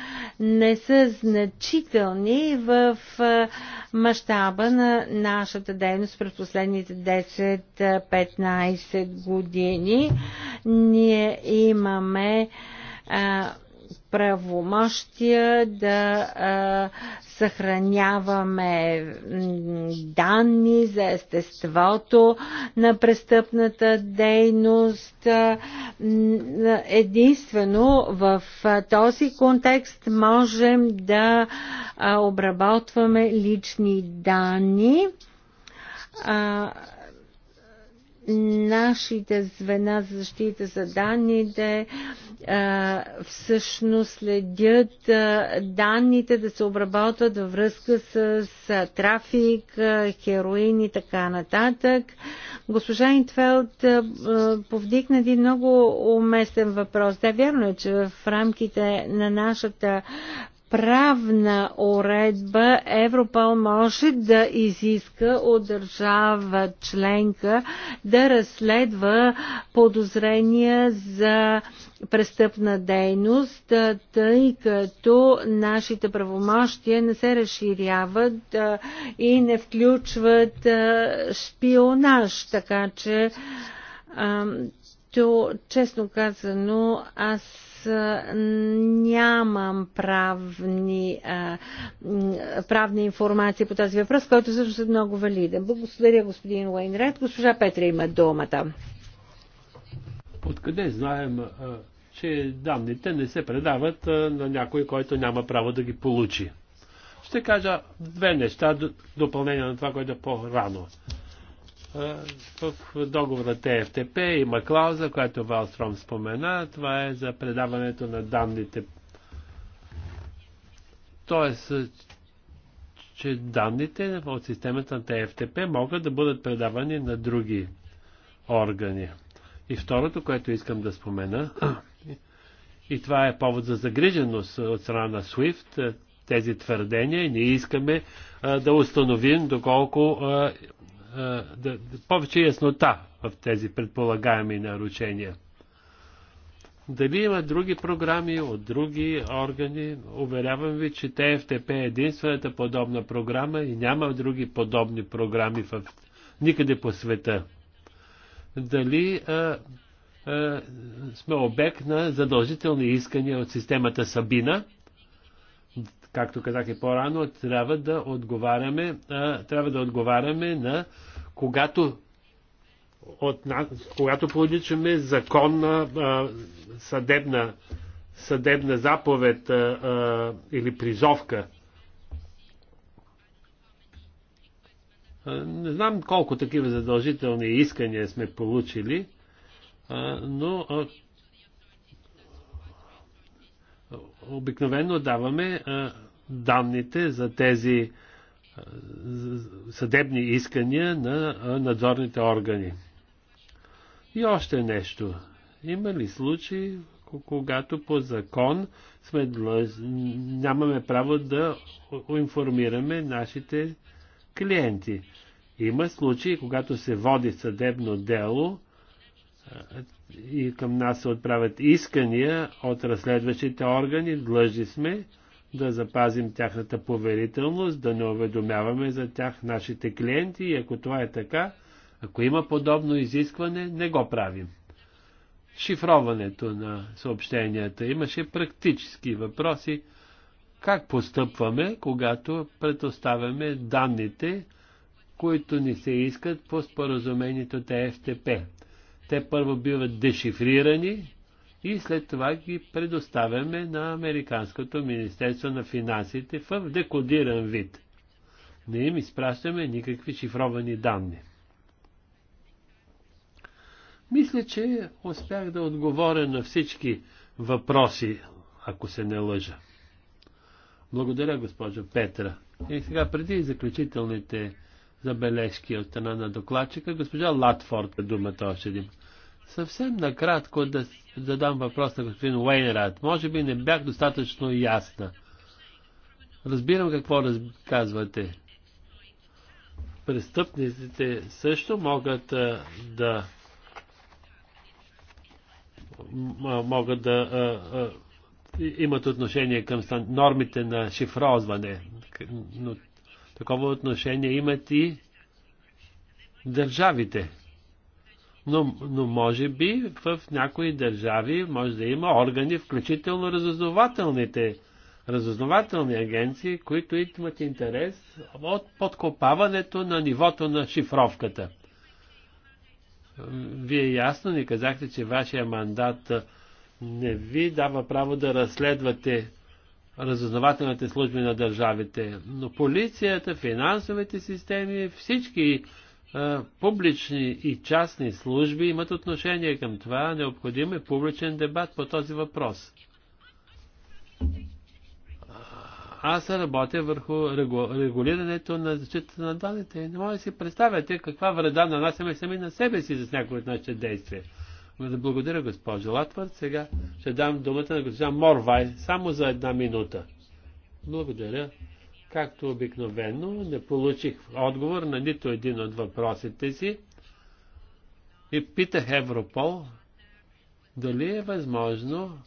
Speaker 2: не са значителни в а, мащаба на нашата дейност през последните 10-15 години. Ние имаме а, правомощия да а, съхраняваме данни за естеството на престъпната дейност. Единствено в този контекст можем да обработваме лични данни нашите звена за защита за данните всъщност следят данните да се обработват във връзка с трафик, хероин и така нататък. Госпожа Интфелд повдигна един много уместен въпрос. Да, вярно е, че в рамките на нашата правна уредба Европол може да изиска от държава членка да разследва подозрения за престъпна дейност, тъй като нашите правомощия не се разширяват и не включват шпионаж, така че то, честно казано, аз нямам правни, а, правни информация по тази въпрос, който също е много валиден. Благодаря господин Уейнред. Госпожа Петра има думата.
Speaker 1: Откъде знаем, а, че данните не се предават а, на някой, който няма право да ги получи? Ще кажа две неща, допълнение на това, което е по-рано в договора ТФТП има клауза, която Валстром спомена. Това е за предаването на данните. Тоест, че данните от системата на ТФТП могат да бъдат предавани на други органи. И второто, което искам да спомена, и това е повод за загриженост от страна на SWIFT, тези твърдения и ние искаме а, да установим доколко а, е, да, повече яснота в тези предполагаеми нарушения. Дали има други програми от други органи? Уверявам ви, че ТФТП е единствената подобна програма и няма други подобни програми в никъде по света. Дали а, е, а, е, сме обект на задължителни искания от системата Сабина? както казах и по-рано, трябва да отговаряме, а, трябва да отговаряме на когато от, когато получиме законна а, съдебна, съдебна заповед а, а, или призовка. А, не знам колко такива задължителни искания сме получили, а, но а, обикновено даваме данните за тези е, съдебни искания на е, надзорните органи. И още нещо. Има ли случаи, когато по закон сме нямаме право да информираме нашите клиенти? Има случаи, когато се води съдебно дело е, и към нас се отправят искания от разследващите органи, длъжи сме да запазим тяхната поверителност, да не уведомяваме за тях нашите клиенти и ако това е така, ако има подобно изискване, не го правим. Шифроването на съобщенията имаше практически въпроси. Как постъпваме, когато предоставяме данните, които ни се искат по споразумението ТФТП? Те първо биват дешифрирани, и след това ги предоставяме на Американското Министерство на финансите в декодиран вид. Не им изпращаме никакви шифровани данни. Мисля, че успях да отговоря на всички въпроси, ако се не лъжа. Благодаря, госпожо Петра. И сега, преди заключителните забележки от страна на докладчика, госпожа Латфорд е думата още един. Съвсем накратко да задам въпрос на господин Уейнрат. Може би не бях достатъчно ясна. Разбирам какво раз... казвате. Престъпниците също могат а, да могат да а, а, имат отношение към нормите на шифрозване. Но такова отношение имат и държавите но, но може би в някои държави може да има органи, включително разузнавателните разузнавателни агенции, които имат интерес от подкопаването на нивото на шифровката. Вие ясно ни казахте, че вашия мандат не ви дава право да разследвате разузнавателните служби на държавите, но полицията, финансовите системи, всички публични и частни служби имат отношение към това. Необходим е публичен дебат по този въпрос. Аз работя върху регулирането на защита на данните и не може да си представяте каква вреда нанасяме сами на себе си за някои от нашите действия. Да благодаря госпожа Латвард. Сега ще дам думата на госпожа Морвай само за една минута. Благодаря. Както обикновено, не получих отговор на нито един от въпросите си и питах Европол дали е възможно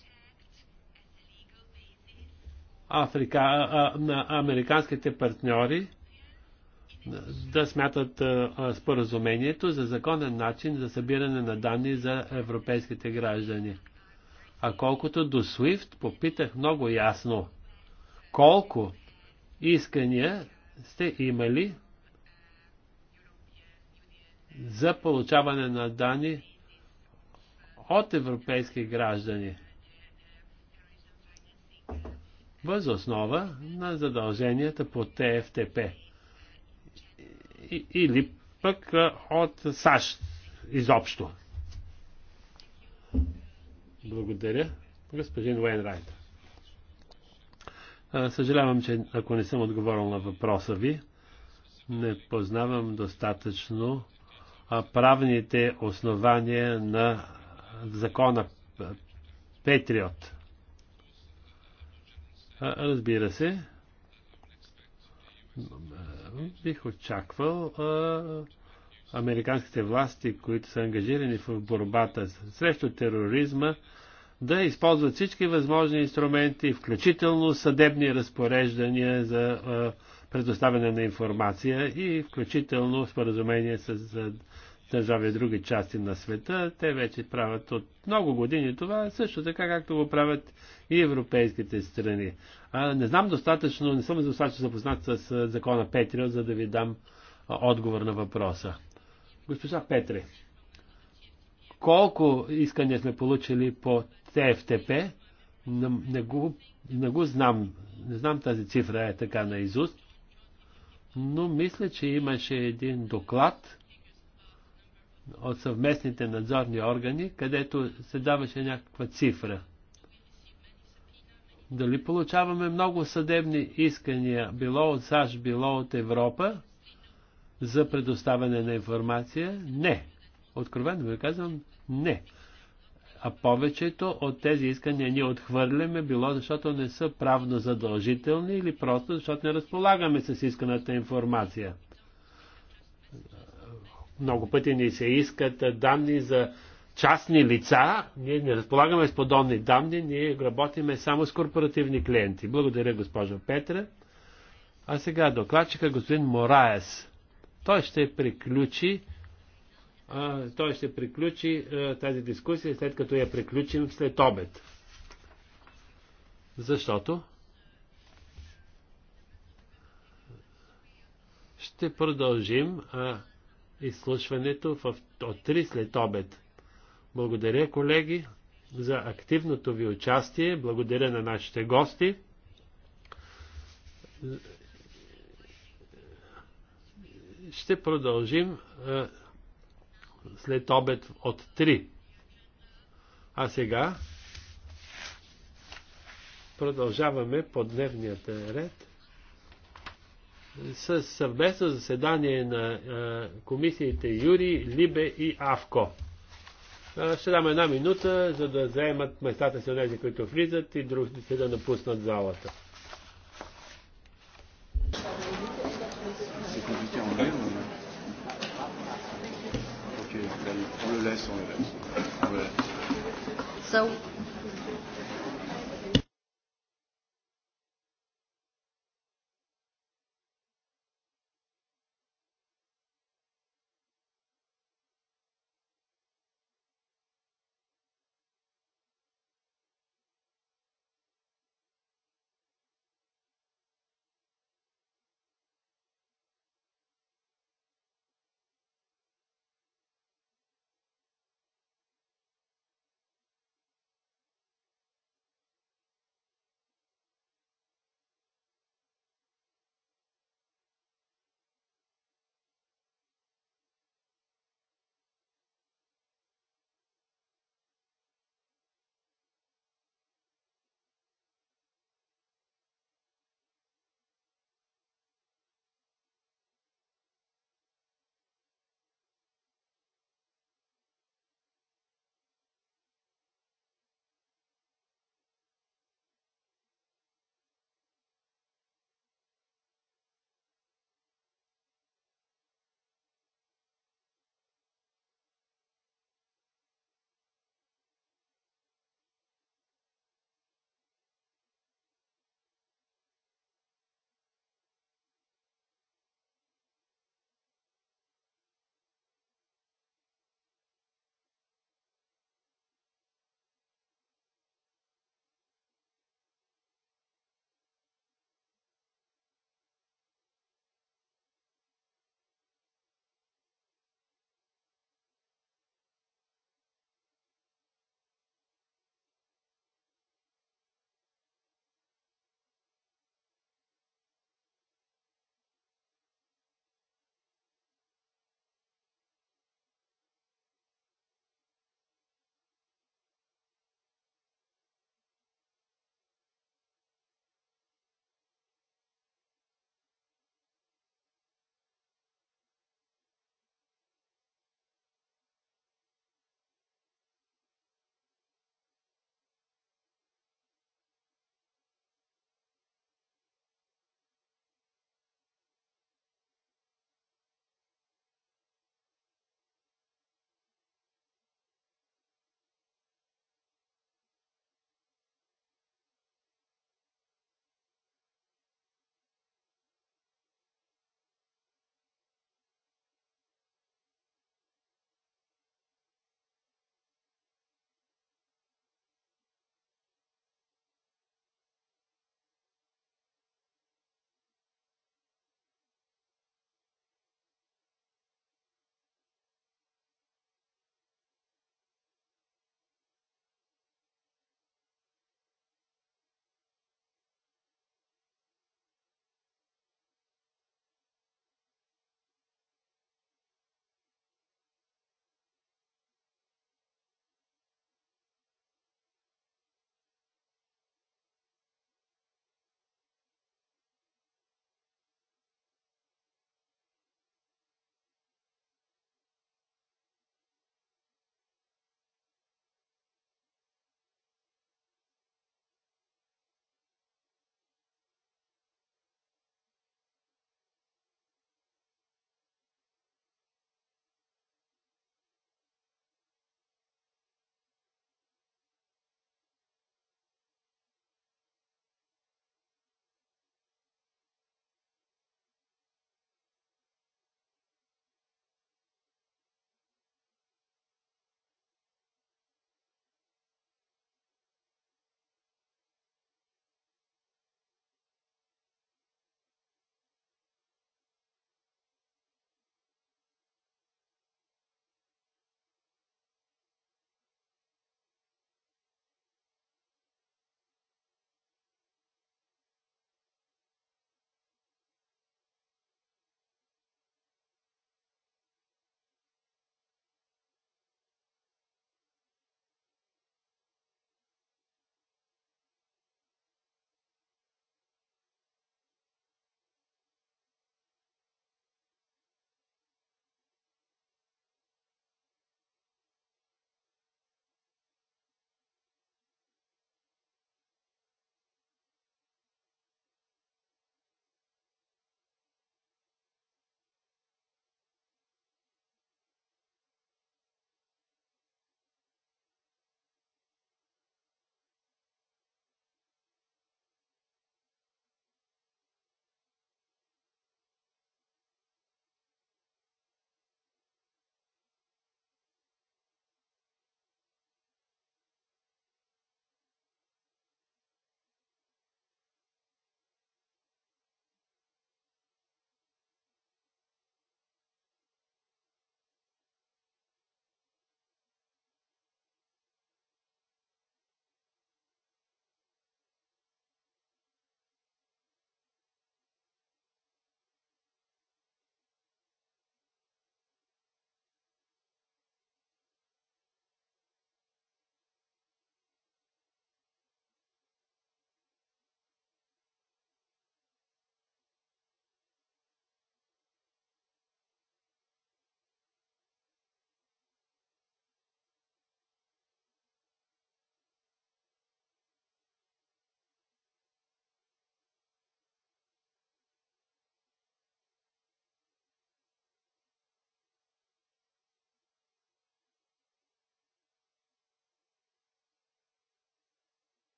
Speaker 1: Африка, а, на американските партньори да смятат а, споразумението за законен начин за събиране на данни за европейските граждани. А колкото до SWIFT, попитах много ясно колко искания сте имали за получаване на данни от европейски граждани въз основа на задълженията по ТФТП или пък от САЩ изобщо. Благодаря, господин Уейнрайт. Съжалявам, че ако не съм отговорил на въпроса ви, не познавам достатъчно правните основания на закона Петриот. Разбира се, бих очаквал американските власти, които са ангажирани в борбата срещу тероризма, да използват всички възможни инструменти, включително съдебни разпореждания за предоставяне на информация и включително споразумение с държави и други части на света. Те вече правят от много години това, също така както го правят и европейските страни. А, не знам достатъчно, не съм достатъчно запознат с закона Петрио, за да ви дам отговор на въпроса. Госпожа Петри колко искания сме получили по ТФТП, не го, не го знам. Не знам тази цифра е така на изуст. Но мисля, че имаше един доклад от съвместните надзорни органи, където се даваше някаква цифра. Дали получаваме много съдебни искания, било от САЩ, било от Европа, за предоставяне на информация? Не. Откровено ви казвам, не. А повечето от тези искания ние отхвърляме, било защото не са правно задължителни или просто защото не разполагаме с исканата информация. Много пъти ни се искат данни за частни лица, ние не разполагаме с подобни данни, ние работиме само с корпоративни клиенти. Благодаря, госпожо Петра. А сега докладчика господин Мораес. Той ще приключи той ще приключи тази дискусия след като я приключим след обед. Защото ще продължим а, изслушването в, от 3 след обед. Благодаря, колеги, за активното ви участие. Благодаря на нашите гости. Ще продължим. А, след обед от 3. А сега продължаваме по дневният ред с съвместно заседание на комисиите Юри, Либе и Авко. Ще дам една минута, за да заемат местата си тези, които влизат и другите да напуснат залата. le laisse, on le laisse. On le laisse. So,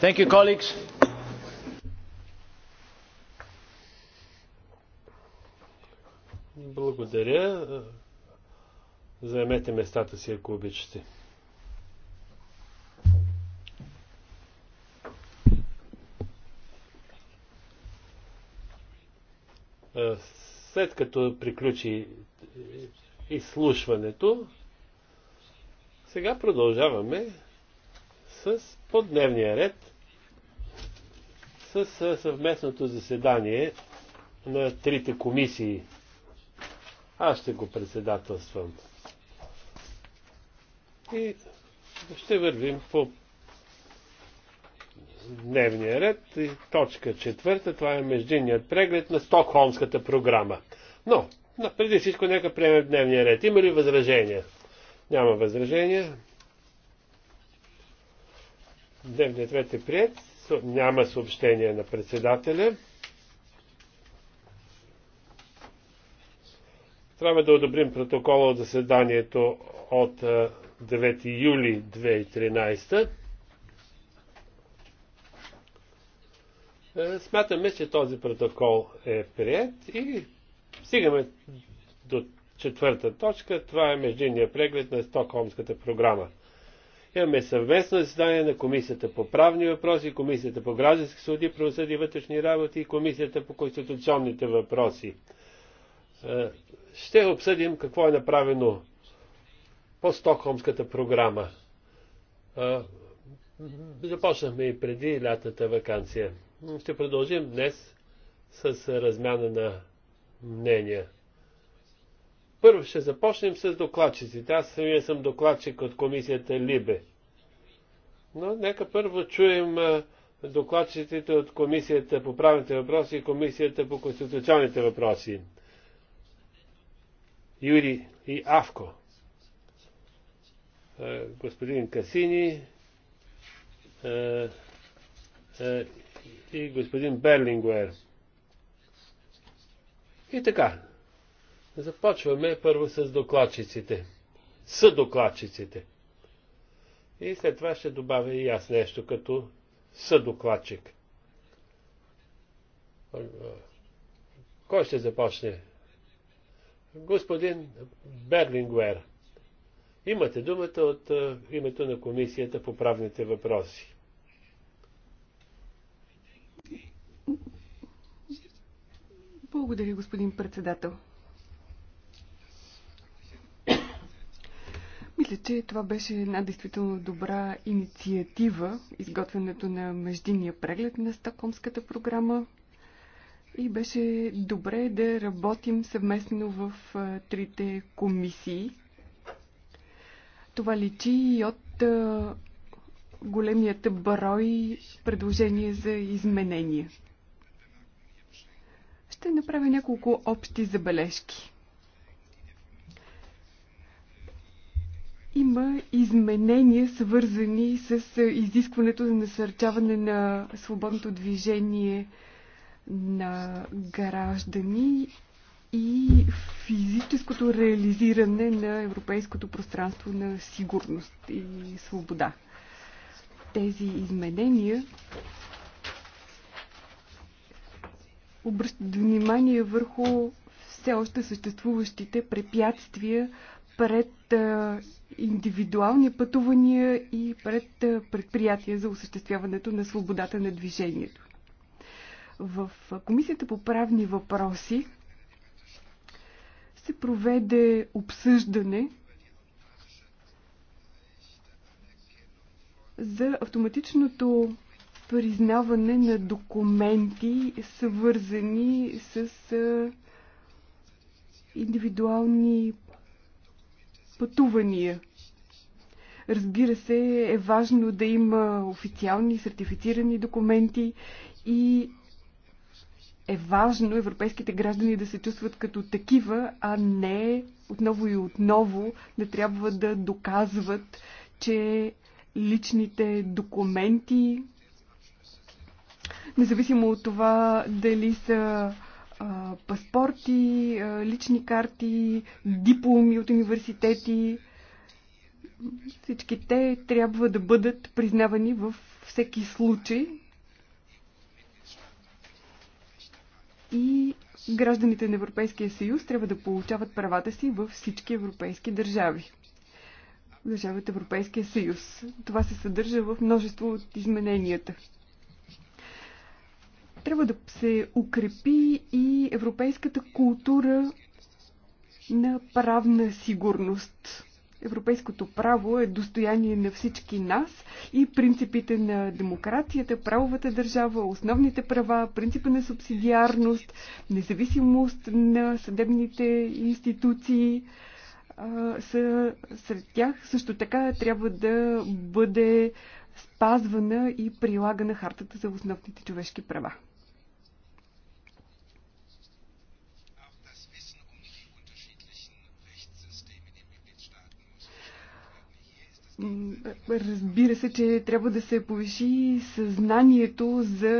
Speaker 1: Thank you, colleagues. Благодаря. Заемете местата си, ако обичате. След като приключи изслушването, сега продължаваме с по дневния ред с съвместното заседание на трите комисии. Аз ще го председателствам. И ще вървим по дневния ред. И точка четвърта, това е междинният преглед на Стокхолмската програма. Но, преди всичко, нека приемем дневния ред. Има ли възражения? Няма възражения. Дневният ред е прият. Няма съобщение на председателя. Трябва да одобрим протокола от заседанието от 9 юли 2013. Е, смятаме, че този протокол е прият и стигаме до четвърта точка. Това е междинния преглед на Стокхолмската програма. Имаме съвместно заседание на Комисията по правни въпроси, Комисията по граждански съди, правосъди и вътрешни работи и Комисията по конституционните въпроси. Е, ще обсъдим какво е направено по Стокхолмската програма. Е, започнахме и преди лятната вакансия. Ще продължим днес с размяна на мнения. Първо ще започнем с докладчиците. Аз самия съм докладчик от комисията Либе. Но нека първо чуем докладчиците от комисията по правните въпроси и комисията по конституционните въпроси. Юри и Авко. Господин Касини и господин Берлингуер. И така, Започваме първо с докладчиците. С докладчиците. И след това ще добавя и аз нещо като докладчик. Кой ще започне? Господин Берлингуер. Имате думата от името на Комисията по правните въпроси.
Speaker 3: Благодаря, господин председател. Мисля, че това беше една действително добра инициатива, изготвянето на междинния преглед на Стокхолмската програма. И беше добре да работим съвместно в трите комисии. Това личи и от големият брой предложения за изменения. Ще направя няколко общи забележки. Има изменения, свързани с е, изискването за насърчаване на свободното движение на граждани и физическото реализиране на европейското пространство на сигурност и свобода. Тези изменения обръщат внимание върху все още съществуващите препятствия пред индивидуални пътувания и пред предприятия за осъществяването на свободата на движението. В Комисията по правни въпроси се проведе обсъждане за автоматичното признаване на документи, съвързани с индивидуални пътувания. Разбира се, е важно да има официални сертифицирани документи и е важно европейските граждани да се чувстват като такива, а не отново и отново да трябва да доказват, че личните документи, независимо от това дали са паспорти, лични карти, дипломи от университети. Всички те трябва да бъдат признавани във всеки случай. И гражданите на Европейския съюз трябва да получават правата си във всички европейски държави. Държавата Европейския съюз. Това се съдържа в множество от измененията. Трябва да се укрепи и европейската култура на правна сигурност. Европейското право е достояние на всички нас и принципите на демокрацията, правовата държава, основните права, принципа на субсидиарност, независимост на съдебните институции а, са сред тях. Също така трябва да бъде спазвана и прилагана хартата за основните човешки права. Разбира се, че трябва да се повиши съзнанието за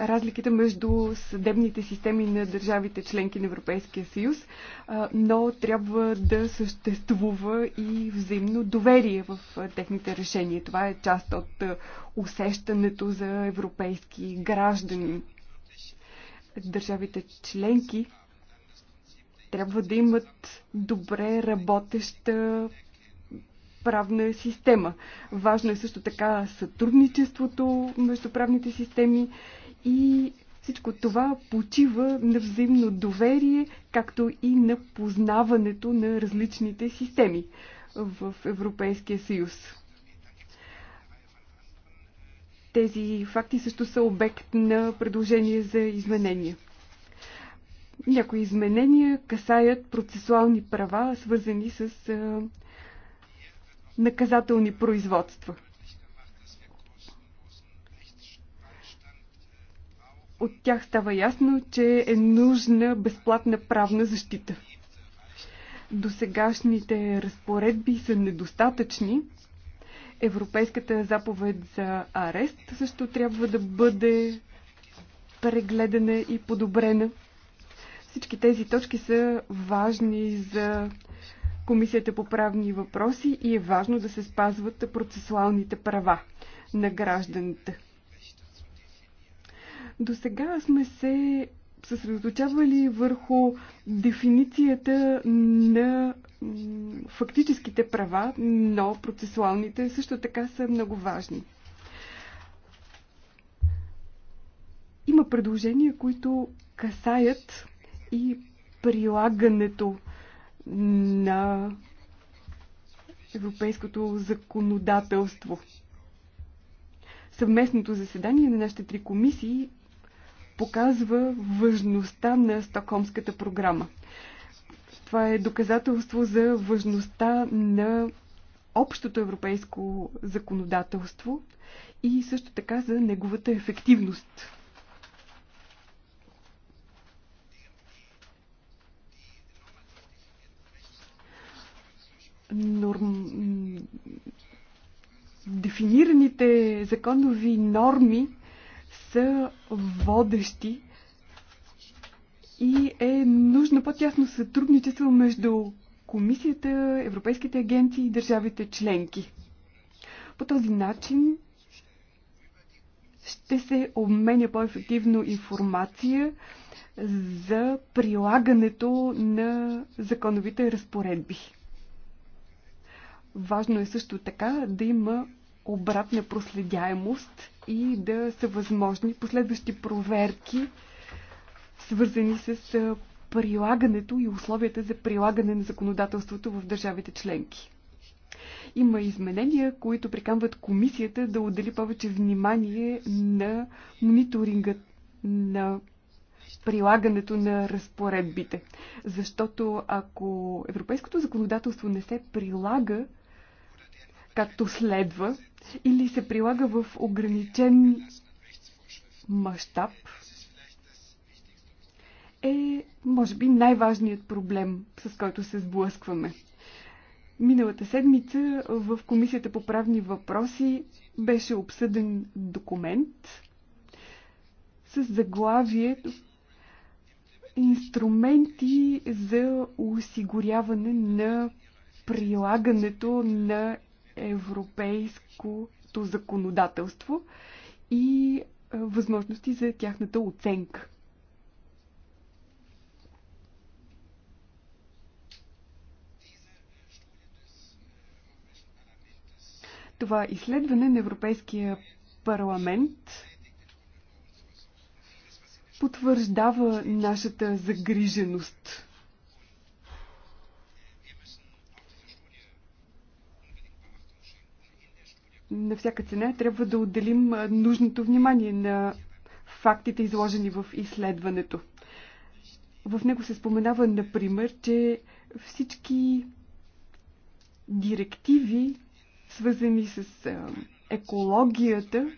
Speaker 3: разликите между съдебните системи на държавите членки на Европейския съюз, но трябва да съществува и взаимно доверие в техните решения. Това е част от усещането за европейски граждани. Държавите членки трябва да имат добре работеща правна система. Важно е също така сътрудничеството между правните системи и всичко това почива на взаимно доверие, както и на познаването на различните системи в Европейския съюз. Тези факти също са обект на предложение за изменения. Някои изменения касаят процесуални права, свързани с наказателни производства. От тях става ясно, че е нужна безплатна правна защита. Досегашните разпоредби са недостатъчни. Европейската заповед за арест също трябва да бъде прегледана и подобрена. Всички тези точки са важни за Комисията по правни въпроси и е важно да се спазват процесуалните права на гражданите. До сега сме се съсредоточавали върху дефиницията на фактическите права, но процесуалните също така са много важни. Има предложения, които касаят и прилагането на европейското законодателство. Съвместното заседание на нашите три комисии показва важността на Стокхолмската програма. Това е доказателство за важността на общото европейско законодателство и също така за неговата ефективност. норм... дефинираните законови норми са водещи и е нужно по-тясно сътрудничество между Комисията, Европейските агенции и държавите членки. По този начин ще се обменя по-ефективно информация за прилагането на законовите разпоредби. Важно е също така да има обратна проследяемост и да са възможни последващи проверки, свързани с прилагането и условията за прилагане на законодателството в държавите членки. Има изменения, които прикамват комисията да отдели повече внимание на мониторинга на прилагането на разпоредбите. Защото ако европейското законодателство не се прилага както следва или се прилага в ограничен мащаб, е, може би, най-важният проблем, с който се сблъскваме. Миналата седмица в Комисията по правни въпроси беше обсъден документ с заглавието Инструменти за осигуряване на прилагането на европейското законодателство и възможности за тяхната оценка. Това изследване на Европейския парламент потвърждава нашата загриженост на всяка цена трябва да отделим нужното внимание на фактите, изложени в изследването. В него се споменава, например, че всички директиви, свързани с екологията,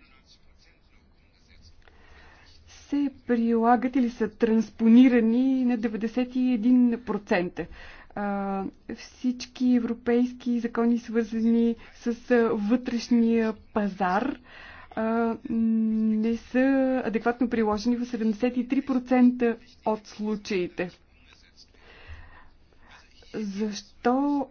Speaker 3: се прилагат или са транспонирани на 91% а, всички европейски закони, свързани с а, вътрешния пазар, а, не са адекватно приложени в 73% от случаите. Защо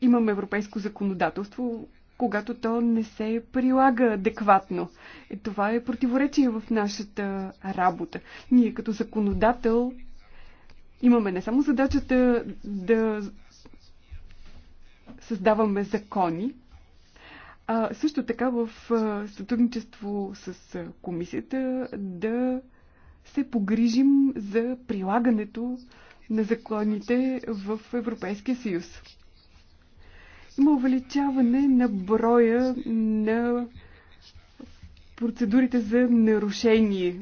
Speaker 3: имаме европейско законодателство, когато то не се прилага адекватно. Е, това е противоречие в нашата работа. Ние като законодател имаме не само задачата да създаваме закони, а също така в сътрудничество с комисията да се погрижим за прилагането на законите в Европейския съюз. Има увеличаване на броя на процедурите за нарушение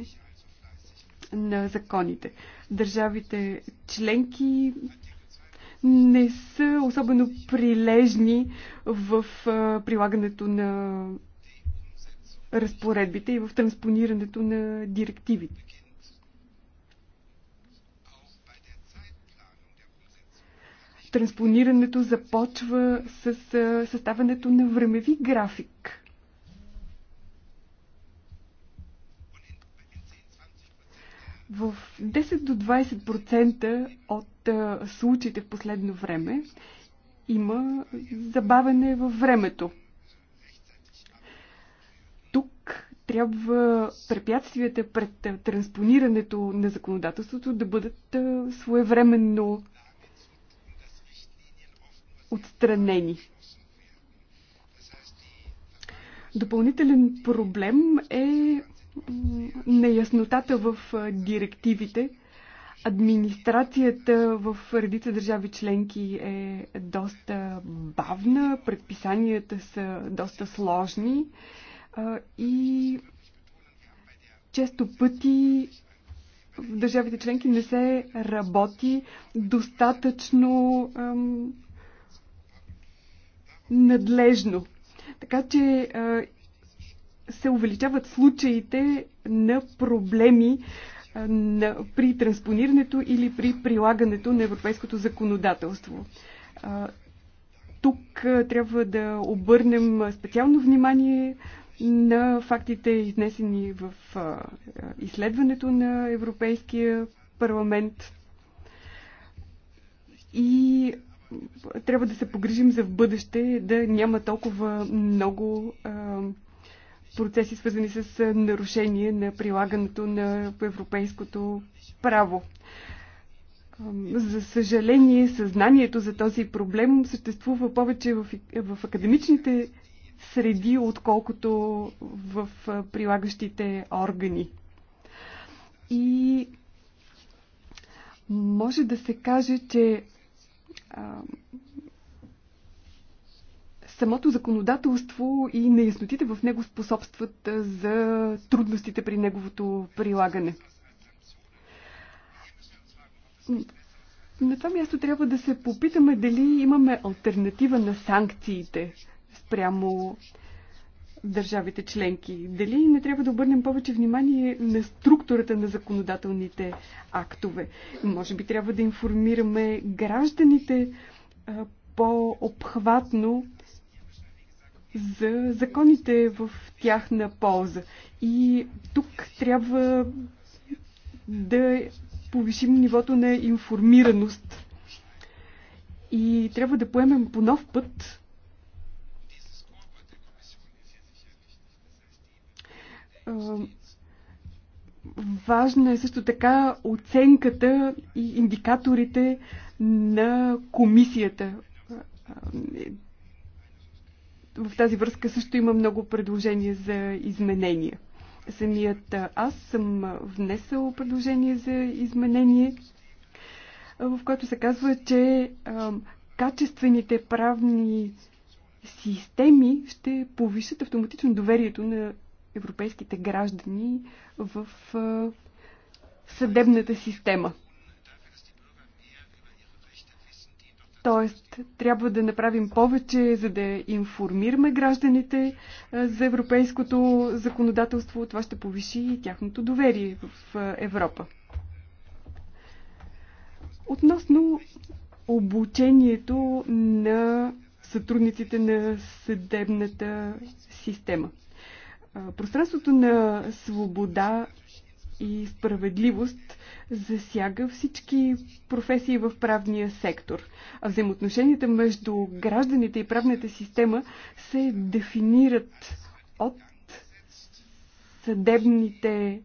Speaker 3: на законите. Държавите членки не са особено прилежни в прилагането на разпоредбите и в транспонирането на директивите. Транспонирането започва с съставането на времеви график. В 10 до 20% от а, случаите в последно време има забавене във времето. Тук трябва препятствията пред транспонирането на законодателството да бъдат своевременно отстранени. Допълнителен проблем е неяснотата в директивите. Администрацията в редица държави членки е доста бавна, предписанията са доста сложни и често пъти в държавите членки не се работи достатъчно надлежно. Така че се увеличават случаите на проблеми на, при транспонирането или при прилагането на европейското законодателство. Тук трябва да обърнем специално внимание на фактите, изнесени в изследването на Европейския парламент. И трябва да се погрижим за в бъдеще да няма толкова много процеси, свързани с нарушение на прилагането на европейското право. За съжаление, съзнанието за този проблем съществува повече в, в академичните среди, отколкото в прилагащите органи. И може да се каже, че самото законодателство и неяснотите в него способстват за трудностите при неговото прилагане. На това място трябва да се попитаме дали имаме альтернатива на санкциите спрямо държавите членки. Дали не трябва да обърнем повече внимание на структурата на законодателните актове. Може би трябва да информираме гражданите по-обхватно за законите в тяхна полза. И тук трябва да повишим нивото на информираност и трябва да поемем по нов път Важна е също така оценката и индикаторите на комисията в тази връзка също има много предложения за изменения. Самият аз съм внесъл предложение за изменение, в което се казва, че качествените правни системи ще повишат автоматично доверието на европейските граждани в съдебната система. Тоест, трябва да направим повече, за да информираме гражданите за европейското законодателство. Това ще повиши и тяхното доверие в Европа. Относно обучението на сътрудниците на съдебната система. Пространството на свобода и справедливост засяга всички професии в правния сектор. А взаимоотношенията между гражданите и правната система се дефинират от съдебните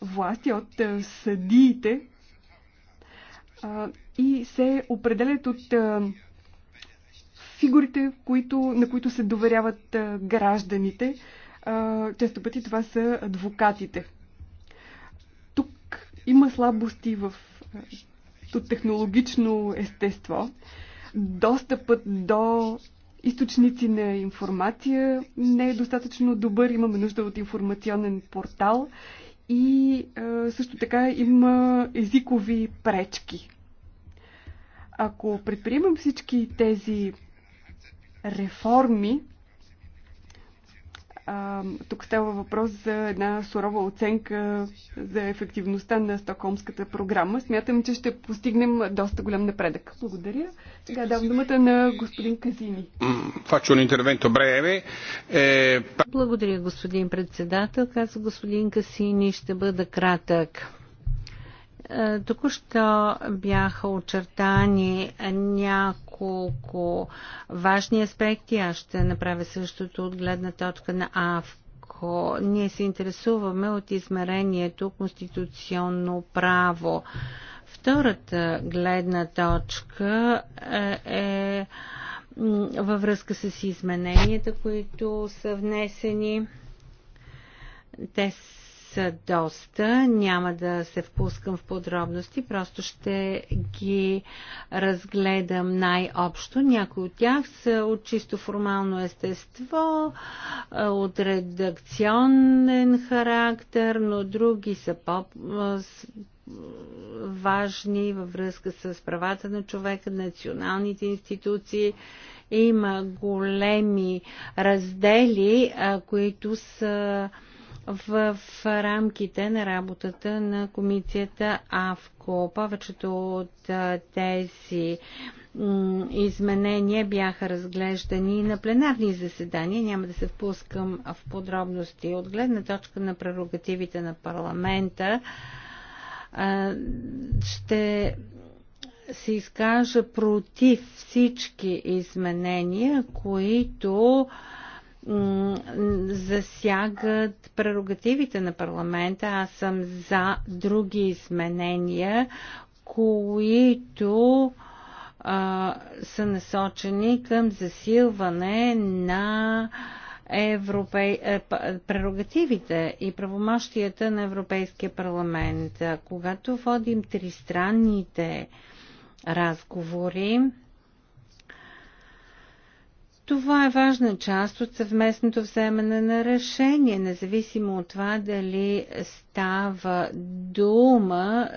Speaker 3: власти, от съдиите и се определят от фигурите, които, на които се доверяват гражданите. Често пъти това са адвокатите. Има слабости в е, технологично естество. Достъпът до източници на информация не е достатъчно добър. Имаме нужда от информационен портал и е, също така има езикови пречки. Ако предприемем всички тези реформи, а, тук става въпрос за една сурова оценка за ефективността на Стокхолмската програма. Смятам, че ще постигнем доста голям напредък. Благодаря. Сега давам думата на господин Казини.
Speaker 1: Фачо интервенто бреве.
Speaker 2: Благодаря, господин председател. Каза господин Касини, ще бъда кратък. Е, току-що бяха очертани няколко важни аспекти. Аз ще направя същото от гледна точка на АВК ако ние се интересуваме от измерението конституционно право. Втората гледна точка е, е във връзка с измененията, които са внесени. Те са доста. Няма да се впускам в подробности, просто ще ги разгледам най-общо. Някои от тях са от чисто формално естество, от редакционен характер, но други са по важни във връзка с правата на човека, националните институции. Има големи раздели, които са в рамките на работата на комисията АВКО. Повечето от тези изменения бяха разглеждани на пленарни заседания. Няма да се впускам в подробности. От гледна точка на прерогативите на парламента ще се изкажа против всички изменения, които засягат прерогативите на парламента. Аз съм за други изменения, които а, са насочени към засилване на европе... Е, прерогативите и правомощията на Европейския парламент. Когато водим тристранните разговори, това е важна част от съвместното вземане на решение, независимо от това дали става дума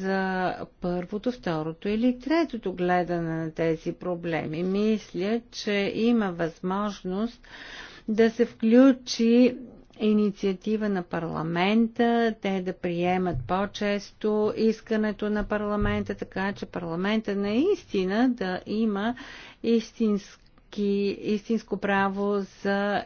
Speaker 2: за първото, второто или третото гледане на тези проблеми. Мисля, че има възможност да се включи инициатива на парламента, те да приемат по-често искането на парламента, така че парламента наистина да има истинско истински, истинско право за е,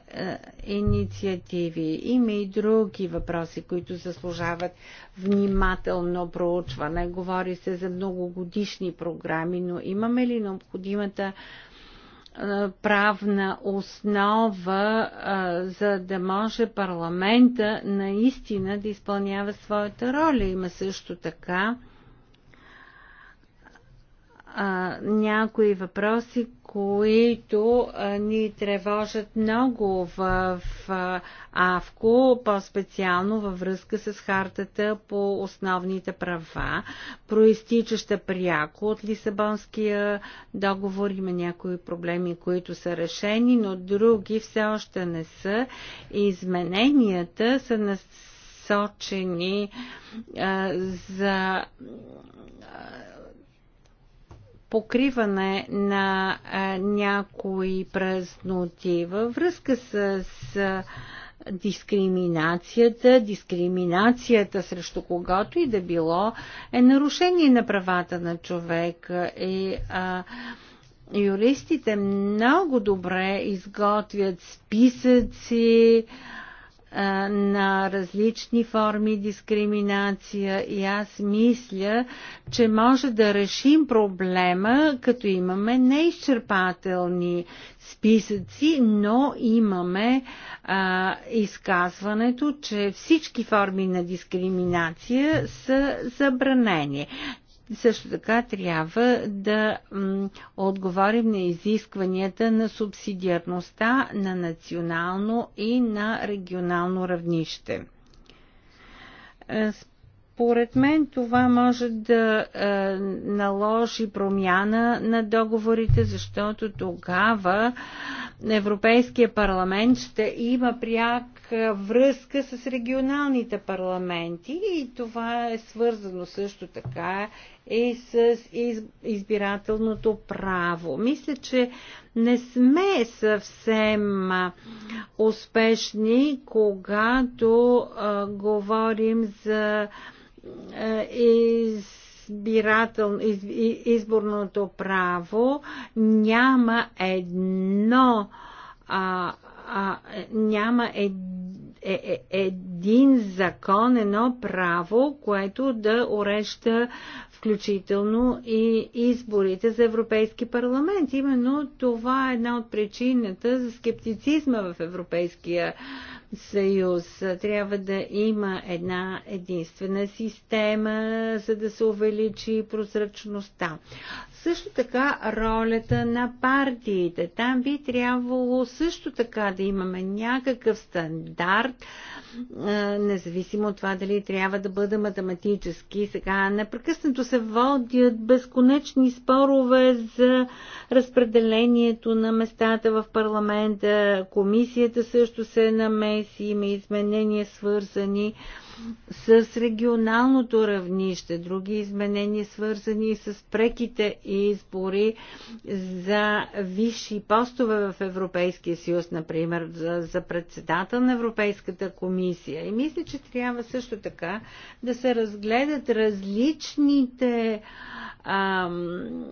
Speaker 2: инициативи. Има и други въпроси, които заслужават внимателно проучване. Говори се за многогодишни програми, но имаме ли необходимата е, правна основа, е, за да може парламента наистина да изпълнява своята роля. Има също така а, някои въпроси, които а, ни тревожат много в, в АВКО, по-специално във връзка с хартата по основните права, проистичаща пряко от Лисабонския договор. Има някои проблеми, които са решени, но други все още не са. Измененията са насочени а, за покриване на а, някои празноти във връзка с, с дискриминацията, дискриминацията срещу когото и да било е нарушение на правата на човека и а, юристите много добре изготвят списъци, а, на различни форми дискриминация и аз мисля, че може да решим проблема, като имаме неизчерпателни списъци, но имаме а, изказването, че всички форми на дискриминация са забранени също така трябва да отговорим на изискванията на субсидиарността на национално и на регионално равнище. Е, според мен това може да е, наложи промяна на договорите, защото тогава Европейския парламент ще има пряк е, връзка с регионалните парламенти и това е свързано също така и с избирателното право. Мисля, че не сме съвсем успешни, когато а, говорим за а, из избирател, из, изборното право няма едно а, а, няма един е, е, един закон, едно право, което да уреща включително и изборите за Европейски парламент. Именно това е една от причината за скептицизма в Европейския парламент съюз. Трябва да има една единствена система, за да се увеличи прозрачността. Също така ролята на партиите. Там би трябвало също така да имаме някакъв стандарт, независимо от това дали трябва да бъде математически. Сега непрекъснато се водят безконечни спорове за разпределението на местата в парламента. Комисията също се намеси си има изменения свързани с регионалното равнище, други изменения свързани с преките избори за висши постове в Европейския съюз, например за, за председател на Европейската комисия. И мисля, че трябва също така да се разгледат различните ам,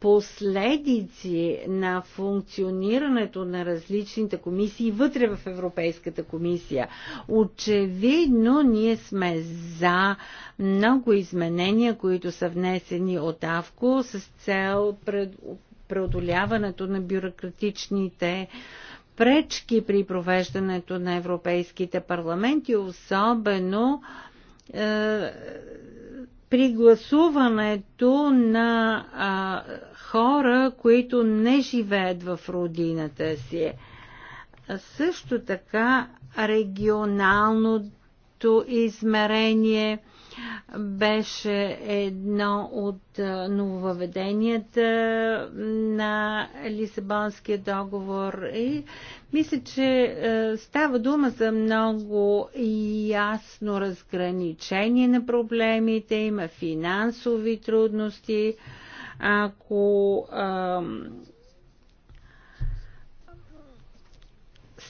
Speaker 2: последици на функционирането на различните комисии вътре в Европейската комисия. Очевидно ние сме за много изменения, които са внесени от АВКО с цел пред, преодоляването на бюрократичните пречки при провеждането на европейските парламенти, особено е, при гласуването на а, хора, които не живеят в родината си. Също така регионалното измерение – беше едно от нововъведенията на Лисабонския договор и мисля, че става дума за много ясно разграничение на проблемите, има финансови трудности, ако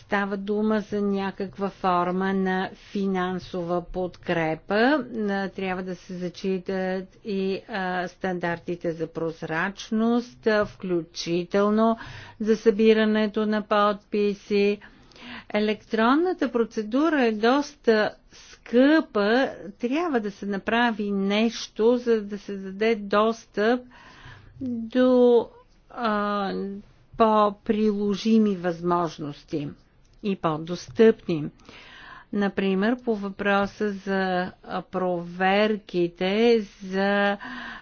Speaker 2: Става дума за някаква форма на финансова подкрепа. Трябва да се зачитат и стандартите за прозрачност, включително за събирането на подписи. Електронната процедура е доста скъпа. Трябва да се направи нещо, за да се даде достъп до по-приложими възможности и по-достъпни. Например, по въпроса за проверките за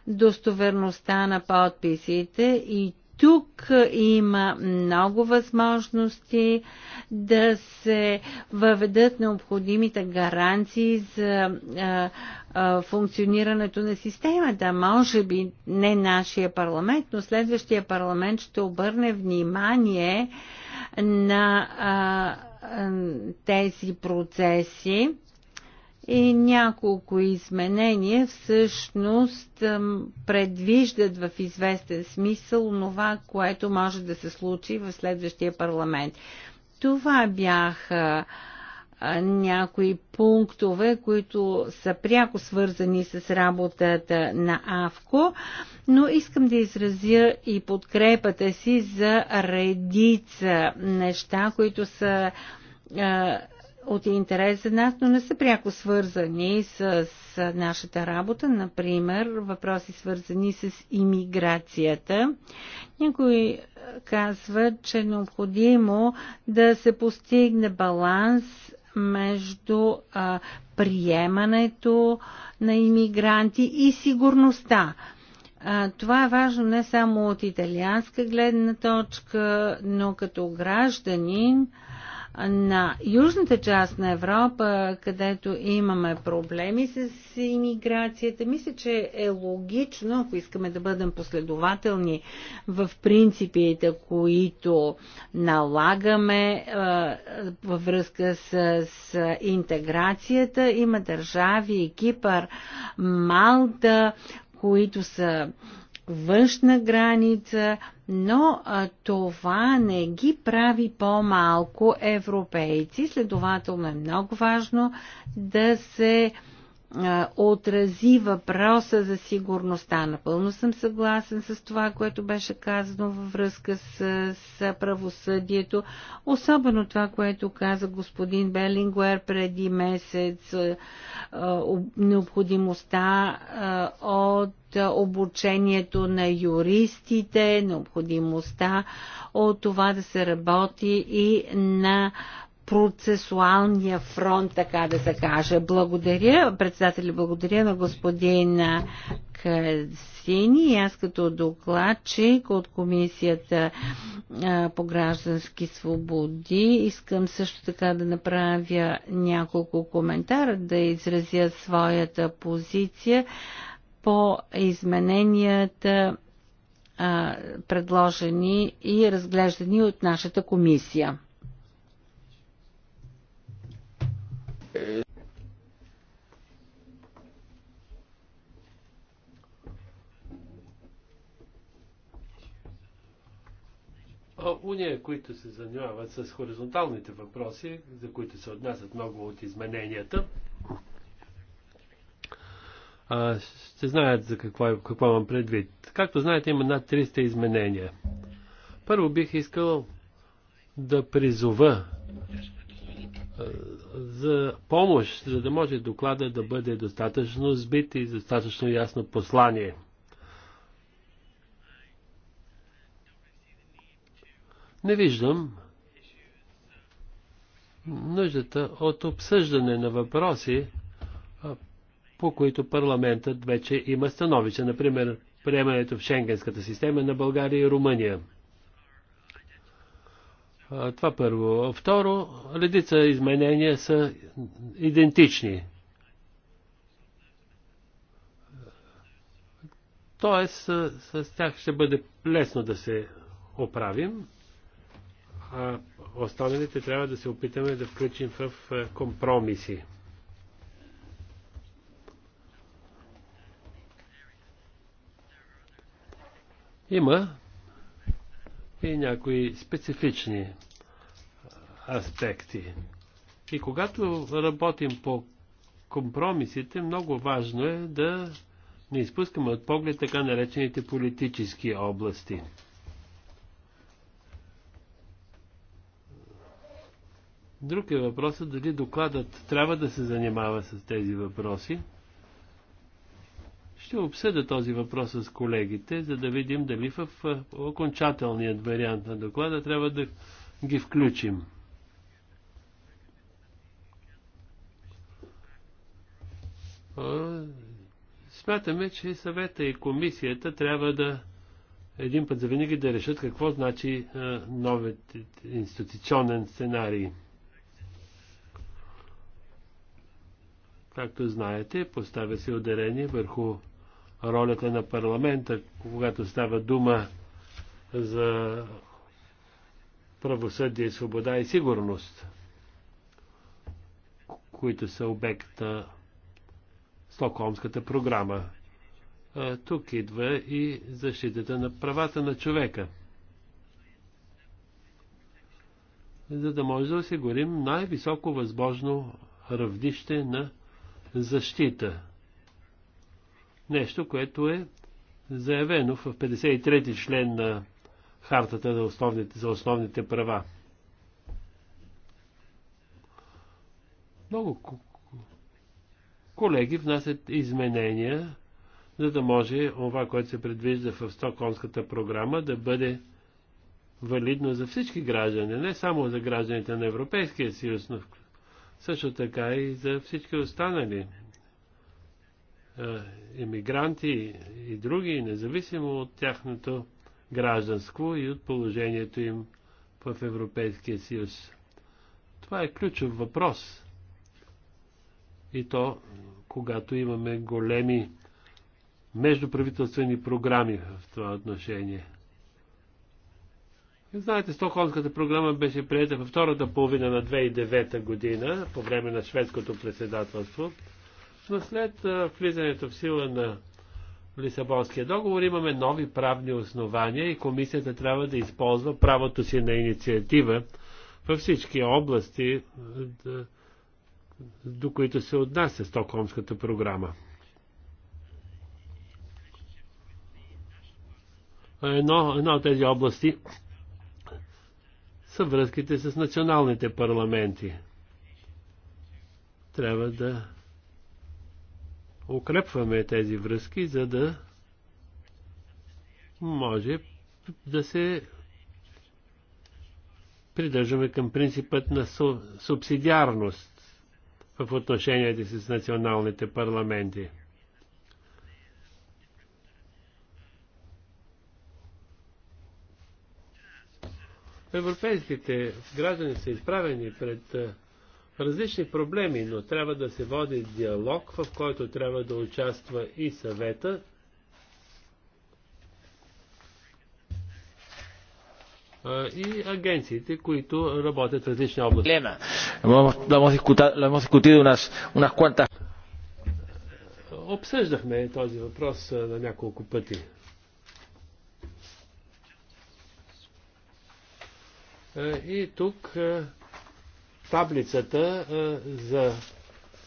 Speaker 2: достоверността на подписите и тук има много възможности да се въведат необходимите гаранции за а, а, функционирането на системата. Може би не нашия парламент, но следващия парламент ще обърне внимание а, на а, а, тези процеси и няколко изменения всъщност предвиждат в известен смисъл това, което може да се случи в следващия парламент. Това бяха а, някои пунктове, които са пряко свързани с работата на АВКО, но искам да изразя и подкрепата си за редица неща, които са е, от интерес за нас, но не са пряко свързани с, с нашата работа, например въпроси свързани с имиграцията. Някои казват, че е необходимо да се постигне баланс между а, приемането на иммигранти и сигурността. А, това е важно не само от италианска гледна точка, но като гражданин. А, на южната част на Европа, където имаме проблеми с иммиграцията, мисля, че е логично, ако искаме да бъдем последователни в принципите, които налагаме във връзка с, с интеграцията, има държави, Кипър, Малта, които са външна граница но а, това не ги прави по-малко европейци. Следователно е много важно да се а, отрази въпроса за сигурността. Напълно съм съгласен с това, което беше казано във връзка с, с правосъдието, особено това, което каза господин Белингуер преди месец, необходимостта от обучението на юристите, необходимостта от това да се работи и на процесуалния фронт, така да се каже. Благодаря, председатели, благодаря на господин Касини. и Аз като докладчик от Комисията по граждански свободи искам също така да направя няколко коментара, да изразя своята позиция по измененията предложени и разглеждани от нашата комисия.
Speaker 1: Уния, които се занимават с хоризонталните въпроси, за които се отнасят много от измененията, ще знаят за какво, какво имам предвид. Както знаете, има над 300 изменения. Първо бих искал да призова за помощ, за да може доклада да бъде достатъчно сбит и достатъчно ясно послание. Не виждам нуждата от обсъждане на въпроси, по които парламентът вече има становище, например приемането в Шенгенската система на България и Румъния. Това първо. Второ, редица изменения са идентични. Тоест, с, с тях ще бъде лесно да се оправим, а останалите трябва да се опитаме да включим в е, компромиси. Има и някои специфични аспекти. И когато работим по компромисите, много важно е да не изпускаме от поглед така наречените политически области. Друг е въпросът дали докладът трябва да се занимава с тези въпроси. Ще обсъда този въпрос с колегите, за да видим дали в окончателният вариант на доклада трябва да ги включим. Смятаме, че съвета и комисията трябва да един път за винаги да решат какво значи новият институционен сценарий. Както знаете, поставя се ударение върху ролята на парламента, когато става дума за правосъдие, свобода и сигурност, които са обект на Стокхолмската програма. Тук идва и защитата на правата на човека. За да може да осигурим най-високо възможно равнище на защита Нещо, което е заявено в 53-ти член на Хартата за основните, за основните права. Много колеги внасят изменения, за да може това, което се предвижда в Стоконската програма, да бъде валидно за всички граждани, не само за гражданите на Европейския съюз, но също така и за всички останали е, емигранти и други, независимо от тяхното гражданство и от положението им в Европейския съюз. Това е ключов въпрос. И то, когато имаме големи междуправителствени програми в това отношение. Знаете, Стокхолмската програма беше приета във втората половина на 2009 година, по време на шведското председателство след влизането в сила на Лисабонския договор имаме нови правни основания и комисията трябва да използва правото си на инициатива във всички области, до които се отнася Стокхолмската програма. Едно, една от тези области са връзките с националните парламенти. Трябва да укрепваме тези връзки, за да може да се придържаме към принципът на субсидиарност в отношенията си с националните парламенти. Европейските граждани са изправени пред различни проблеми, но трябва да се води диалог, в който трябва да участва и съвета. и агенциите, които работят в различни области. Лена, Обсъждахме този въпрос на няколко пъти. И тук таблицата за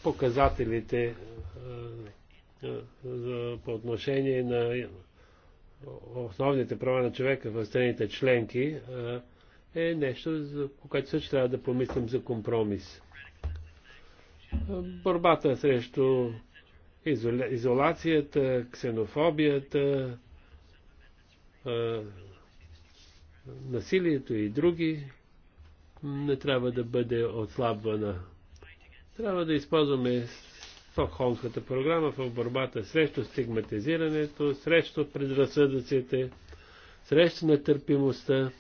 Speaker 1: показателите по отношение на основните права на човека в страните членки е нещо, за което също трябва да помислим за компромис. Борбата срещу изоля... изолацията, ксенофобията, насилието и други не трябва да бъде отслабвана. Трябва да използваме Стокхолмската програма в борбата срещу стигматизирането, срещу предразсъдъците, срещу нетърпимостта.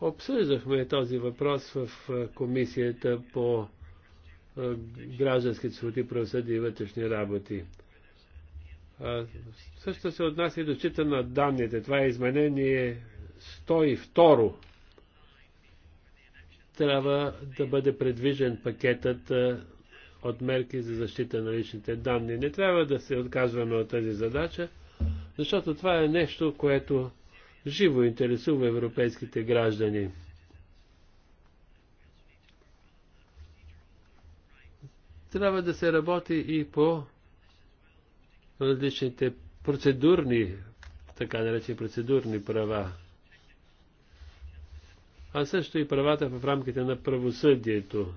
Speaker 1: Обсъждахме този въпрос в комисията по граждански свободи, правосъдие и вътрешни работи. А, също се отнася и до чита на данните. Това е изменение 102 трябва да бъде предвижен пакетът от мерки за защита на личните данни. Не трябва да се отказваме от тази задача, защото това е нещо, което живо интересува европейските граждани. Трябва да се работи и по различните процедурни, така наречени процедурни права а също и правата в рамките на правосъдието.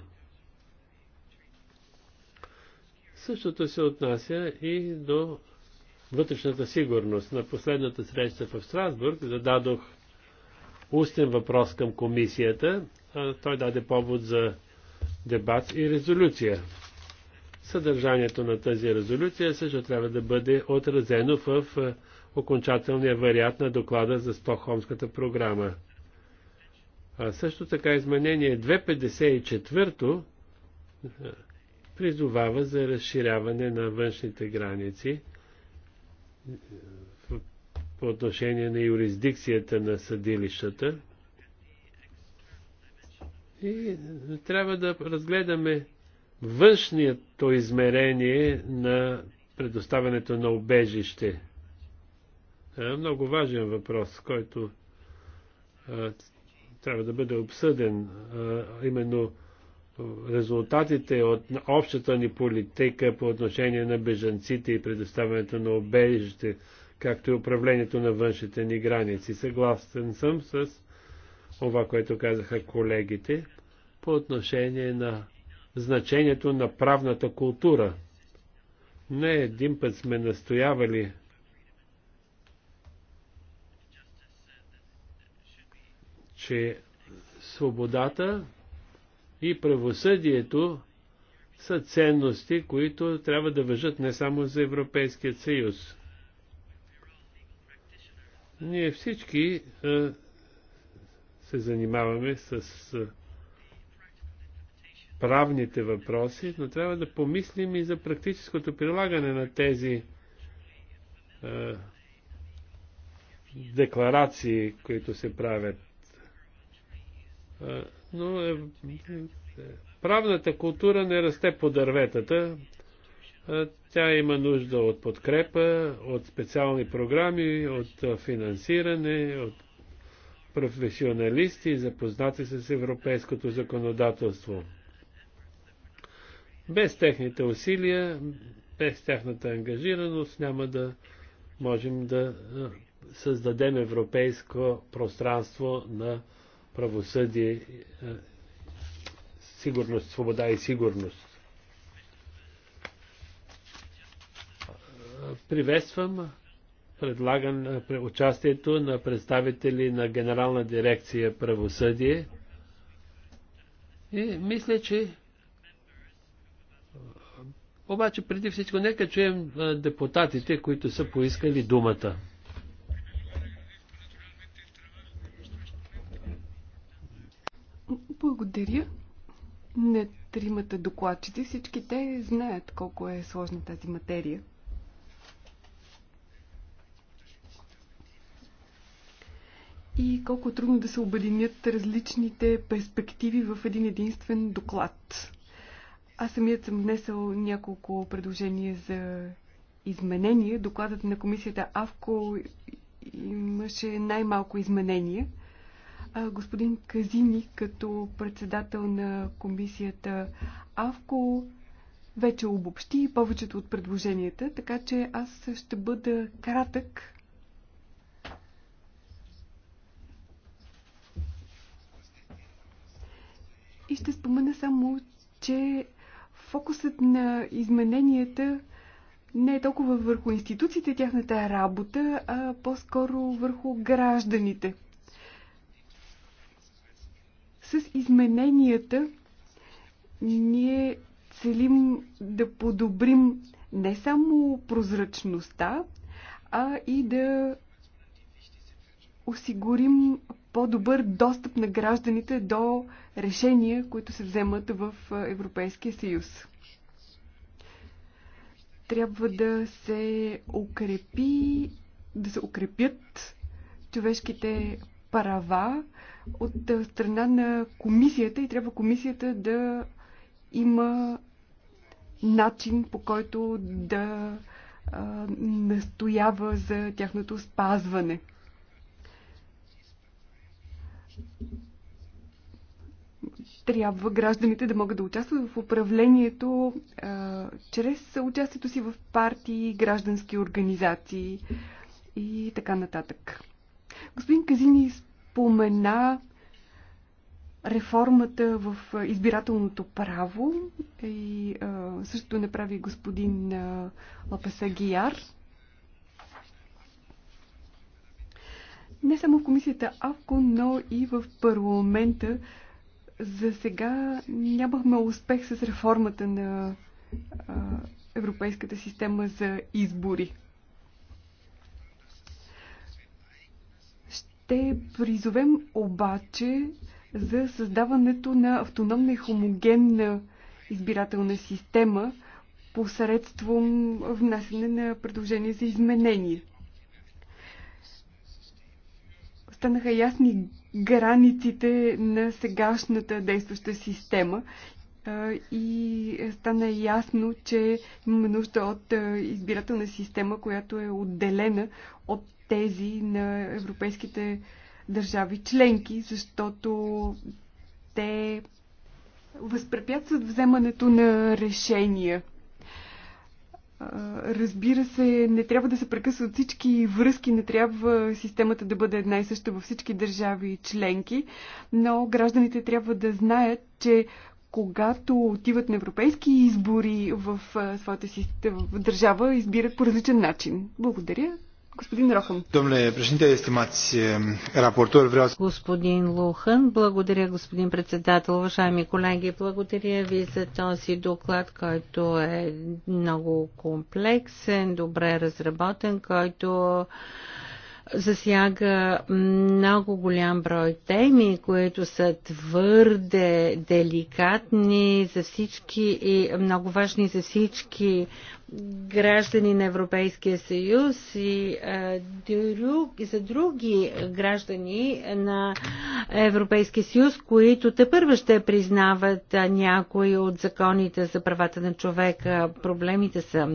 Speaker 1: Същото се отнася и до вътрешната сигурност. На последната среща в Страсбург зададох устен въпрос към комисията. Той даде повод за дебат и резолюция. Съдържанието на тази резолюция също трябва да бъде отразено в окончателния вариант на доклада за Стокхолмската програма. А също така изменение 254 призовава за разширяване на външните граници по отношение на юрисдикцията на съдилищата. И трябва да разгледаме външното измерение на предоставянето на обежище. Много важен въпрос, който трябва да бъде обсъден, именно резултатите от общата ни политика по отношение на бежанците и предоставянето на обежище, както и управлението на външните ни граници. Съгласен съм с това, което казаха колегите по отношение на значението на правната култура. Не един път сме настоявали че свободата и правосъдието са ценности, които трябва да въжат не само за Европейския съюз. Ние всички а, се занимаваме с а, правните въпроси, но трябва да помислим и за практическото прилагане на тези а, декларации, които се правят. Е, но е, правната култура не расте по дърветата. Е, тя има нужда от подкрепа, от специални програми, от е, финансиране, от професионалисти, запознати с европейското законодателство. Без техните усилия, без тяхната ангажираност няма да можем да създадем европейско пространство на правосъдие, е, сигурност, свобода и сигурност. Приветствам предлаган е, участието на представители на Генерална дирекция правосъдие и мисля, че е, обаче преди всичко нека чуем депутатите, които са поискали думата.
Speaker 3: Благодаря на тримата докладчици. Всички те знаят колко е сложна тази материя. И колко е трудно да се обединят различните перспективи в един единствен доклад. Аз самият съм внесъл няколко предложения за изменения. Докладът на комисията АВКО имаше най-малко изменения господин Казини като председател на комисията АВКО вече обобщи повечето от предложенията, така че аз ще бъда кратък. И ще спомена само, че фокусът на измененията не е толкова върху институциите, тяхната работа, а по-скоро върху гражданите – с измененията ние целим да подобрим не само прозрачността, а и да осигурим по-добър достъп на гражданите до решения, които се вземат в Европейския съюз. Трябва да се укрепи, да се укрепят човешките права от страна на комисията и трябва комисията да има начин по който да а, настоява за тяхното спазване. Трябва гражданите да могат да участват в управлението а, чрез участието си в партии, граждански организации и така нататък. Господин Казини спомена реформата в избирателното право и а, също направи господин а, Гияр. Не само в комисията АВКО, но и в парламента за сега нямахме успех с реформата на а, Европейската система за избори. ще призовем обаче за създаването на автономна и хомогенна избирателна система посредством внасяне на предложения за изменение. Станаха ясни границите на сегашната действаща система и стана ясно, че имаме нужда от избирателна система, която е отделена от тези на европейските държави членки, защото те възпрепятстват вземането на решения. Разбира се, не трябва да се прекъсват всички връзки, не трябва системата да бъде една и съща във всички държави и членки, но гражданите трябва да знаят, че когато отиват на европейски избори в своята си в държава, избират по различен начин. Благодаря. Господин Рохан.
Speaker 2: Домле,
Speaker 1: președинте, естимации, рапортор, vreau
Speaker 3: Господин Лухан, благодаря, господин
Speaker 2: председател. Уважаеми колеги, благодаря ви за този доклад, който е много комплексен, добре разработен, който засяга много голям брой теми, които са твърде деликатни за всички и много важни за всички граждани на Европейския съюз и, е, и за други граждани на Европейския съюз, които те първо ще признават е, някои от законите за правата на човека. Проблемите са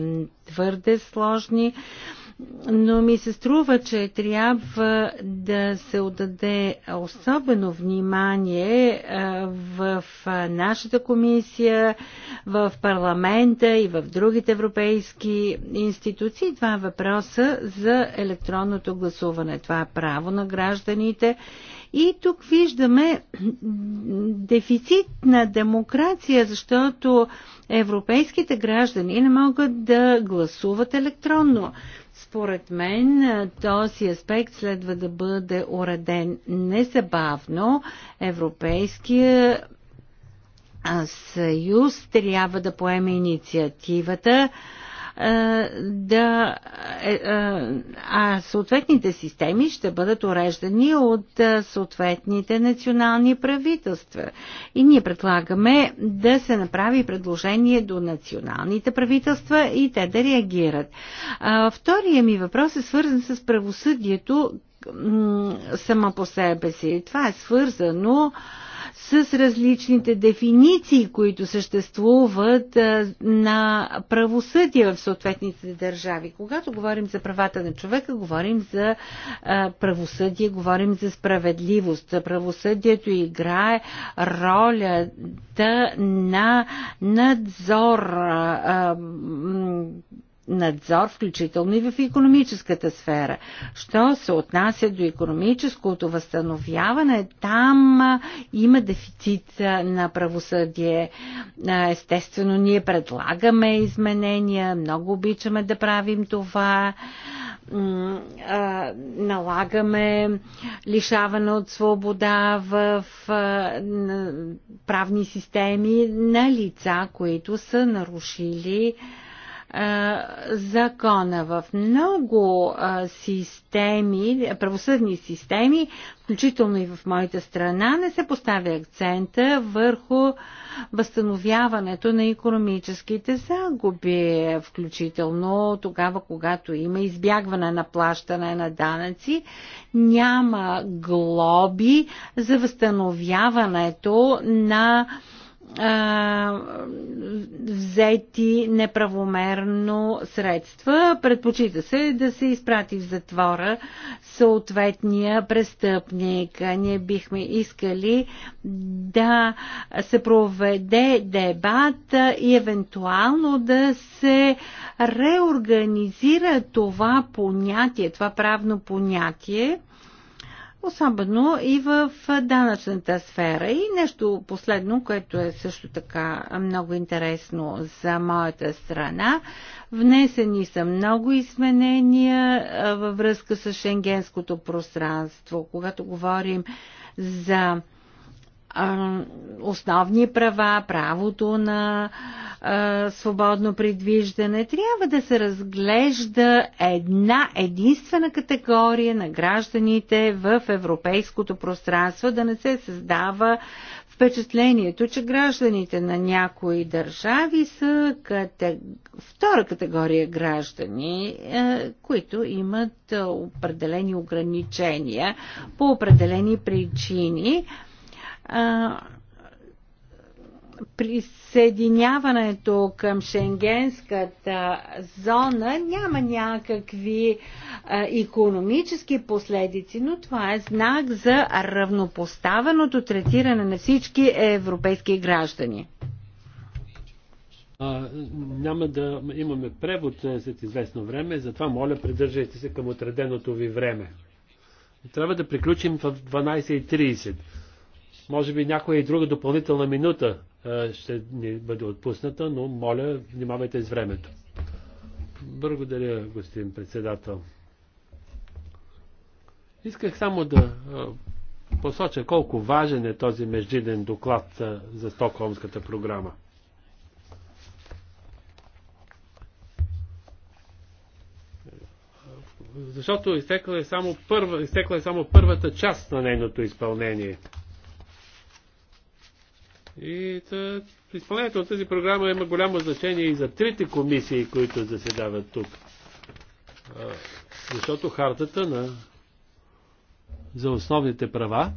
Speaker 2: твърде сложни но ми се струва, че трябва да се отдаде особено внимание е, в нашата комисия, в парламента и в другите европейски институции. Това е въпроса за електронното гласуване. Това е право на гражданите. И тук виждаме дефицит на демокрация, защото европейските граждани не могат да гласуват електронно. Според мен този аспект следва да бъде уреден незабавно. Европейския съюз трябва да поеме инициативата е, да, е, е, а съответните системи ще бъдат уреждани от съответните национални правителства. И ние предлагаме да се направи предложение до националните правителства и те да реагират. Втория ми въпрос е свързан с правосъдието сама по себе си. Това е свързано а, с различните дефиниции, които съществуват на правосъдие в съответните държави. Когато говорим за правата на човека, говорим за правосъдие, говорим за справедливост. Правосъдието играе ролята на надзор надзор, включително и в економическата сфера. Що се отнася до економическото възстановяване, там има дефицит на правосъдие. Естествено, ние предлагаме изменения, много обичаме да правим това налагаме лишаване от свобода в правни системи на лица, които са нарушили закона. В много системи, правосъдни системи, включително и в моята страна, не се поставя акцента върху възстановяването на економическите загуби, включително тогава, когато има избягване на плащане на данъци, няма глоби за възстановяването на а, взети неправомерно средства. Предпочита се да се изпрати в затвора съответния престъпник. Ние бихме искали да се проведе дебат и евентуално да се реорганизира това понятие, това правно понятие особено и в данъчната сфера. И нещо последно, което е също така много интересно за моята страна. Внесени са много изменения във връзка с шенгенското пространство. Когато говорим за основни права, правото на свободно предвиждане, трябва да се разглежда една единствена категория на гражданите в европейското пространство, да не се създава впечатлението, че гражданите на някои държави са катег... втора категория граждани, е, които имат е, определени ограничения по определени причини присъединяването към шенгенската зона няма някакви а, економически последици, но това е знак за равнопоставеното третиране на всички европейски граждани.
Speaker 1: А, няма да имаме превод след известно време, затова моля, придържайте се към отреденото ви време. Трябва да приключим в 12.30. Може би някоя и друга допълнителна минута ще ни бъде отпусната, но моля, внимавайте с времето. Благодаря, господин председател. Исках само да посоча колко важен е този междинен доклад за Стокхолмската програма. Защото изтекла е само, първа, изтекла е само първата част на нейното изпълнение – и тъ, изпълнението на тази програма има голямо значение и за трите комисии, които заседават тук. защото хартата на, за основните права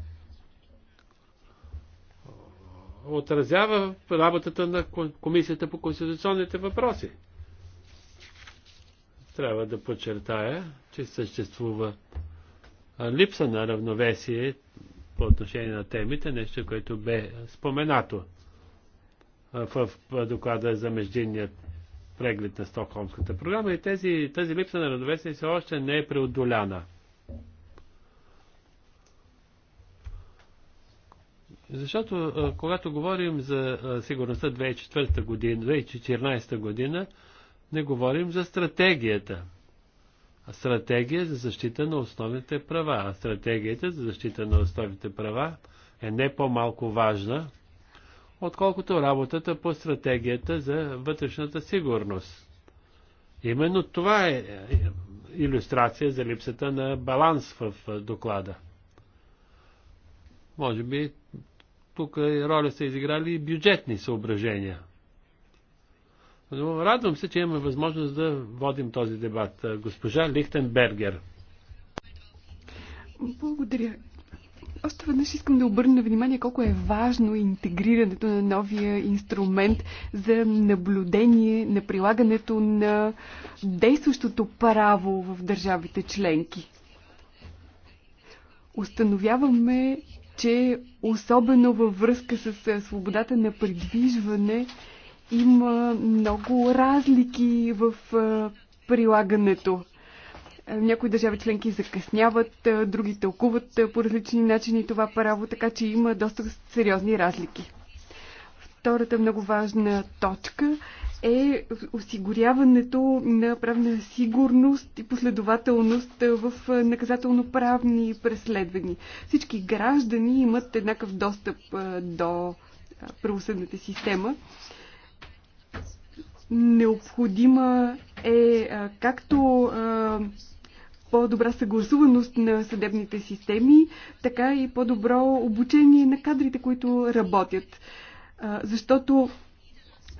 Speaker 1: отразява работата на Комисията по конституционните въпроси. Трябва да подчертая, че съществува липса на равновесие по отношение на темите, нещо, което бе споменато в доклада за междинният преглед на Стокхолмската програма и тези, тази липса на равновесие все още не е преодоляна. Защото когато говорим за сигурността 2004 година, 2014 година, не говорим за стратегията – стратегия за защита на основните права. А стратегията за защита на основните права е не по-малко важна, отколкото работата по стратегията за вътрешната сигурност. Именно това е, е иллюстрация за липсата на баланс в е, доклада. Може би тук е роля са изиграли и бюджетни съображения – но радвам се, че имаме възможност да водим този дебат. Госпожа Лихтенбергер.
Speaker 3: Благодаря. Още веднъж искам да обърна внимание колко е важно интегрирането на новия инструмент за наблюдение на прилагането на действащото право в държавите членки. Установяваме, че особено във връзка с свободата на придвижване, има много разлики в прилагането. Някои държави членки закъсняват, други тълкуват по различни начини това право, така че има доста сериозни разлики. Втората много важна точка е осигуряването на правна сигурност и последователност в наказателно-правни преследвани. Всички граждани имат еднакъв достъп до правосъдната система Необходима е както по-добра съгласуваност на съдебните системи, така и по-добро обучение на кадрите, които работят. Защото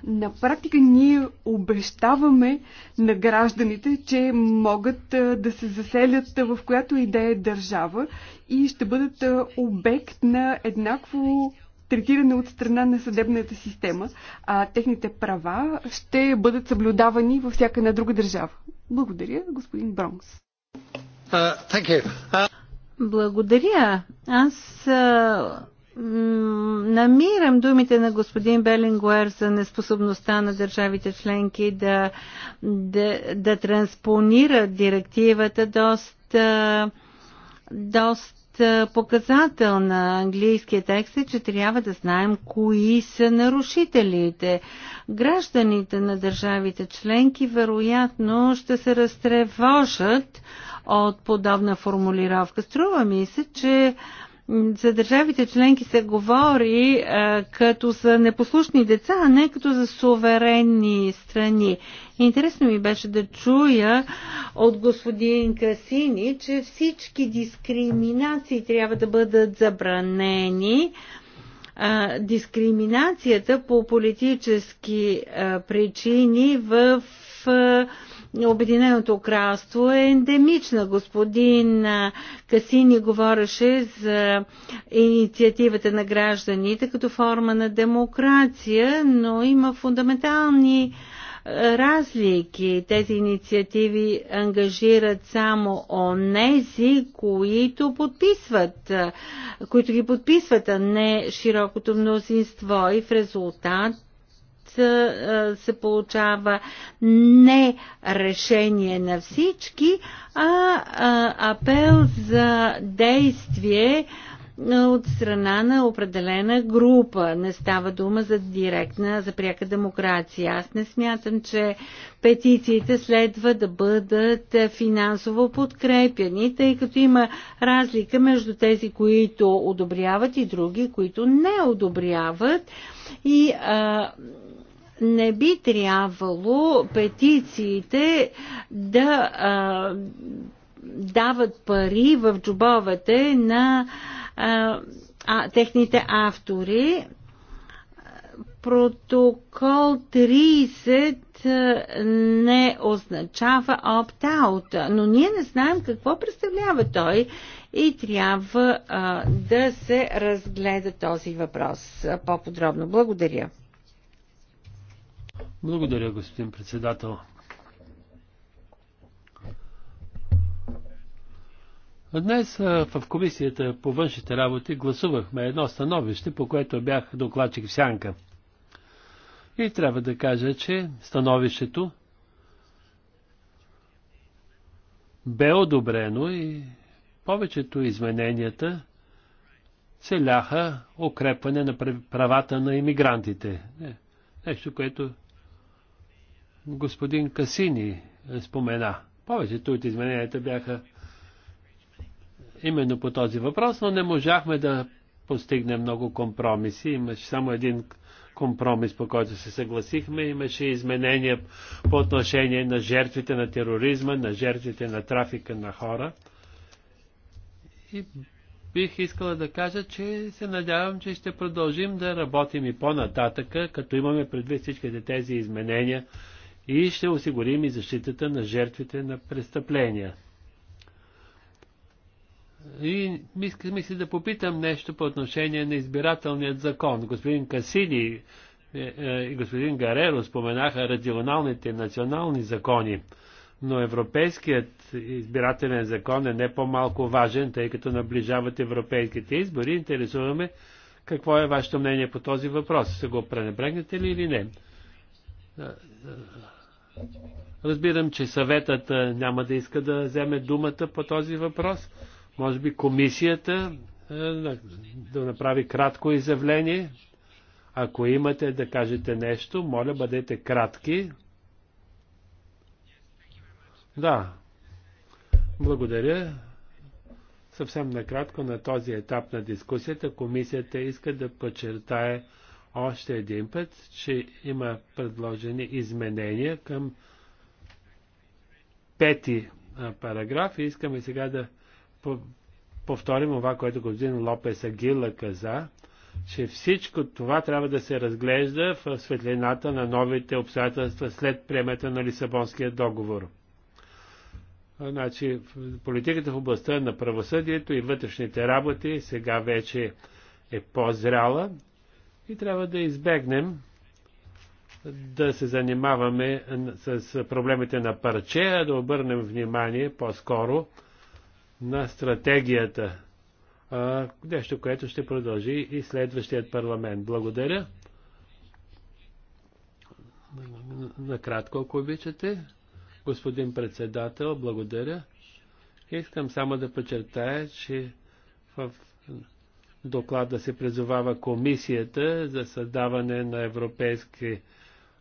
Speaker 3: на практика ние обещаваме на гражданите, че могат да се заселят в която и да е държава и ще бъдат обект на еднакво третиране от страна на съдебната система, а техните права ще бъдат съблюдавани във всяка една друга държава. Благодаря, господин Бронкс.
Speaker 1: Uh, thank you.
Speaker 2: Uh...
Speaker 3: Благодаря. Аз а, намирам
Speaker 2: думите на господин Белингуер за неспособността на държавите членки да, да, да транспонират директивата доста доста е, показател на английския текст е, че трябва да знаем кои са нарушителите. Гражданите на държавите членки вероятно ще се разтревожат от подобна формулировка. Струва ми се, че за държавите членки се говори а, е, като за непослушни деца, а не като за суверенни страни. Интересно ми беше да чуя от господин Касини, че всички дискриминации трябва да бъдат забранени. А, е, дискриминацията по политически а, е, причини в а, Обединеното кралство е ендемична. Господин Касини говореше за инициативата на гражданите като форма на демокрация, но има фундаментални разлики. Тези инициативи ангажират само онези, които подписват, които ги подписват, а не широкото мнозинство. И в резултат се получава не решение на всички, а апел за действие от страна на определена група. Не става дума за директна, за пряка демокрация. Аз не смятам, че петициите следва да бъдат финансово подкрепени, тъй като има разлика между тези, които одобряват и други, които не одобряват. И а, не би трябвало петициите да а, дават пари в джобовете на а, а, техните автори. Протокол 30 не означава опт-аут, но ние не знаем какво представлява той и трябва а, да се разгледа този въпрос по-подробно. Благодаря.
Speaker 1: Благодаря, господин председател. Днес в комисията по външните работи гласувахме едно становище, по което бях докладчик в сянка. И трябва да кажа, че становището бе одобрено и повечето измененията целяха укрепване на правата на иммигрантите. Е, нещо, което господин Касини е, спомена. Повечето от измененията бяха именно по този въпрос, но не можахме да постигнем много компромиси. Имаше само един компромис, по който се съгласихме. Имаше изменения по отношение на жертвите на тероризма, на жертвите на трафика на хора. И бих искала да кажа, че се надявам, че ще продължим да работим и по-нататъка, като имаме предвид всичките тези изменения, и ще осигурим и защитата на жертвите на престъпления. И мисля, мисля да попитам нещо по отношение на избирателният закон. Господин Касиди е, е, и господин Гареро споменаха радионалните национални закони, но европейският избирателен закон е не по-малко важен, тъй като наближават европейските избори. Интересуваме какво е вашето мнение по този въпрос. Ще го пренебрегнете ли или не? Разбирам, че съветът няма да иска да вземе думата по този въпрос. Може би комисията да направи кратко изявление. Ако имате да кажете нещо, моля бъдете кратки. Да. Благодаря. Съвсем накратко на този етап на дискусията комисията иска да подчертае още един път, че има предложени изменения към пети параграф и искаме сега да повторим това, което господин Лопес Агила каза, че всичко това трябва да се разглежда в светлината на новите обстоятелства след приемата на Лисабонския договор. Значи, политиката в областта на правосъдието и вътрешните работи сега вече е по-зряла и трябва да избегнем да се занимаваме с проблемите на парче, а да обърнем внимание по-скоро на стратегията, нещо, което ще продължи и следващият парламент. Благодаря. Накратко, ако обичате. Господин председател, благодаря. Искам само да подчертая, че в доклада се призовава комисията за създаване на европейски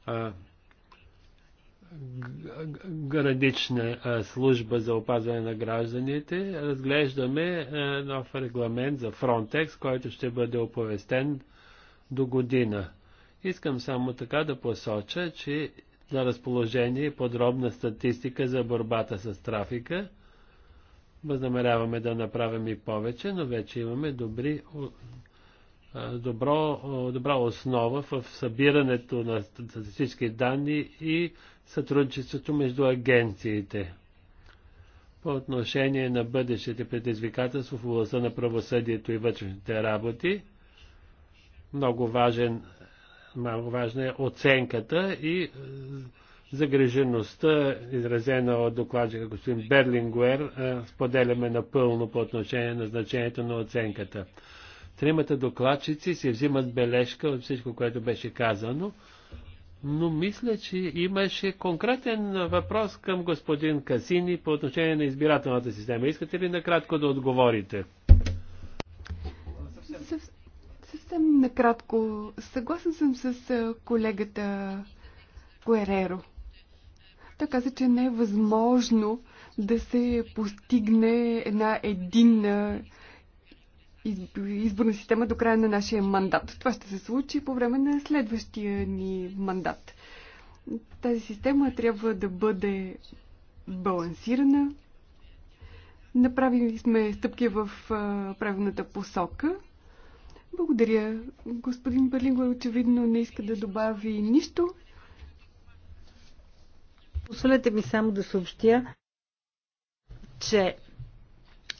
Speaker 1: а, гранична а, служба за опазване на гражданите, разглеждаме а, нов регламент за Frontex, който ще бъде оповестен до година. Искам само така да посоча, че на разположение е подробна статистика за борбата с трафика Възнамеряваме да направим и повече, но вече имаме добри, добро, добра основа в събирането на статистически данни и сътрудничеството между агенциите. По отношение на бъдещите предизвикателства в областта на правосъдието и вътрешните работи, много важен много важна е оценката и Загрежеността, изразена от докладчика господин Берлингуер, е, споделяме напълно по отношение на значението на оценката. Тримата докладчици си взимат бележка от всичко, което беше казано, но мисля, че имаше конкретен въпрос към господин Касини по отношение на избирателната система. Искате ли накратко да отговорите?
Speaker 3: Съвсем накратко. Съгласен съм с колегата Куереро. Той каза, че не е възможно да се постигне една единна изборна система до края на нашия мандат. Това ще се случи по време на следващия ни мандат. Тази система трябва да бъде балансирана. Направили сме стъпки в правилната посока. Благодаря. Господин Берлингър очевидно не иска да добави нищо.
Speaker 2: Позволете ми само да съобщя, че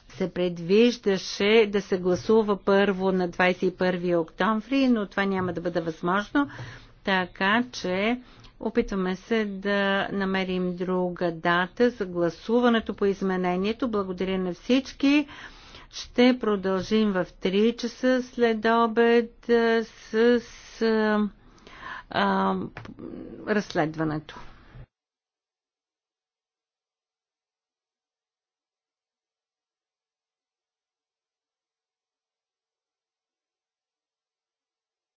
Speaker 2: се предвиждаше да се гласува първо на 21 октомври, но това няма да бъде възможно, така че опитваме се да намерим друга дата за гласуването по изменението. Благодаря на всички. Ще продължим в 3 часа след обед с а, разследването.